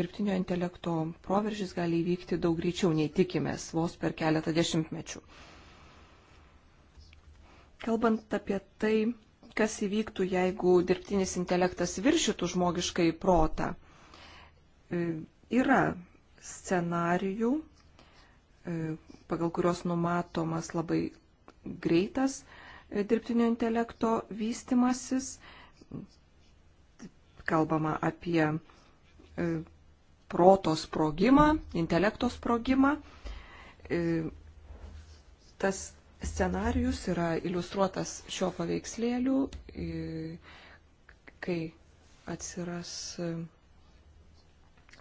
dirbtinio intelekto proveržys gali įvykti daug greičiau nei tikimės, vos per keletą dešimtmečių. Kalbant apie tai, kas įvyktų, jeigu dirbtinis intelektas viršytų žmogiškai protą, e, yra scenarijų, e, pagal kurios numatomas labai greitas e, dirbtinio intelekto vystimasis. Kalbama apie e, proto sprogimą, intelekto sprogimą. E, tas scenarius yra iliustruotas šio paveikslėliu, kai atsiras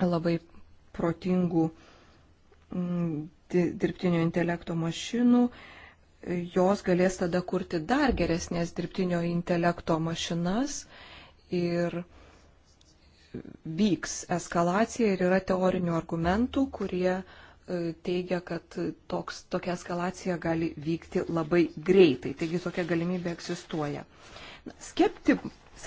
labai protingų dirbtinio intelekto mašinų, jos galės tada kurti dar geresnės dirbtinio intelekto mašinas ir vyks eskalacija ir yra teorinių argumentų, kurie e, teigia, kad toks, tokia eskalacija gali vykti labai greitai. Taigi tokia galimybė egzistuoja. Skepti,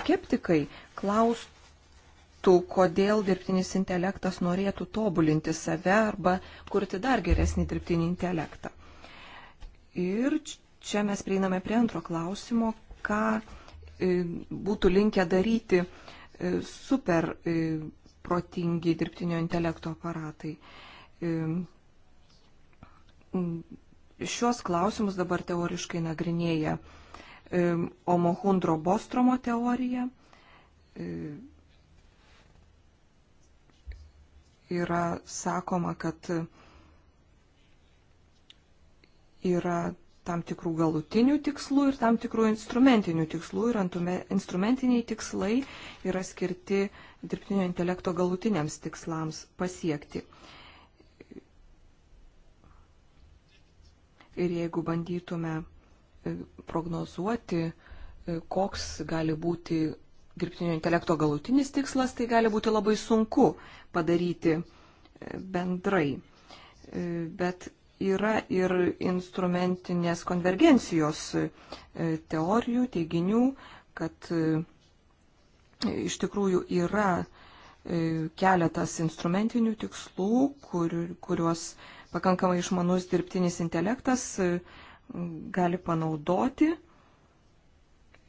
skeptikai klaustų, kodėl dirbtinis intelektas norėtų tobulinti save arba kurti dar geresnį dirbtinį intelektą. Ir čia mes prieiname prie antro klausimo, ką e, būtų linkę daryti e, super e, protingi dirbtinio intelekto aparatai. Šiuos klausimus dabar teoriškai nagrinėja Omohundro Bostromo teorija. Yra sakoma, kad yra tam tikrų galutinių tikslų ir tam tikrų instrumentinių tikslų ir antume, instrumentiniai tikslai yra skirti dirbtinio intelekto galutiniams tikslams pasiekti. Ir jeigu bandytume e, prognozuoti, e, koks gali būti dirbtinio intelekto galutinis tikslas, tai gali būti labai sunku padaryti e, bendrai. Bet yra ir instrumentinės konvergencijos e, teorijų, teiginių, kad e, iš tikrųjų yra e, keletas instrumentinių tikslų, kur, kuriuos pakankamai išmanus dirbtinis intelektas gali panaudoti,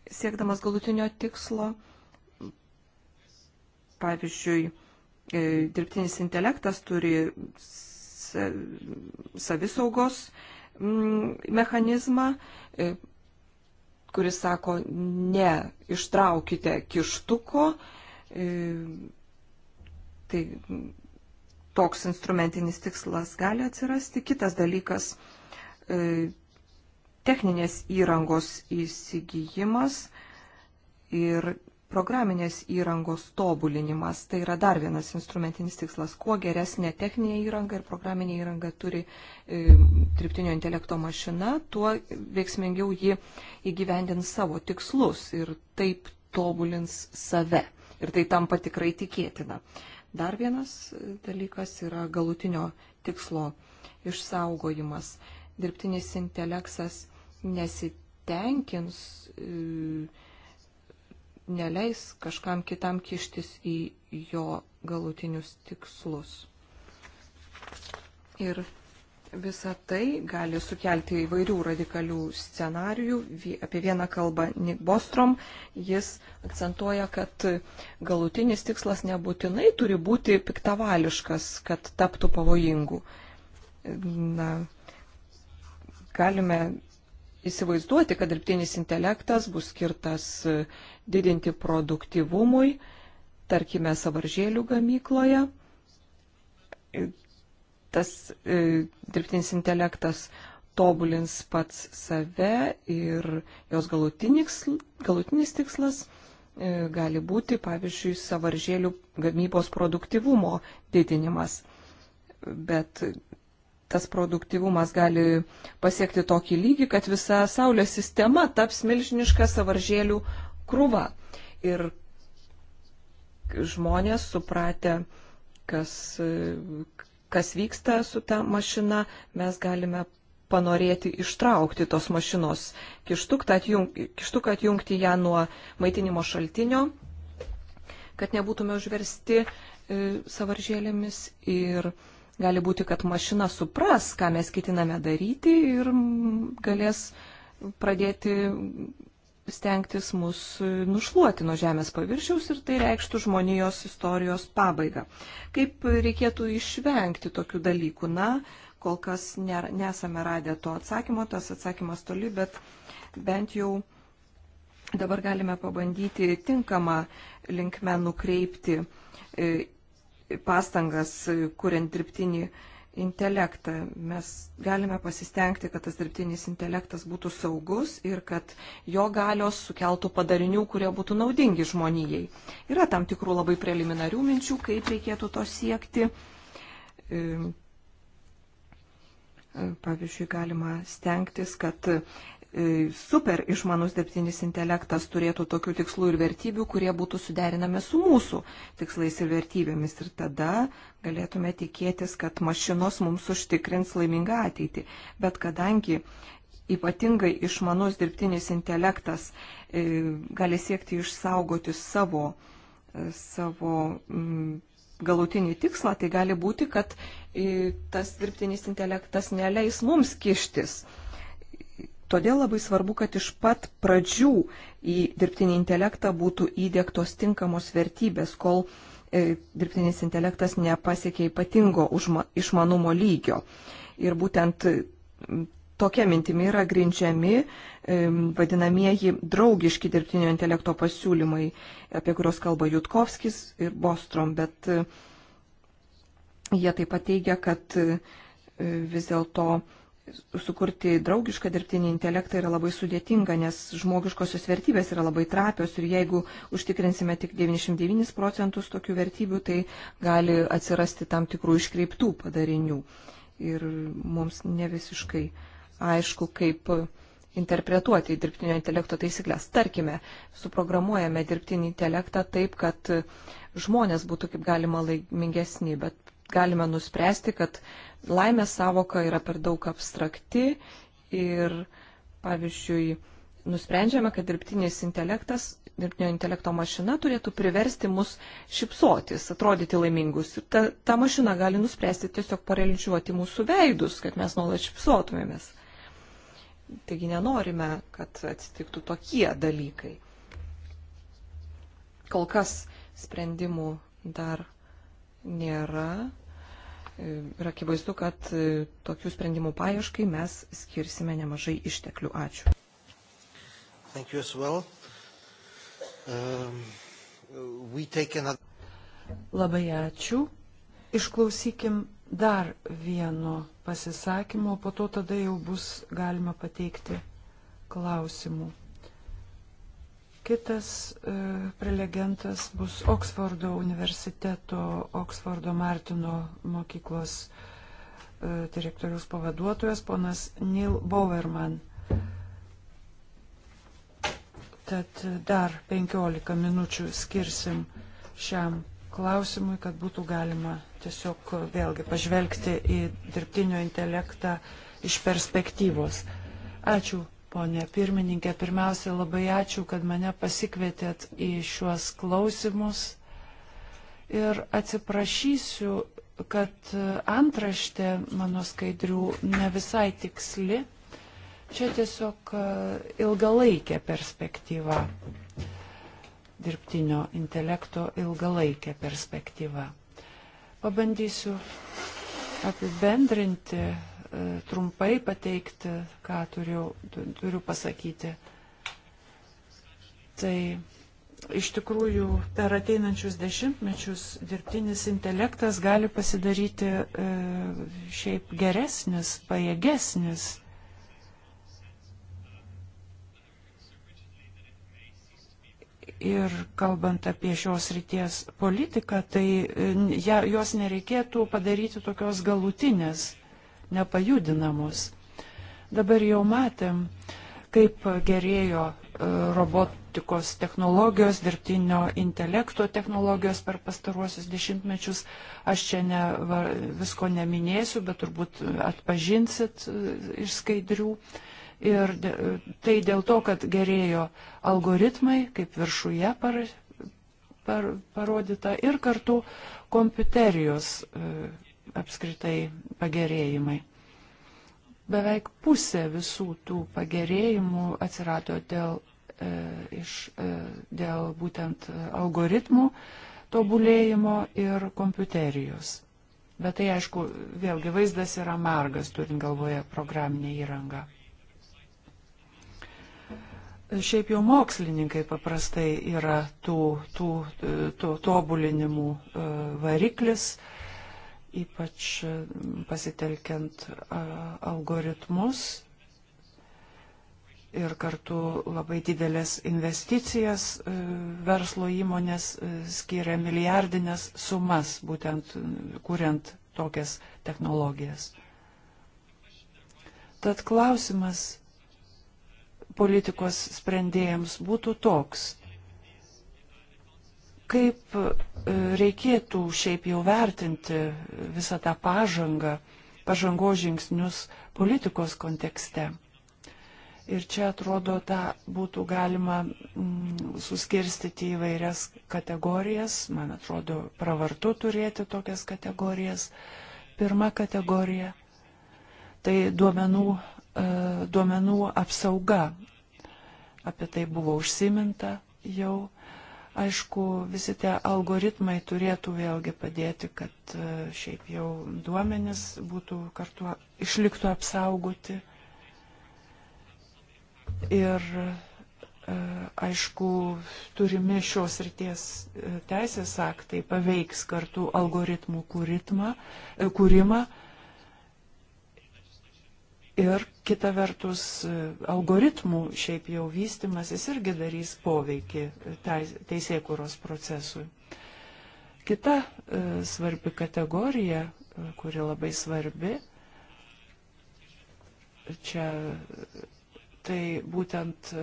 siekdamas galutinio tikslo. Pavyzdžiui, dirbtinis intelektas turi E, savisaugos mm, mechanizmą, e, kuris sako, ne, ištraukite kištuko. E, tai toks instrumentinis tikslas gali atsirasti. Kitas dalykas - techninės įrangos įsigijimas ir programinės įrangos tobulinimas. Tai yra dar vienas instrumentinis tikslas. Kuo geresnė techninė įranga ir programinė įranga turi e, triptinio intelekto mašina, tuo veiksmingiau ji įgyvendins savo tikslus ir taip tobulins save. Ir tai tampa tikrai tikėtina. Dar vienas e, dalykas yra galutinio tikslo išsaugojimas. Dirbtinis intelektas nesitenkins. E, neleis kažkam kitam kištis į jo galutinius tikslus. Ir visa tai gali sukelti įvairių radikalių scenarijų. Apie vieną kalbą Nick Bostrom, jis akcentuoja, kad galutinis tikslas nebūtinai turi būti piktavališkas, kad taptų pavojingų. Na, galime įsivaizduoti, kad dirbtinis intelektas bus skirtas didinti produktivumui, tarkime, savaržėlių gamykloje. Tas e, dirbtinis intelektas tobulins pats save ir jos galutinis, galutinis tikslas e, gali būti, pavyzdžiui, savaržėlių gamybos produktivumo didinimas. Bet tas produktivumas gali pasiekti tokį lygį, kad visa Saulės sistema taps milžiniška savaržėlių krūva. Ir žmonės supratę, kas, kas vyksta su ta mašina, mes galime panorėti ištraukti tos mašinos kištuką, atjungti, kištuką atjungti ją nuo maitinimo šaltinio, kad nebūtume užversti e, savaržėlėmis ir gali būti, kad mašina supras, ką mes ketiname daryti ir galės pradėti stengtis mus nušluoti nuo žemės paviršiaus ir tai reikštų žmonijos istorijos pabaigą. Kaip reikėtų išvengti tokių dalykų? Na, kol kas nesame radę to atsakymo, tas atsakymas toli, bet bent jau dabar galime pabandyti tinkamą linkmę nukreipti e, pastangas, kuriant dirbtinį intelektą. Mes galime pasistengti, kad tas dirbtinis intelektas būtų saugus ir kad jo galios sukeltų padarinių, kurie būtų naudingi žmonijai. Yra tam tikrų labai preliminarių minčių, kaip reikėtų to siekti. Ehm, pavyzdžiui, galima stengtis, kad E, super išmanus dirbtinis intelektas turėtų tokių tikslų ir vertybių, kurie būtų suderinami su mūsų tikslais ir vertybėmis. Ir tada galėtume tikėtis, kad mašinos mums užtikrins laimingą ateitį. Bet kadangi ypatingai išmanus dirbtinis intelektas e, gali siekti išsaugoti savo, e, savo m, mm, galutinį tikslą, tai gali būti, kad e, tas dirbtinis intelektas neleis mums kištis Todėl labai svarbu, kad iš pat pradžių į dirbtinį intelektą būtų įdėktos tinkamos vertybės, kol e, dirbtinis intelektas nepasiekė ypatingo užma, išmanumo lygio. Ir būtent tokia mintimi yra grindžiami e, vadinamieji draugiški dirbtinio intelekto pasiūlymai, apie kuriuos kalba Jutkovskis ir Bostrom, bet e, jie taip pat teigia, kad e, vis dėlto e, sukurti draugišką dirbtinį intelektą yra labai sudėtinga, nes žmogiškosios vertybės yra labai trapios ir jeigu užtikrinsime tik 99 procentus tokių vertybių, tai gali atsirasti tam tikrų iškreiptų padarinių. Ir mums ne visiškai aišku, kaip interpretuoti dirbtinio intelekto taisyklės. Tarkime, suprogramuojame dirbtinį intelektą taip, kad žmonės būtų kaip galima laimingesni, bet galime nuspręsti, kad laimės savoka yra per daug abstrakti ir, pavyzdžiui, nusprendžiame, kad dirbtinis intelektas, dirbtinio intelekto mašina turėtų priversti mus šipsotis, atrodyti laimingus. Ir ta, ta mašina gali nuspręsti tiesiog paralyžiuoti mūsų veidus, kad mes nuolat šipsotumėmės. Taigi nenorime, kad atsitiktų tokie dalykai. Kol kas sprendimų dar nėra. Ir akivaizdu, kad tokių sprendimų paieškai mes skirsime nemažai išteklių. Ačiū. Well. Um, another... Labai ačiū. Išklausykim dar vieno pasisakymo, po to tada jau bus galima pateikti klausimų. Kitas e, prelegentas bus Oksfordo universiteto Oksfordo Martino mokyklos e, direktoriaus pavaduotojas ponas Neil Bowerman. Tad dar 15 minučių skirsim šiam klausimui, kad būtų galima tiesiog vėlgi pažvelgti į dirbtinio intelektą iš perspektyvos. Ačiū Pone pirmininkė, pirmiausia, labai ačiū, kad mane pasikvietėt į šiuos klausimus. Ir atsiprašysiu, kad antraštė mano skaidrių ne visai tiksli. Čia tiesiog e, ilgalaikė perspektyva, dirbtinio intelekto ilgalaikė perspektyva. Pabandysiu apibendrinti E, trumpai pateikti, ką turiu, turiu pasakyti. Tai iš tikrųjų per ateinančius dešimtmečius dirbtinis intelektas gali pasidaryti e, šiaip geresnis, pajėgesnis. Ir kalbant apie šios ryties politiką, tai e, ja, jos nereikėtų padaryti tokios galutinės nepajudinamos. Dabar jau matėm, kaip gerėjo e, robotikos technologijos, dirbtinio intelekto technologijos per pastaruosius dešimtmečius. Aš čia ne, va, visko neminėsiu, bet turbūt atpažinsit e, iš skaidrių. Ir e, tai dėl to, kad gerėjo algoritmai, kaip viršuje par, par, parodyta, ir kartu kompiuterijos apskritai pagerėjimai. Beveik pusė visų tų pagerėjimų atsirado dėl, e, iš, e, dėl būtent algoritmų tobulėjimo ir kompiuterijos. Bet tai, aišku, vėlgi vaizdas yra margas, turint galvoje programinę įrangą. Šiaip jau mokslininkai paprastai yra tų, tų, tų tobulinimų e, variklis. E, ypač e, pasitelkiant algoritmus ir kartu labai didelės investicijas e, verslo įmonės e, skiria milijardinės sumas, būtent kuriant tokias technologijas. Tad klausimas politikos sprendėjams būtų toks, Kaip e, reikėtų šiaip jau vertinti visą tą pažangą, pažangos žingsnius politikos kontekste? Ir čia atrodo, tą būtų galima mm, suskirstyti į vairias kategorijas. Man atrodo, pravartu turėti tokias kategorijas. Pirma kategorija - tai duomenų, e, duomenų apsauga. Apie tai buvo užsiminta jau. Aišku, visi tie algoritmai turėtų vėlgi padėti, kad e, šiaip jau duomenis būtų kartu išliktų apsaugoti. Ir e, aišku, turimi šios ryties e, teisės aktai paveiks kartu algoritmų kūritmą, kūrimą. kūrimą Ir kita vertus, e, algoritmų šiaip jau vystimas jis irgi darys poveikį e, teisėkūros procesui. Kita e, svarbi kategorija, kuri labai svarbi, čia tai būtent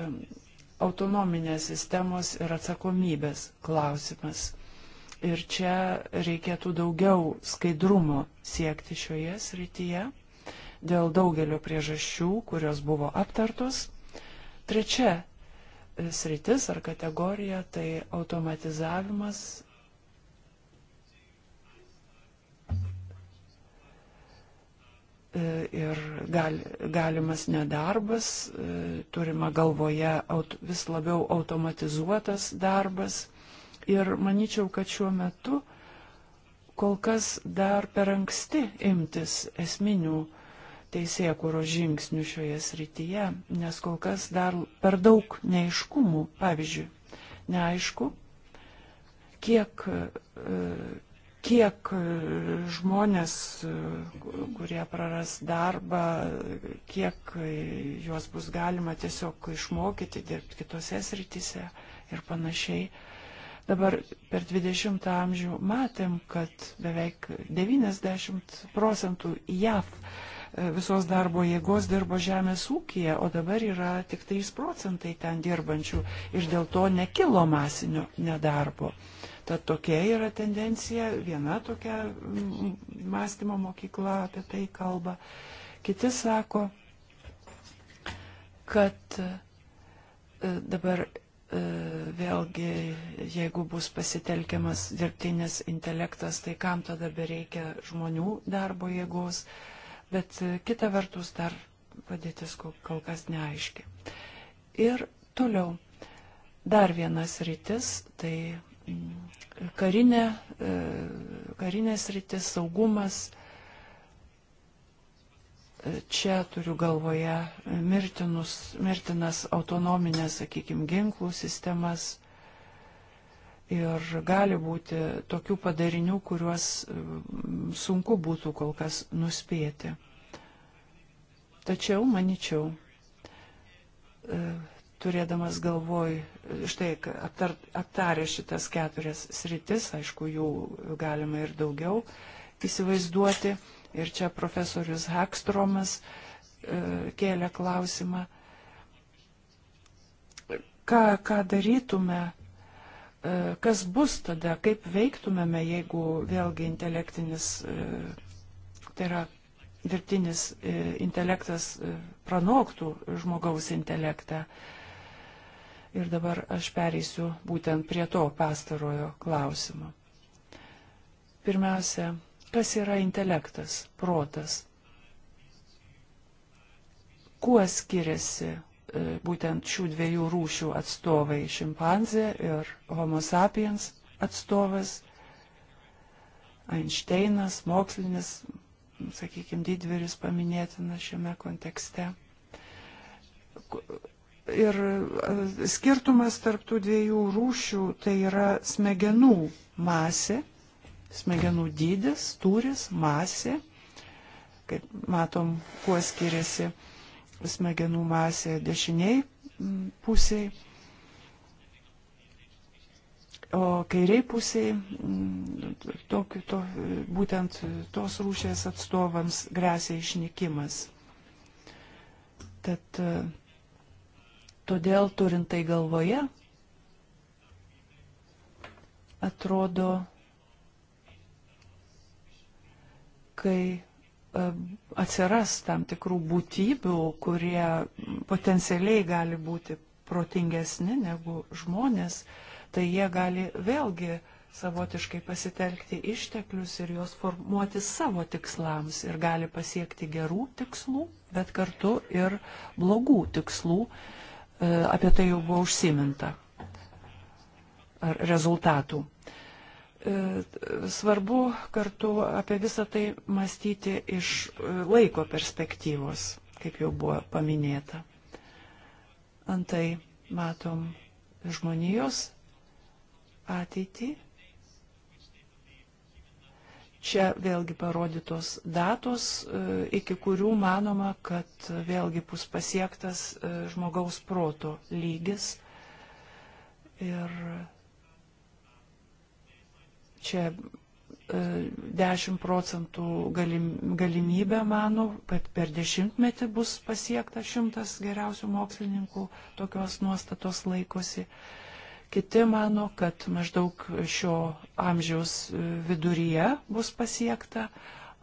autonominės sistemos ir atsakomybės klausimas. Ir čia reikėtų daugiau skaidrumo siekti šioje srityje dėl daugelio priežasčių, kurios buvo aptartos. Trečia e, sritis ar kategorija - tai automatizavimas e, ir gal, galimas nedarbas, e, turima galvoje aut, vis labiau automatizuotas darbas. Ir manyčiau, kad šiuo metu kol kas dar per anksti imtis esminių teisėkūro žingsnių šioje srityje, nes kol kas dar per daug neiškumų. Pavyzdžiui, neaišku, kiek, e, kiek žmonės, e, kurie praras darbą, kiek juos bus galima tiesiog išmokyti, dirbti kitose srityse ir panašiai. Dabar per 20 amžių matėm, kad beveik 90 procentų JAV visos darbo jėgos dirbo žemės ūkija, o dabar yra tik 3 procentai ten dirbančių ir dėl to nekilo masinio nedarbo. Tad tokia yra tendencija, viena tokia mm, mąstymo mokykla apie tai kalba. Kiti sako, kad e, dabar e, vėlgi, jeigu bus pasitelkiamas dirbtinis intelektas, tai kam tada bereikia žmonių darbo jėgos, bet e, kita vertus dar padėtis kol kas neaiški. Ir toliau. Dar vienas rytis, tai mm, karinė, e, karinės rytis, saugumas. E, čia turiu galvoje mirtinus, mirtinas autonominės, sakykime, ginklų sistemas, ir gali būti tokių padarinių, kuriuos mm, sunku būtų kol kas nuspėti. Tačiau, manyčiau, e, turėdamas galvoj, štai aptar, aptarė šitas keturias sritis, aišku, jų galima ir daugiau įsivaizduoti. Ir čia profesorius Hakstromas e, kėlė klausimą, ką, ką darytume, E, kas bus tada, kaip veiktumėme, jeigu vėlgi intelektinis, e, tai yra dirbtinis e, intelektas pranoktų žmogaus intelektą. Ir dabar aš pereisiu būtent prie to pastarojo klausimo. Pirmiausia, kas yra intelektas, protas? Kuo skiriasi E, būtent šių dviejų rūšių atstovai - šimpanzė ir homo sapiens atstovas, Einšteinas, mokslinis, sakykime, didvyris paminėtinas šiame kontekste. Ir e, skirtumas tarp tų dviejų rūšių tai yra smegenų masė, smegenų dydis, turis, masė, kaip matom, kuo skiriasi uh, smegenų masė dešiniai pusiai, o kairiai pusiai tokiu, to, būtent tos rūšės atstovams grėsia išnykimas. Tad todėl turint tai galvoje, atrodo, kai E, atsiras tam tikrų būtybių, kurie potencialiai gali būti protingesni negu žmonės, tai jie gali vėlgi savotiškai pasitelkti išteklius ir juos formuoti savo tikslams ir gali pasiekti gerų tikslų, bet kartu ir blogų tikslų. E, apie tai jau buvo užsiminta. Ar rezultatų. E, svarbu kartu apie visą tai mąstyti iš e, laiko perspektyvos, kaip jau buvo paminėta. Antai matom žmonijos ateitį čia vėlgi parodytos datos, e, iki kurių manoma, kad vėlgi bus pasiektas žmogaus proto lygis. Ir čia 10 e, procentų galim, galimybė, manau, kad per dešimtmetį bus pasiekta šimtas geriausių mokslininkų tokios nuostatos laikosi. Kiti mano, kad maždaug šio amžiaus e, viduryje bus pasiekta,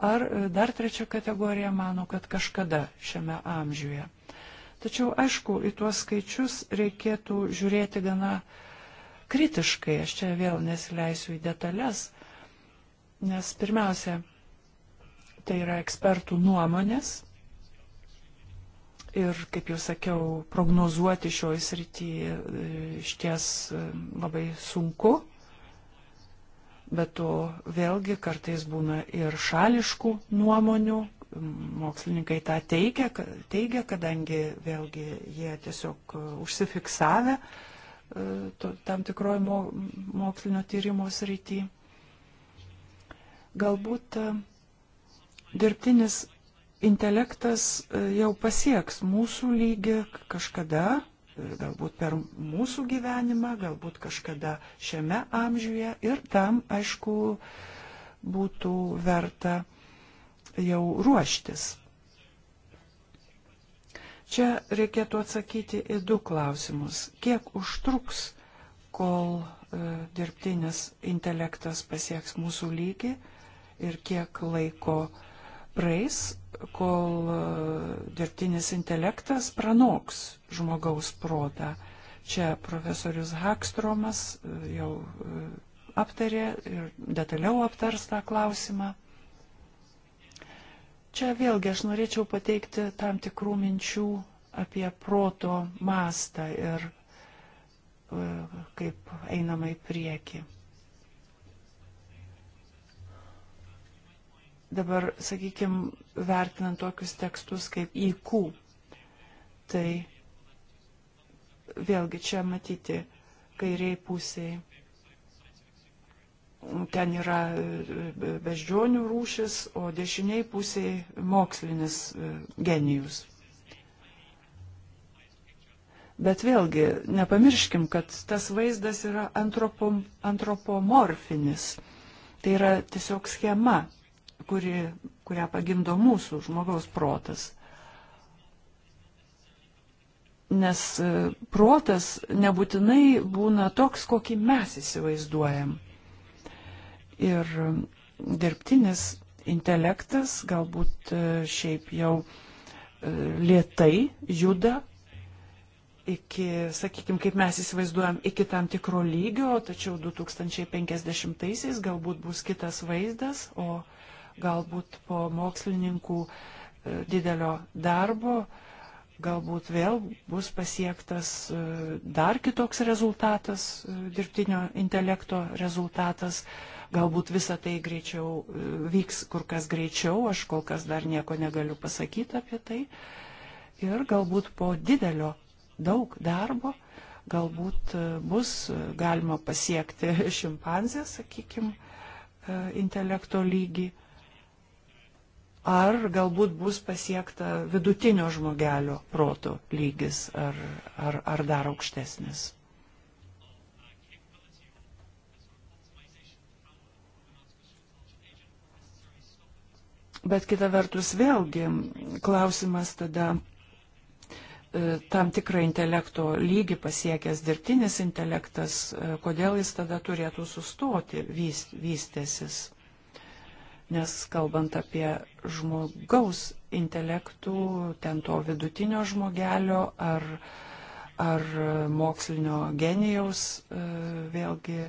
ar e, dar trečia kategorija mano, kad kažkada šiame amžiuje. Tačiau, aišku, į tuos skaičius reikėtų žiūrėti gana uh, kritiškai, aš čia vėl nesileisiu į detalės, nes pirmiausia, tai yra ekspertų nuomonės ir, kaip jau sakiau, prognozuoti šioje srityje iš ties e, labai sunku, bet to vėlgi kartais būna ir šališkų nuomonių, mokslininkai tą teigia, teigia kadangi vėlgi jie tiesiog e, užsifiksavę, uh, tam tikroji mokslinio tyrimo srity. Galbūt e, dirbtinis intelektas e, jau pasieks mūsų lygį kažkada, e, galbūt per mūsų gyvenimą, galbūt kažkada šiame amžiuje ir tam, aišku, būtų verta jau ruoštis. Čia reikėtų atsakyti į du klausimus. Kiek užtruks, kol e, dirbtinis intelektas pasieks mūsų lygį ir kiek laiko praeis, kol e, dirbtinis intelektas pranoks žmogaus protą. Čia profesorius Hakstromas e, jau aptarė ir detaliau aptars tą klausimą. Čia vėlgi aš norėčiau pateikti tam tikrų minčių apie proto mastą ir e, kaip einama į priekį. Dabar, sakykime, vertinant tokius tekstus kaip IQ, tai vėlgi čia matyti kairiai pusiai ten yra e, e, beždžionių rūšis, o dešiniai pusėje mokslinis e, genijus. Bet vėlgi, nepamirškim, kad tas vaizdas yra antropom, antropomorfinis. Tai yra tiesiog schema, kuri, kurią pagimdo mūsų žmogaus protas nes protas nebūtinai būna toks, kokį mes įsivaizduojam. Ir dirbtinis intelektas galbūt e, šiaip jau e, lietai juda iki, sakykime, kaip mes įsivaizduojam, iki tam tikro lygio, tačiau 2050-aisiais galbūt bus kitas vaizdas, o galbūt po mokslininkų e, didelio darbo galbūt vėl bus pasiektas dar kitoks rezultatas, dirbtinio intelekto rezultatas. Galbūt visa tai greičiau e, vyks kur kas greičiau, aš kol kas dar nieko negaliu pasakyti apie tai. Ir galbūt po didelio daug darbo galbūt e, bus e, galima pasiekti šimpanzės, sakykime, intelekto lygį. Ar galbūt bus pasiekta vidutinio žmogelio proto lygis ar, ar, ar dar aukštesnis. Bet kita vertus vėlgi klausimas tada e, tam tikrą intelekto lygį pasiekęs dirbtinis intelektas, e, kodėl jis tada turėtų sustoti vystėsis. Nes kalbant apie žmogaus intelektų, ten to vidutinio žmogelio ar, ar mokslinio genijaus, e, vėlgi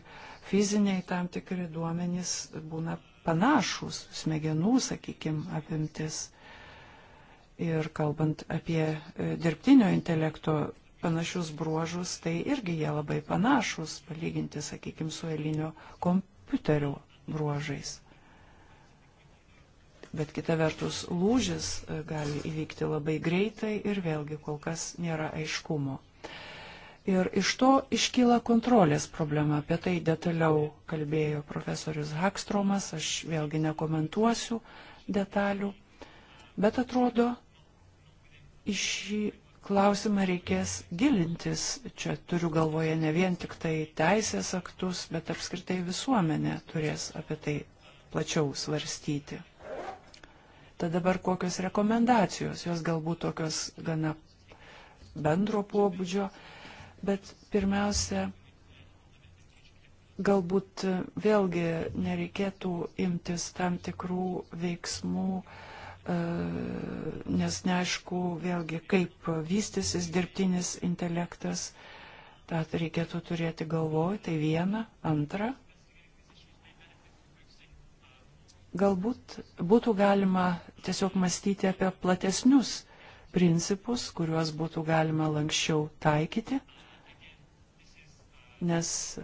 fiziniai tam tikri duomenys būna panašus smegenų, sakykime, apimtis. Ir kalbant apie e, dirbtinio intelekto panašius bruožus, tai irgi jie labai panašus, palyginti, sakykime, su elinio kompiuterio bruožais. Bet kita vertus, lūžis e, gali įvykti labai greitai ir vėlgi kol kas nėra aiškumo. Ir iš to iškyla kontrolės problema. Apie tai detaliau kalbėjo profesorius Hakstromas, aš vėlgi nekomentuosiu detalių. Bet atrodo, iš šį klausimą reikės gilintis. Čia turiu galvoje ne vien tik tai teisės aktus, bet apskritai visuomenė turės apie tai plačiau svarstyti. Tad dabar kokios rekomendacijos, jos galbūt tokios gana bendro pobūdžio, Bet pirmiausia, galbūt vėlgi nereikėtų imtis tam tikrų veiksmų, e, nes neaišku vėlgi, kaip vystysis dirbtinis intelektas. Tad reikėtų turėti galvoj, tai viena, antra. Galbūt būtų galima tiesiog mąstyti apie platesnius principus, kuriuos būtų galima lankščiau taikyti nes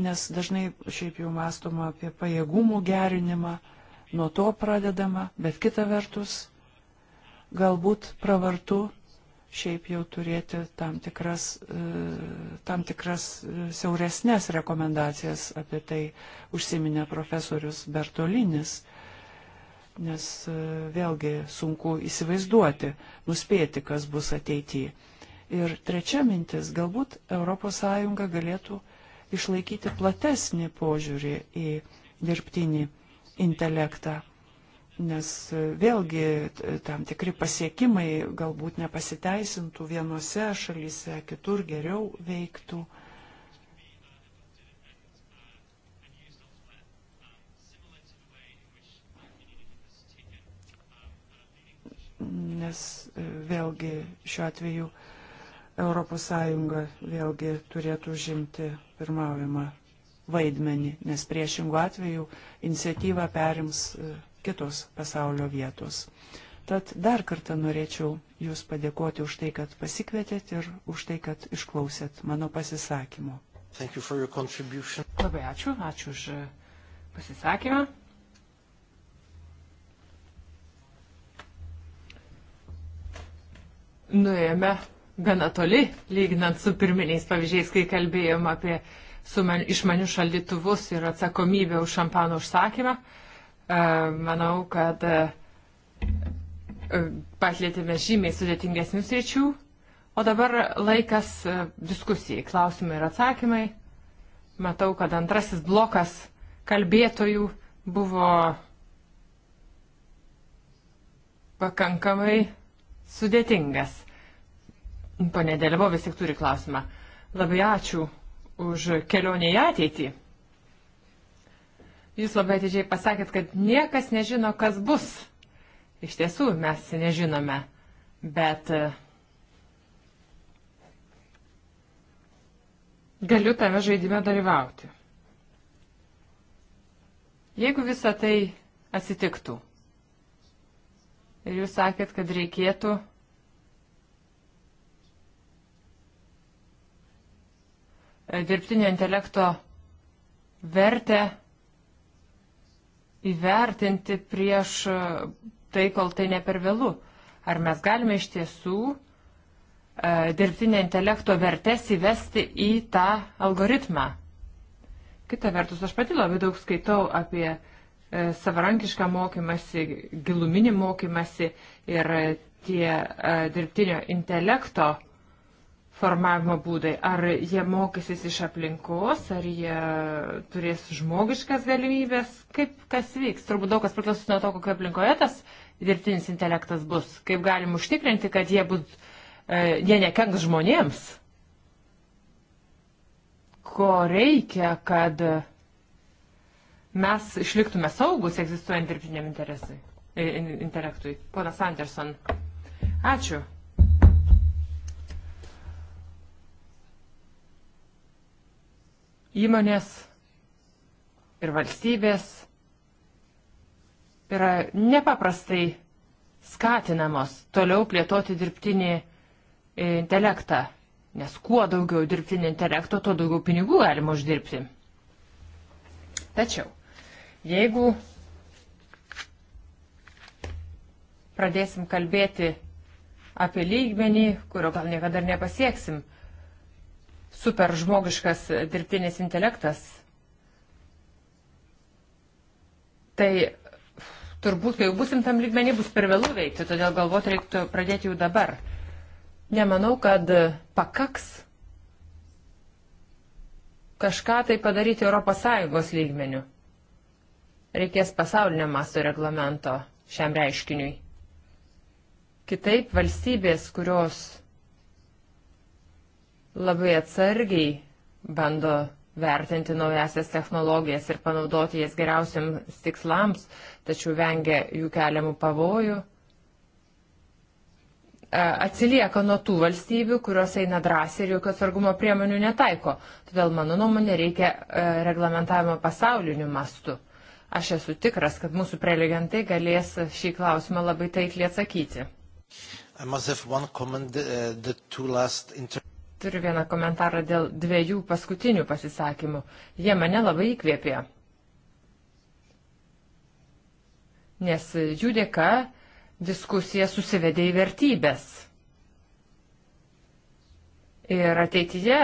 nes dažnai šiaip jau mąstoma apie pajėgumų gerinimą, nuo to pradedama, bet kita vertus, galbūt pravartu šiaip jau turėti tam tikras, e, tam tikras e, siauresnės rekomendacijas, apie tai užsiminė profesorius Bertolinis nes e, vėlgi sunku įsivaizduoti, nuspėti, kas bus ateityje. Ir trečia mintis, galbūt ES galėtų išlaikyti platesnį požiūrį į dirbtinį intelektą, nes e, vėlgi tam tikri pasiekimai galbūt nepasiteisintų vienose šalyse, kitur geriau veiktų. nes e, vėlgi šiuo atveju ES vėlgi turėtų žimti pirmaujamą vaidmenį, nes priešingų atveju iniciatyvą perims e, kitos pasaulio vietos. Tad dar kartą norėčiau Jūs padėkoti už tai, kad pasikvietėt ir už tai, kad išklausėt mano pasisakymo. You Labai ačiū, ačiū už e, pasisakymą. nuėjome gana toli, lyginant su pirminiais pavyzdžiais, kai kalbėjom apie man, išmanius šaldytuvus ir atsakomybę už šampano užsakymą. E, manau, kad e, e, patlėtėme žymiai sudėtingesnius ryčių. O dabar laikas diskusijai, klausimai ir atsakymai. Matau, kad antrasis blokas kalbėtojų buvo pakankamai sudėtingas. Pone Dėlėvo vis tik turi klausimą. Labai ačiū už kelionę į ateitį. Jūs labai atidžiai pasakėt, kad niekas nežino, kas bus. Iš tiesų, mes nežinome, bet e, galiu tame žaidime dalyvauti. Jeigu visa tai atsitiktų, Ir jūs sakėt, kad reikėtų dirbtinio intelekto vertę įvertinti prieš tai, kol tai ne per vėlų. Ar mes galime iš tiesų e, dirbtinio intelekto vertes įvesti į tą algoritmą? Kita vertus, aš pati labai daug skaitau apie uh, E, savarankišką mokymasi, giluminį mokymasi ir tie e, dirbtinio intelekto formavimo būdai. Ar jie mokysis iš aplinkos, ar jie turės žmogiškas galimybės, kaip kas vyks. Turbūt daug kas priklausys nuo to, kokio aplinkoje tas dirbtinis intelektas bus. Kaip galim užtikrinti, kad jie, bus, e, jie nekenks žmonėms. Ko reikia, kad mes išliktume saugus egzistuojant dirbtiniam interesui, intelektui. Ponas Anderson, ačiū. Įmonės ir valstybės yra nepaprastai skatinamos toliau plėtoti dirbtinį intelektą, nes kuo daugiau dirbtinio intelekto, tuo daugiau pinigų galima uždirbti. Tačiau Jeigu pradėsim kalbėti apie lygmenį, kurio gal niekada ir nepasieksim, super žmogiškas dirbtinis intelektas, tai turbūt, kai jau busim tam lygmenį, bus per vėlų veikti, todėl galvoti reiktų pradėti jau dabar. Nemanau, kad pakaks kažką tai padaryti ES lygmenių. Reikės pasaulinio masto reglamento šiam reiškiniui. Kitaip valstybės, kurios labai atsargiai bando vertinti naujasias technologijas ir panaudoti jas geriausiams tikslams, tačiau vengia jų keliamų pavojų, atsilieka nuo tų valstybių, kurios eina drąsiai ir jokio atsargumo priemonių netaiko. Todėl, mano nuomonė, reikia reglamentavimo pasauliniu mastu. Aš esu tikras, kad mūsų prelegentai galės šį klausimą labai taikliai atsakyti. Comment, uh, Turiu vieną komentarą dėl dviejų paskutinių pasisakymų. Jie mane labai įkvėpė. Nes jų dėka diskusija susivedė į vertybės. Ir ateityje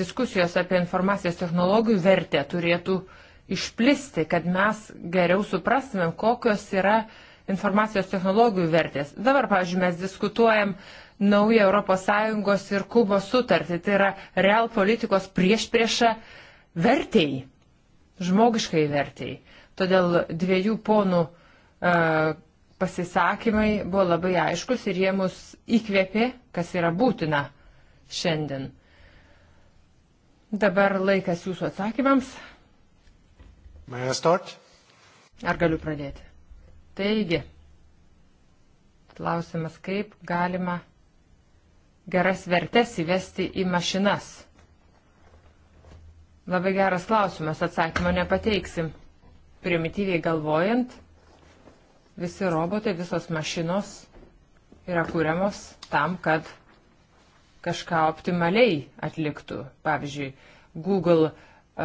diskusijos apie informacijos technologijų vertę turėtų uh, išplisti, kad mes geriau suprastumėm, kokios yra informacijos technologijų vertės. Dabar, pavyzdžiui, mes diskutuojam naują ES ir Kubos sutartį. Tai yra real politikos prieš priešą vertėjai, žmogiškai vertėjai. Todėl dviejų ponų uh, pasisakymai buvo labai aiškus ir jie mus įkvėpė, kas yra būtina šiandien. Dabar laikas jūsų atsakymams. May I start? Ar galiu pradėti? Taigi, klausimas, kaip galima geras vertes įvesti į mašinas? Labai geras klausimas, atsakymo nepateiksim. Primityviai galvojant, visi robotai, visos mašinos yra kūriamos tam, kad kažką optimaliai atliktų. Pavyzdžiui, Google E,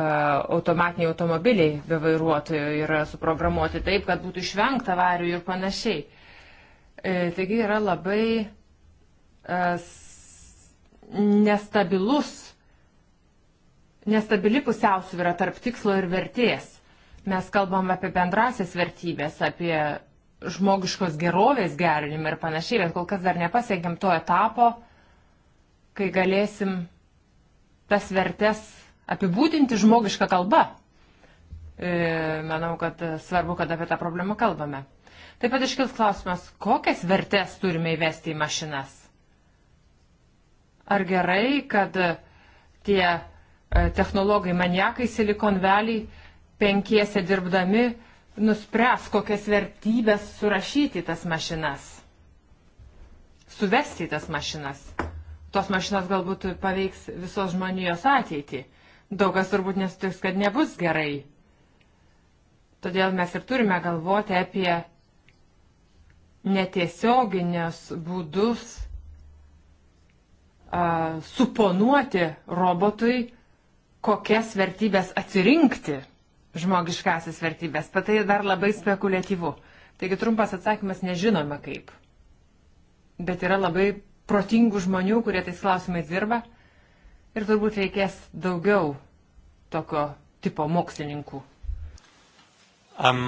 automatiniai automobiliai be vairuotojų yra suprogramuoti taip, kad būtų išvengta avarijų ir panašiai. E, taigi yra labai e, nestabilus, nestabili pusiausvyrą tarp tikslo ir vertės. Mes kalbam apie bendrasias vertybės, apie žmogiškos gerovės gerinimą ir panašiai, bet kol kas dar nepasiekėm to etapo, kai galėsim tas vertes apibūdinti žmogišką kalbą. E, manau, kad svarbu, kad apie tą problemą kalbame. Taip pat iškils klausimas, kokias vertės turime įvesti į mašinas. Ar gerai, kad tie e, technologai maniakai Silicon Valley penkiese dirbdami nuspręs, kokias vertybės surašyti į tas mašinas, suvesti į tas mašinas. Tos mašinas galbūt paveiks visos žmonijos ateitį daug kas turbūt nesutiks, kad nebus gerai. Todėl mes ir turime galvoti apie netiesioginės būdus a, suponuoti robotui, kokias vertybės atsirinkti, žmogiškasis vertybės, bet tai dar labai spekuliatyvu. Taigi trumpas atsakymas nežinome kaip. Bet yra labai protingų žmonių, kurie tais klausimais dirba ir turbūt reikės daugiau tokio tipo mokslininkų. Um,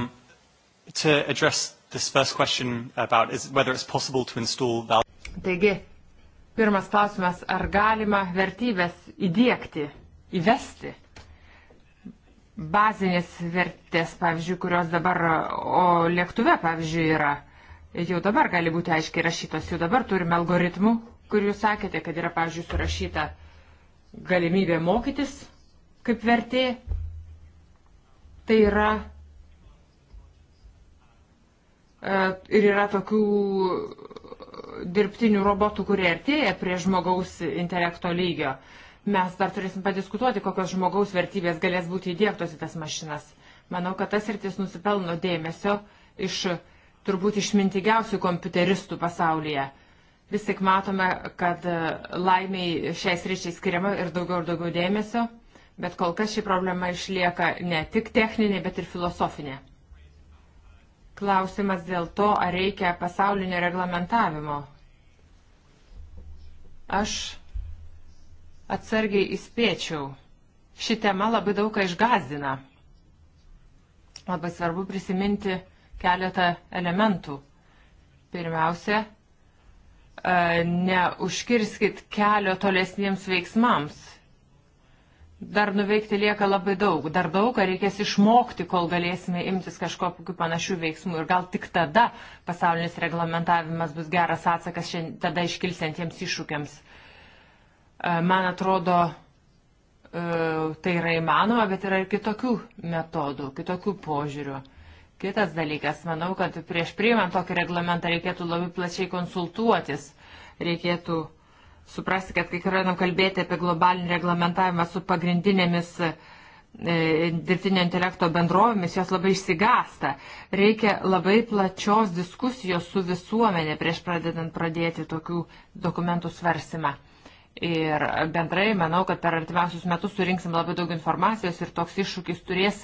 to address this first question about is whether it's possible to install value. Taigi, pirmas klausimas, ar galima vertybės įdėkti, įvesti? Bazinės vertės, pavyzdžiui, kurios dabar o lėktuve, pavyzdžiui, yra, jau dabar gali būti aiškiai rašytos, jau dabar turime algoritmų, kur jūs sakėte, kad yra, pavyzdžiui, surašyta uh, galimybė mokytis kaip vertė. Tai yra e, ir yra tokių dirbtinių robotų, kurie artėja prie žmogaus intelekto lygio. Mes dar turėsim padiskutuoti, kokios žmogaus vertybės galės būti įdėktos į tas mašinas. Manau, kad tas rytis nusipelno dėmesio iš turbūt išmintigiausių kompiuteristų pasaulyje. Vis tik matome, kad e, laimiai šiais ryšiai skiriama ir daugiau ir daugiau dėmesio, bet kol kas ši problema išlieka ne tik techninė, bet ir filosofinė. Klausimas dėl to, ar reikia pasaulinio reglamentavimo. Aš atsargiai įspėčiau. Ši tema labai daugą išgazdina. Labai svarbu prisiminti keletą elementų. Pirmiausia, E, neužkirskit kelio tolesniems veiksmams. Dar nuveikti lieka labai daug. Dar daug ką reikės išmokti, kol galėsime imtis kažkokiu panašių veiksmų. Ir gal tik tada pasaulinis reglamentavimas bus geras atsakas šiandien, tada iškilsiantiems iššūkiams. E, man atrodo, e, tai yra įmanoma, bet yra ir kitokių metodų, kitokių požiūrių. Kitas dalykas, manau, kad prieš priimant tokį reglamentą reikėtų labai plačiai konsultuotis, reikėtų suprasti, kad kai pradedam kalbėti apie globalinį reglamentavimą su pagrindinėmis e, dirbtinio intelekto bendrovėmis, jos labai išsigasta. Reikia labai plačios diskusijos su visuomenė prieš pradedant pradėti tokių dokumentų svarsimą. Ir bendrai manau, kad per artimiausius metus surinksim labai daug informacijos ir toks iššūkis turės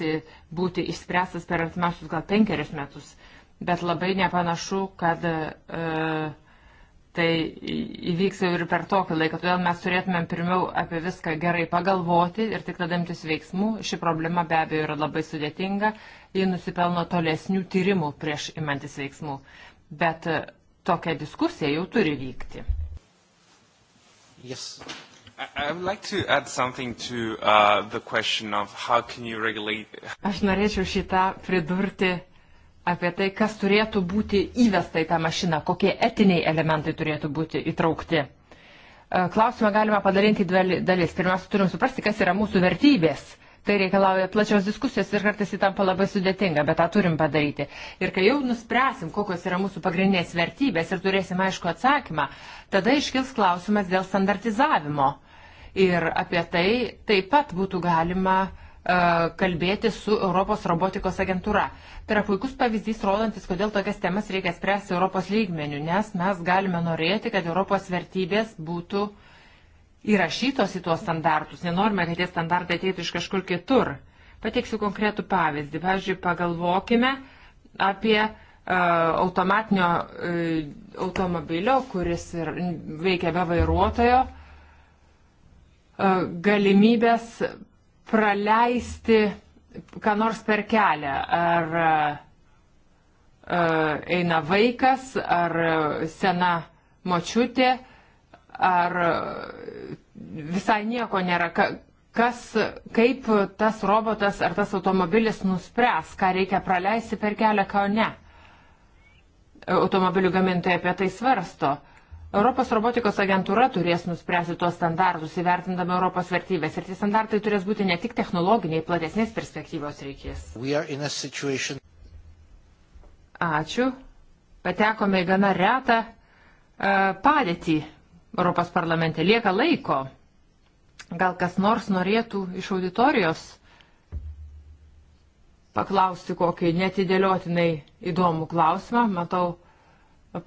būti išspręstas per artimiausius gal penkerius metus. Bet labai nepanašu, kad e, tai įvyks jau ir per tokį laiką. Todėl mes turėtumėm pirmiau apie viską gerai pagalvoti ir tik tada imtis veiksmų. Ši problema be abejo yra labai sudėtinga. Ji nusipelno tolesnių tyrimų prieš imantis veiksmų. Bet e, tokia diskusija jau turi vykti. Yes. I would like to add something to uh, the question of how can you regulate. Aš norėčiau šitą pridurti apie tai, kas turėtų būti įvesta į tą mašiną, kokie etiniai elementai turėtų būti įtraukti. Klausimą galima padalinti į dvi dalis. Pirmiausia, turim suprasti, kas yra mūsų vertybės Tai reikalauja plačios diskusijos ir kartais įtampa labai sudėtinga, bet tą turim padaryti. Ir kai jau nuspręsim, kokios yra mūsų pagrindinės vertybės ir turėsim aišku atsakymą, tada iškils klausimas dėl standartizavimo. Ir apie tai taip pat būtų galima e, kalbėti su Europos robotikos agentūra. Tai yra puikus pavyzdys, rodantis, kodėl tokias temas reikia spręsti Europos lygmenių, nes mes galime norėti, kad Europos vertybės būtų uh, įrašytos į tuos standartus, nenorime, kad tie standartai ateitų iš kažkur kitur. Pateiksiu konkretų pavyzdį. Pavyzdžiui, pagalvokime apie uh, automatinio uh, automobilio, kuris ir veikia be vairuotojo, uh, galimybės praleisti ką nors per kelią. Ar uh, eina vaikas, ar sena močiutė. Uh, ar visai nieko nėra. Kas, kaip tas robotas ar tas automobilis nuspręs, ką reikia praleisti per kelią, ką ne. Automobilių gamintojai apie tai svarsto. Europos robotikos agentūra turės nuspręsti tuos standartus, įvertindama Europos vertybės. Ir tie standartai turės būti ne tik technologiniai, platesnės perspektyvos reikės. Situation... Ačiū. Patekome į gana retą uh, padėtį, Europos parlamente. Lieka laiko. Gal kas nors norėtų iš auditorijos paklausti kokį netidėliotinai įdomų klausimą. Matau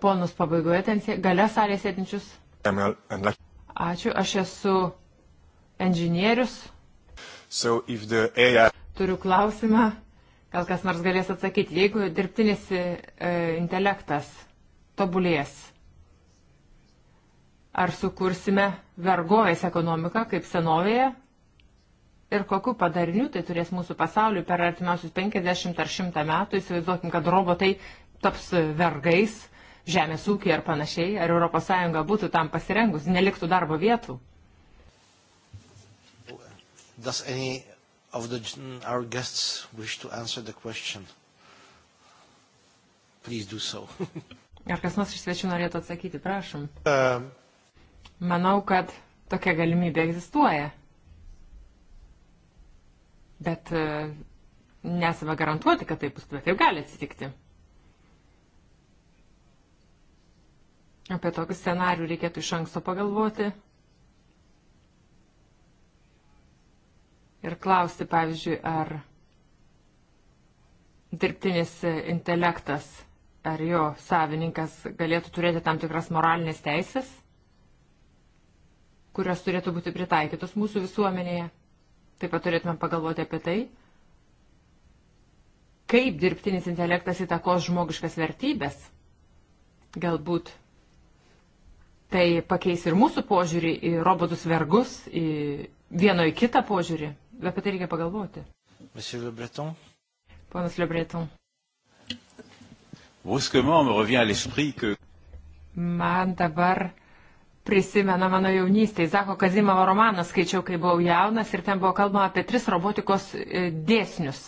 ponus pabaigoje ten gale salės sėdinčius. Ačiū, aš esu inžinierius. So AI... Turiu klausimą, gal kas nors galės atsakyti. Jeigu dirbtinis e, intelektas tobulės, Ar sukursime vergovės ekonomiką kaip senovėje? Ir kokiu padariniu tai turės mūsų pasauliu per artimiausius 50 ar 100 metų? Įsivaizduokim, kad robotai taps vergais, žemės ūkiai ar panašiai. Ar ES būtų tam pasirengus, neliktų darbo vietų? Does any of the, our guests wish to answer the question? Please do so. Ar kas nors iš svečių norėtų atsakyti, prašom. Uh, Manau, kad tokia galimybė egzistuoja. Bet e, nesame garantuoti, kad taip bus, bet taip gali atsitikti. Apie tokius scenarių reikėtų iš anksto pagalvoti. Ir klausti, pavyzdžiui, ar dirbtinis intelektas ar jo savininkas galėtų turėti tam tikras moralinės teisės kurios turėtų būti pritaikytos mūsų visuomenėje. Taip pat turėtume pagalvoti apie tai, kaip dirbtinis intelektas įtakos žmogiškas vertybės. Galbūt tai pakeis ir mūsų požiūrį į robotus vergus, į vieno į kitą požiūrį. Apie tai reikia pagalvoti. Monsieur Le Breton. Ponas Le Breton. Brusquement me revient à l'esprit que. Man dabar prisimena mano jaunystę. Zako Kazimavo romaną skaičiau, kai buvau jaunas ir ten buvo kalbama apie tris robotikos e, dėsnius.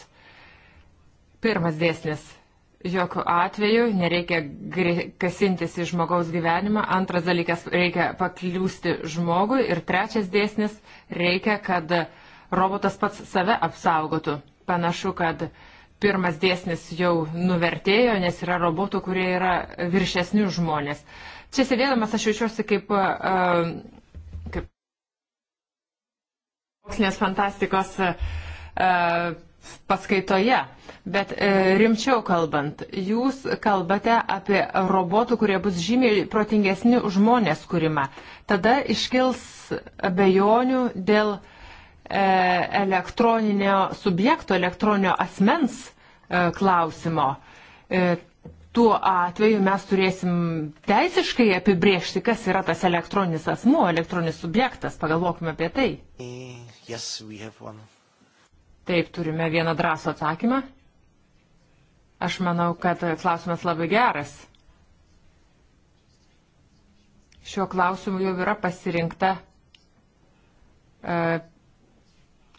Pirmas dėsnis. Jokių atvejų nereikia kasintis į žmogaus gyvenimą. Antras dalykas - reikia pakliūsti žmogui. Ir trečias dėsnis - reikia, kad robotas pats save apsaugotų. Panašu, kad pirmas dėsnis jau nuvertėjo, nes yra robotų, kurie yra viršesnių žmonės. Uh, Čia sėdėdamas aš jaučiuosi kaip, kaip mokslinės fantastikos paskaitoje, bet e, rimčiau kalbant, jūs kalbate apie robotų, kurie bus žymiai protingesni už žmonės kūrimą. Tada iškils abejonių dėl e, elektroninio subjekto, elektroninio asmens e, klausimo tuo atveju mes turėsim teisiškai apibriežti, kas yra tas elektroninis asmuo, elektroninis subjektas. Pagalvokime apie tai. Mm, yes, Taip, turime vieną drąsų atsakymą. Aš manau, kad klausimas labai geras. Šiuo klausimu jau yra pasirinkta e,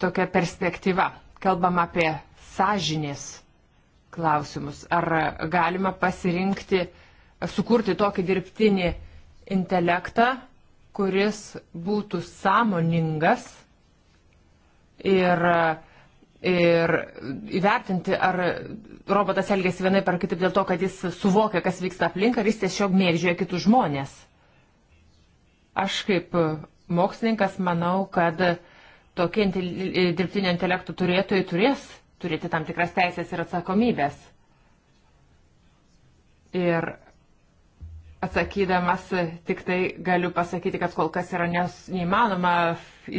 tokia perspektyva. Kalbam apie sąžinės klausimus. Ar galima pasirinkti, sukurti tokį dirbtinį intelektą, kuris būtų sąmoningas ir, ir įvertinti, ar robotas elgėsi vienai par kitaip dėl to, kad jis suvokia, kas vyksta aplink, ar jis tiesiog mėgdžioja kitus žmonės. Aš kaip mokslininkas manau, kad tokie dirbtinio intelektų turėtojai turės turėti tam tikras teisės ir atsakomybės. Ir atsakydamas tik tai galiu pasakyti, kad kol kas yra nes, neįmanoma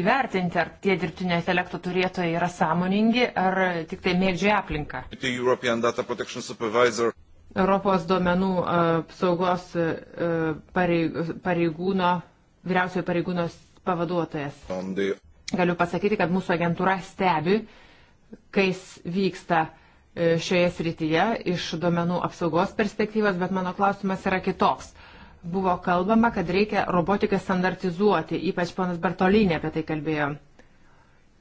įvertinti, ar tie dirbtinio intelekto turėtojai yra sąmoningi, ar tik tai mėgdžia aplinką. Europos duomenų e, apsaugos e, pareigūno, vyriausiojo pareigūnos pavaduotojas. Galiu pasakyti, kad mūsų agentūra stebi uh, kais vyksta e, šioje srityje iš duomenų apsaugos perspektyvos, bet mano klausimas yra kitoks. Buvo kalbama, kad reikia robotiką standartizuoti, ypač ponas Bartolinė apie tai kalbėjo.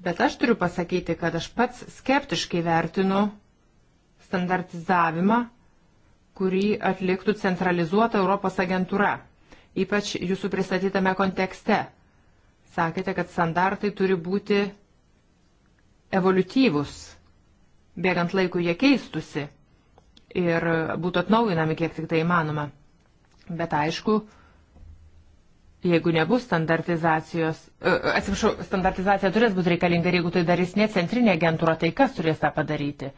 Bet aš turiu pasakyti, kad aš pats skeptiškai vertinu standartizavimą, kurį atliktų centralizuota Europos agentūra, ypač jūsų pristatytame kontekste. Sakėte, kad standartai turi būti evoliutyvus. Bėgant laikui jie keistusi ir būtų atnaujinami kiek tik tai įmanoma. Bet aišku, jeigu nebus standartizacijos, e, e, atsiprašau, standartizacija turės būti reikalinga ir jeigu tai darys ne centrinė agentūra, tai kas turės tą padaryti?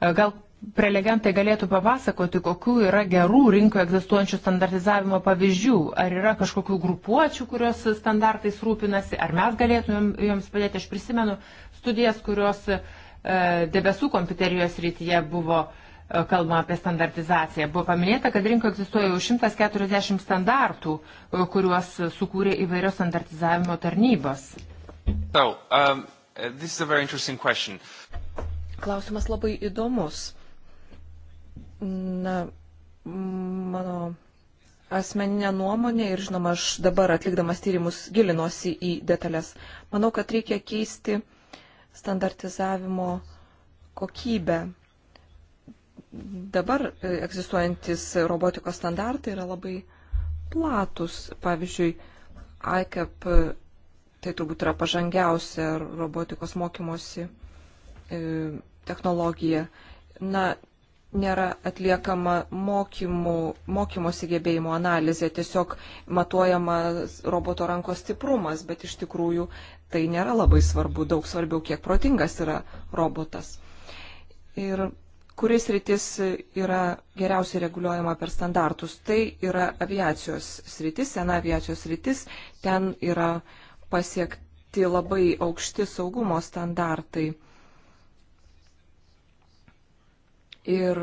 E, gal prelegentai galėtų papasakoti, kokių yra gerų rinkoje egzistuojančių standartizavimo pavyzdžių? Ar yra kažkokių grupuočių, kurios standartais rūpinasi? Ar mes galėtumėm joms padėti? Aš prisimenu, studijas, kurios e, debesų kompiuterijos rytyje buvo e, kalbama apie standartizaciją. Buvo paminėta, kad rinko egzistuoja jau 140 standartų, e, kuriuos sukūrė įvairios standartizavimo tarnybos. So, um, Klausimas labai įdomus. Na, mano asmeninė nuomonė ir žinoma, aš dabar atlikdamas tyrimus gilinuosi į detalės. Manau, kad reikia keisti uh, standartizavimo kokybę. Dabar egzistuojantis robotikos standartai yra labai platus. Pavyzdžiui, ICAP tai turbūt yra pažangiausia robotikos mokymosi e, technologija. Na, nėra atliekama mokymų, mokymosi gebėjimo analizė, tiesiog matuojama roboto rankos stiprumas, bet iš tikrųjų tai nėra labai svarbu, daug svarbiau, kiek protingas yra robotas. Ir kuris rytis yra geriausiai reguliuojama per standartus. Tai yra aviacijos sritis, sena aviacijos sritis, ten yra pasiekti labai aukšti saugumo standartai. Ir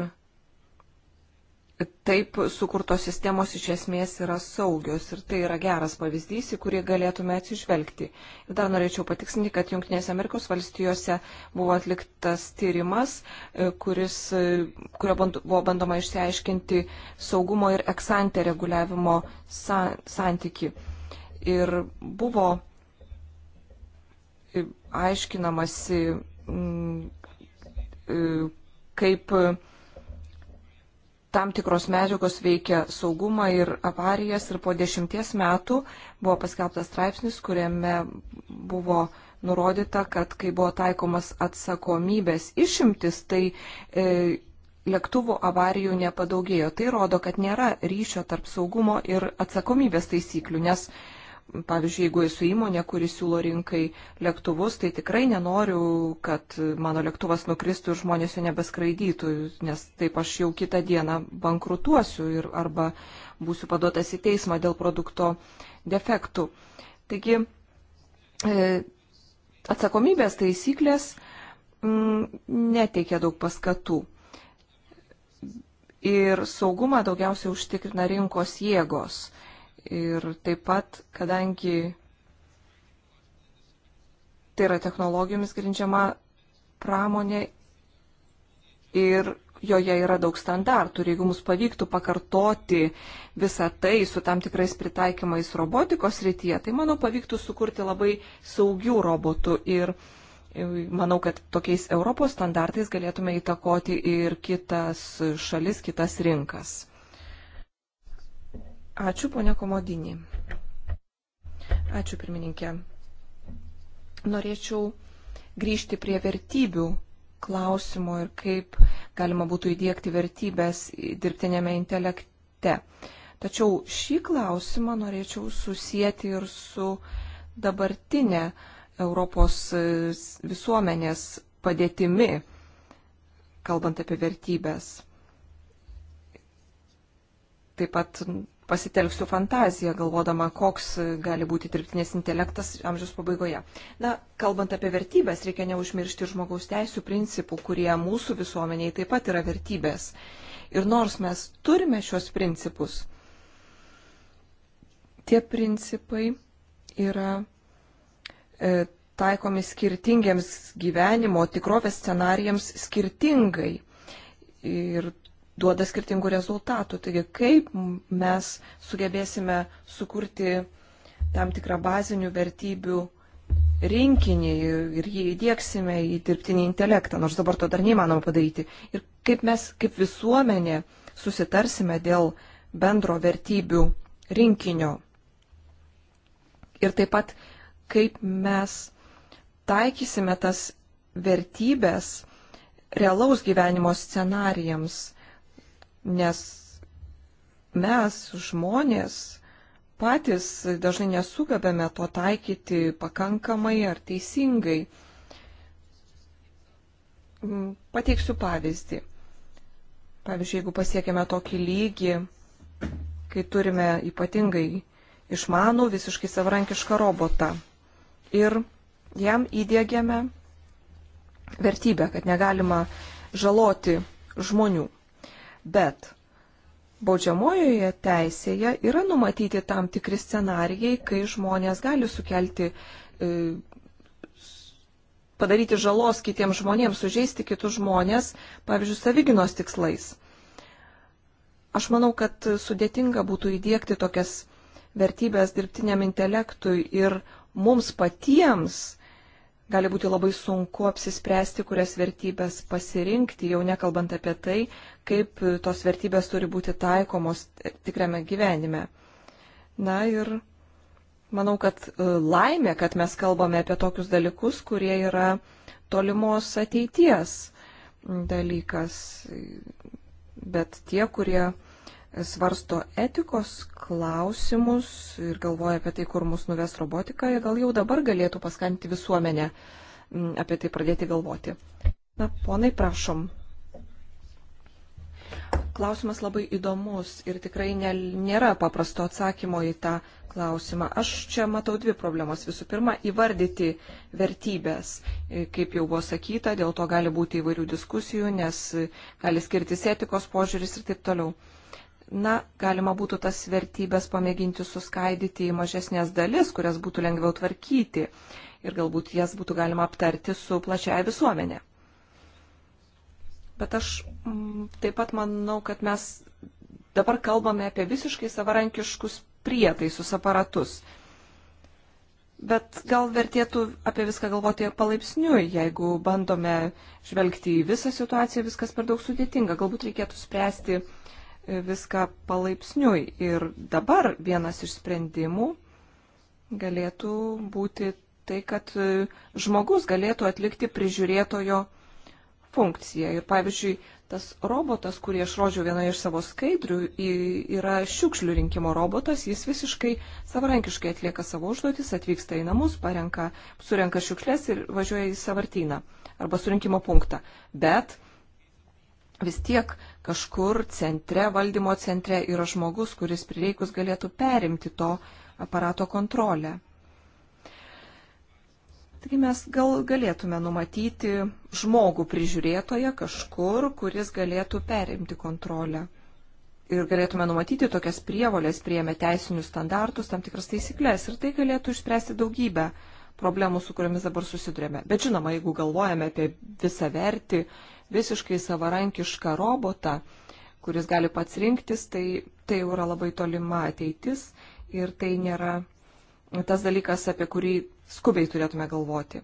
taip sukurtos sistemos iš esmės yra saugios ir tai yra geras pavyzdys, į kurį galėtume atsižvelgti. Ir dar norėčiau patiksinti, kad Junktinėse Amerikos valstijose buvo atliktas tyrimas, e, kuris, e, kurio buvo bandoma išsiaiškinti saugumo ir eksantė reguliavimo san, santyki. Ir buvo e, aiškinamasi, kaip tam tikros medžiagos veikia saugumą ir avarijas ir po dešimties metų buvo paskelbtas straipsnis, kuriame buvo nurodyta, kad kai buvo taikomas atsakomybės išimtis, tai e, lėktuvų avarijų nepadaugėjo. Tai rodo, kad nėra ryšio tarp saugumo ir atsakomybės taisyklių, nes Pavyzdžiui, jeigu esu įmonė, kuris siūlo rinkai lėktuvus, tai tikrai nenoriu, kad mano lėktuvas nukristų ir žmonės jo nebeskraidytų, nes taip aš jau kitą dieną bankrutuosiu ir arba būsiu paduotas į teismą dėl produkto defektų. Taigi, e, atsakomybės taisyklės mm, neteikia daug paskatų. Ir saugumą daugiausiai užtikrina rinkos jėgos. Ir taip pat, kadangi tai yra technologijomis grindžiama pramonė ir joje yra daug standartų. Ir jeigu mums pavyktų pakartoti visą tai su tam tikrais pritaikymais robotikos rytyje, tai manau pavyktų sukurti labai saugių robotų. Ir e, manau, kad tokiais Europos standartais galėtume įtakoti ir kitas šalis, kitas rinkas. Ačiū, ponia Komodinį. Ačiū, pirmininkė. Norėčiau grįžti prie vertybių klausimo ir kaip galima būtų įdėkti vertybės dirbtinėme intelekte. Tačiau šį klausimą norėčiau susijęti ir su dabartinė Europos visuomenės padėtimi, kalbant apie vertybės. Taip pat pasitelksiu fantaziją, galvodama, koks gali būti dirbtinės intelektas amžiaus pabaigoje. Na, kalbant apie vertybės, reikia neužmiršti žmogaus teisų principų, kurie mūsų visuomeniai taip pat yra vertybės. Ir nors mes turime šios principus, tie principai yra e, taikomi skirtingiems gyvenimo tikrovės scenarijams skirtingai. Ir duoda skirtingų rezultatų. Taigi, kaip mes sugebėsime sukurti tam tikrą bazinių vertybių rinkinį ir jį įdėksime į dirbtinį intelektą, nors dabar to dar neįmanoma padaryti. Ir kaip mes, kaip visuomenė, susitarsime dėl bendro vertybių rinkinio. Ir taip pat, kaip mes taikysime tas vertybės realaus gyvenimo scenarijams nes mes, žmonės, patys dažnai nesugebame to taikyti pakankamai ar teisingai. Mm, pateiksiu pavyzdį. Pavyzdžiui, jeigu pasiekime tokį lygį, kai turime ypatingai išmanų, visiškai savarankišką robotą ir jam įdėgiame vertybę, kad negalima žaloti žmonių bet baudžiamojoje teisėje yra numatyti tam tikri scenarijai, kai žmonės gali sukelti, e, padaryti žalos kitiems žmonėms, sužeisti kitus žmonės, pavyzdžiui, saviginos tikslais. Aš manau, kad sudėtinga būtų įdėkti tokias vertybės dirbtiniam intelektui ir mums patiems gali būti labai sunku apsispręsti, kurias vertybės pasirinkti, jau nekalbant apie tai, kaip tos vertybės turi būti taikomos tikrame gyvenime. Na ir manau, kad e, laimė, kad mes kalbame apie tokius dalykus, kurie yra tolimos ateities dalykas, bet tie, kurie svarsto etikos klausimus ir galvoja apie tai, kur mus nuves robotika, gal jau dabar galėtų paskanti visuomenę mm, apie tai pradėti galvoti. Na, ponai, prašom. Klausimas labai įdomus ir tikrai ne, nėra paprasto atsakymo į tą klausimą. Aš čia matau dvi problemas. Visų pirma, įvardyti vertybės. Kaip jau buvo sakyta, dėl to gali būti įvairių diskusijų, nes gali skirtis etikos požiūris ir taip toliau. Na, galima būtų tas vertybės pamėginti suskaidyti į mažesnės dalis, kurias būtų lengviau tvarkyti ir galbūt jas būtų galima aptarti su plačiaja visuomenė. Bet aš m, mm, taip pat manau, kad mes dabar kalbame apie visiškai savarankiškus prietaisus aparatus. Bet gal vertėtų apie viską galvoti palaipsniui, jeigu bandome žvelgti į visą situaciją, viskas per daug sudėtinga. Galbūt reikėtų spręsti uh, viską palaipsniui. Ir dabar vienas iš sprendimų galėtų būti tai, kad žmogus galėtų atlikti prižiūrėtojo funkciją. Ir pavyzdžiui, tas robotas, kurį aš rodžiau vienoje iš savo skaidrių, yra šiukšlių rinkimo robotas, jis visiškai savarankiškai atlieka savo užduotis, atvyksta į namus, parenka, surenka šiukšlės ir važiuoja į savartyną arba surinkimo punktą. Bet vis tiek kažkur centre, valdymo centre yra žmogus, kuris prireikus galėtų perimti to aparato kontrolę. Taigi mes gal galėtume numatyti žmogų prižiūrėtoje kažkur, kuris galėtų perimti kontrolę. Ir galėtume numatyti tokias prievolės, prieėmė teisinius standartus, tam tikras taisyklės. Ir tai galėtų išspręsti daugybę problemų, su kuriamis dabar susidurėme. Bet žinoma, jeigu galvojame apie visą vertį visiškai savarankišką robotą, kuris gali pats rinktis, tai tai yra labai tolima ateitis ir tai nėra tas dalykas, apie kurį skubiai turėtume galvoti.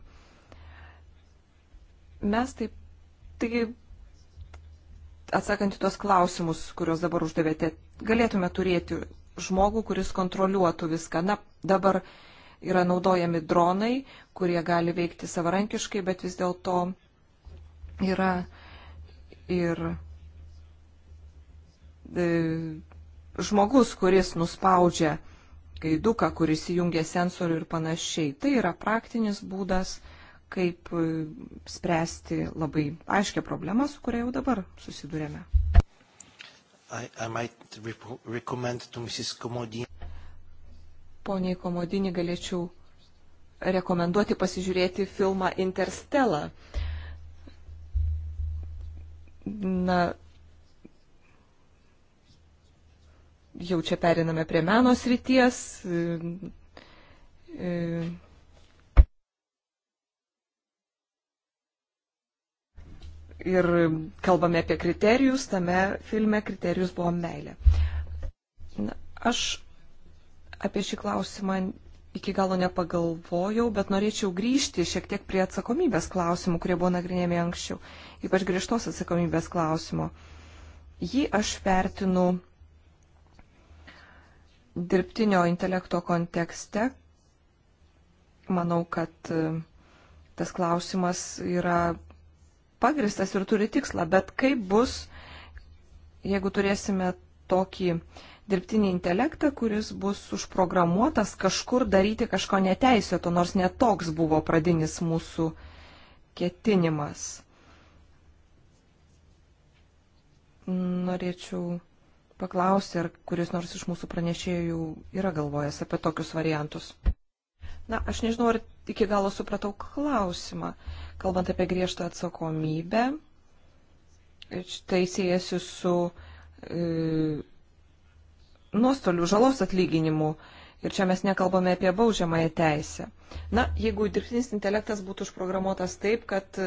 Mes taip, taigi, atsakant į tos klausimus, kuriuos dabar uždavėte, galėtume turėti žmogų, kuris kontroliuotų viską. Na, dabar yra naudojami dronai, kurie gali veikti savarankiškai, bet vis dėlto yra ir e, žmogus, kuris nuspaudžia gaiduką, kuris įjungia sensorių ir panašiai. Tai yra praktinis būdas, kaip e, spręsti labai aiškę problemą, su kuria jau dabar susidurėme. I, I Poniai Komodinį galėčiau rekomenduoti pasižiūrėti filmą Interstellar na, jau čia periname prie meno srities. E, e, ir kalbame apie kriterijus, tame filme kriterijus buvo meilė. Na, aš apie šį klausimą iki galo nepagalvojau, bet norėčiau grįžti šiek tiek prie atsakomybės klausimų, kurie buvo nagrinėjami anksčiau, ypač griežtos atsakomybės klausimo. Jį aš vertinu dirbtinio intelekto kontekste. Manau, kad e, tas klausimas yra pagristas ir turi tikslą, bet kaip bus, jeigu turėsime tokį uh, dirbtinį intelektą, kuris bus užprogramuotas kažkur daryti kažko neteisėto, nors netoks buvo pradinis mūsų ketinimas. Norėčiau paklausti, ar kuris nors iš mūsų pranešėjų yra galvojęs apie tokius variantus. Na, aš nežinau, ar iki galo supratau klausimą. Kalbant apie griežtą atsakomybę, tai siejasi su e, nuostolių žalos atlyginimų. Ir čia mes nekalbame apie baudžiamąją teisę. Na, jeigu dirbtinis intelektas būtų užprogramuotas taip, kad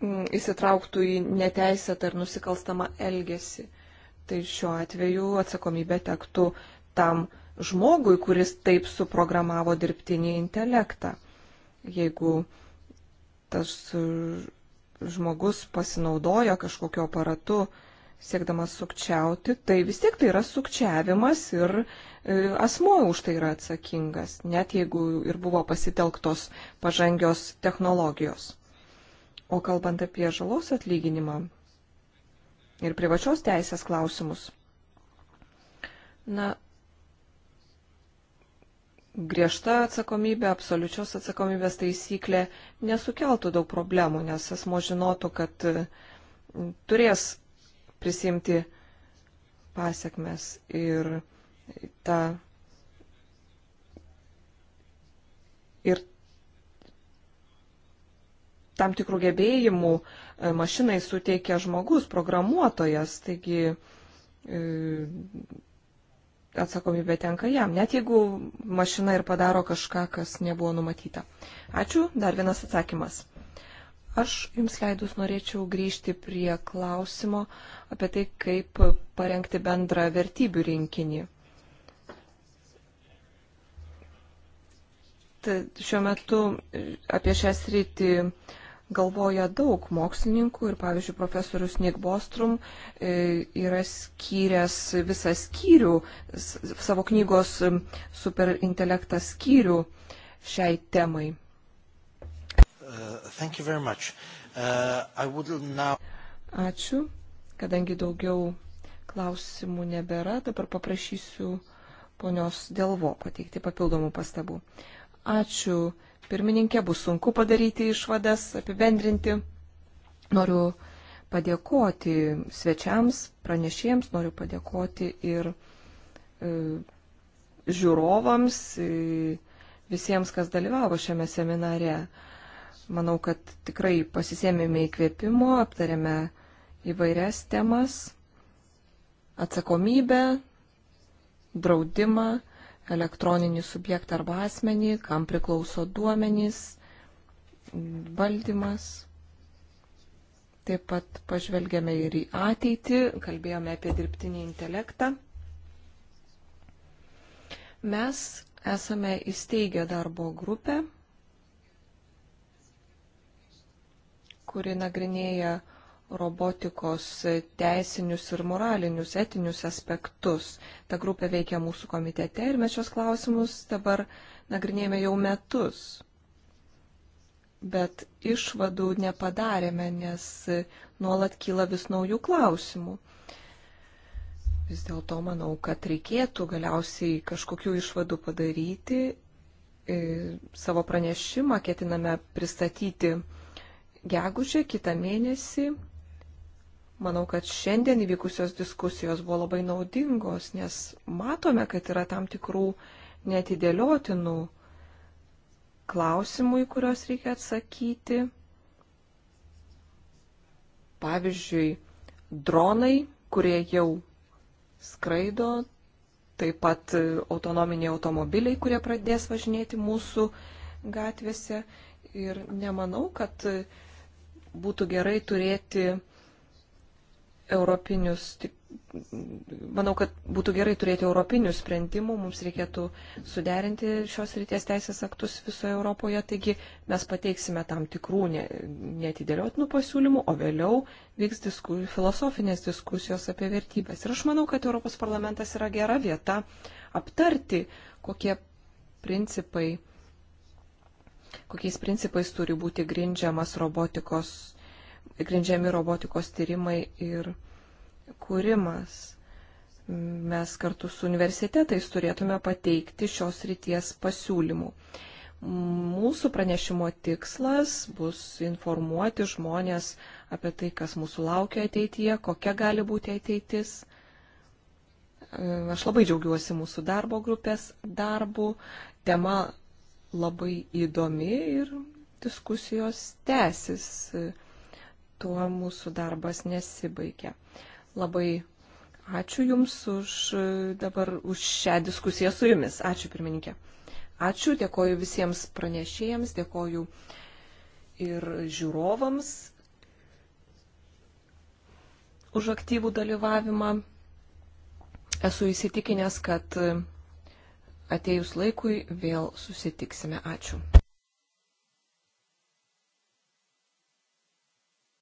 mm, įsitrauktų į neteisėtą ir nusikalstamą elgesį, tai šiuo atveju atsakomybė tektų tam žmogui, kuris taip suprogramavo dirbtinį intelektą. Jeigu tas žmogus pasinaudoja kažkokiu aparatu siekdamas sukčiauti, tai vis tiek tai yra sukčiavimas ir e, asmo už tai yra atsakingas, net jeigu ir buvo pasitelktos pažangios technologijos. O kalbant apie žalos atlyginimą ir privačios teisės klausimus, na, griežta atsakomybė, absoliučios atsakomybės taisyklė nesukeltų daug problemų, nes asmo žinotų, kad turės prisimti pasiekmes ir tą. Ir tam tikrų gebėjimų e, mašinai suteikia žmogus, programuotojas, taigi e, atsakomybė tenka jam, net jeigu mašina ir padaro kažką, kas nebuvo numatyta. Ačiū, dar vienas atsakymas. Aš jums leidus norėčiau grįžti prie klausimo apie tai, kaip parengti bendrą vertybių rinkinį. Tad šiuo metu apie šią sritį uh, galvoja daug mokslininkų ir, pavyzdžiui, profesorius Nick Bostrom e, yra skyręs visą skyrių, savo knygos superintelektą skyrių šiai temai. Uh, uh, now... Ačiū, kadangi daugiau klausimų nebėra, dabar paprašysiu ponios Delvo pateikti papildomų pastabų. Ačiū pirmininkė, bus sunku padaryti išvadas, apibendrinti. Noriu padėkoti svečiams, pranešėjams, noriu padėkoti ir e, žiūrovams, e, visiems, kas dalyvavo šiame seminare. Manau, kad tikrai pasisėmėme įkvėpimo, aptarėme įvairias temas, atsakomybę, draudimą elektroninį subjektą arba asmenį, kam priklauso duomenys, valdymas. Taip pat pažvelgėme ir į ateitį, kalbėjome apie dirbtinį intelektą. Mes esame įsteigę darbo grupę, kuri nagrinėja robotikos teisinius ir moralinius, etinius aspektus. Ta grupė veikia mūsų komitete ir mes šios klausimus dabar nagrinėjame jau metus. Bet išvadų nepadarėme, nes nuolat kyla vis naujų klausimų. Vis dėlto manau, kad reikėtų galiausiai kažkokių išvadų padaryti. E, savo pranešimą ketiname pristatyti gegužę kitą mėnesį Manau, kad šiandien įvykusios diskusijos buvo labai naudingos, nes matome, kad yra tam tikrų netidėliotinų klausimų, į kuriuos reikia atsakyti. Pavyzdžiui, dronai, kurie jau skraido, taip pat autonominiai automobiliai, kurie pradės važinėti mūsų gatvėse. Ir nemanau, kad būtų gerai turėti europinius, manau, kad būtų gerai turėti europinių sprendimų, mums reikėtų suderinti šios ryties teisės aktus visoje Europoje, taigi mes pateiksime tam tikrų netidėliotinų pasiūlymų, o vėliau vyks disku, filosofinės diskusijos apie vertybės. Ir aš manau, kad Europos parlamentas yra gera vieta aptarti, kokie principai kokiais principais turi būti grindžiamas robotikos grindžiami robotikos tyrimai ir kūrimas. Mes kartu su universitetais turėtume pateikti šios ryties pasiūlymų. Mūsų pranešimo tikslas bus informuoti žmonės apie tai, kas mūsų laukia ateityje, kokia gali būti ateitis. Aš labai džiaugiuosi mūsų darbo grupės darbu. Tema labai įdomi ir diskusijos tęsis tuo mūsų darbas nesibaigia. Labai ačiū Jums už dabar už šią diskusiją su Jumis. Ačiū pirmininkė. Ačiū, dėkoju visiems pranešėjams, dėkoju ir žiūrovams už aktyvų dalyvavimą. Esu įsitikinęs, kad atėjus laikui vėl susitiksime. Ačiū.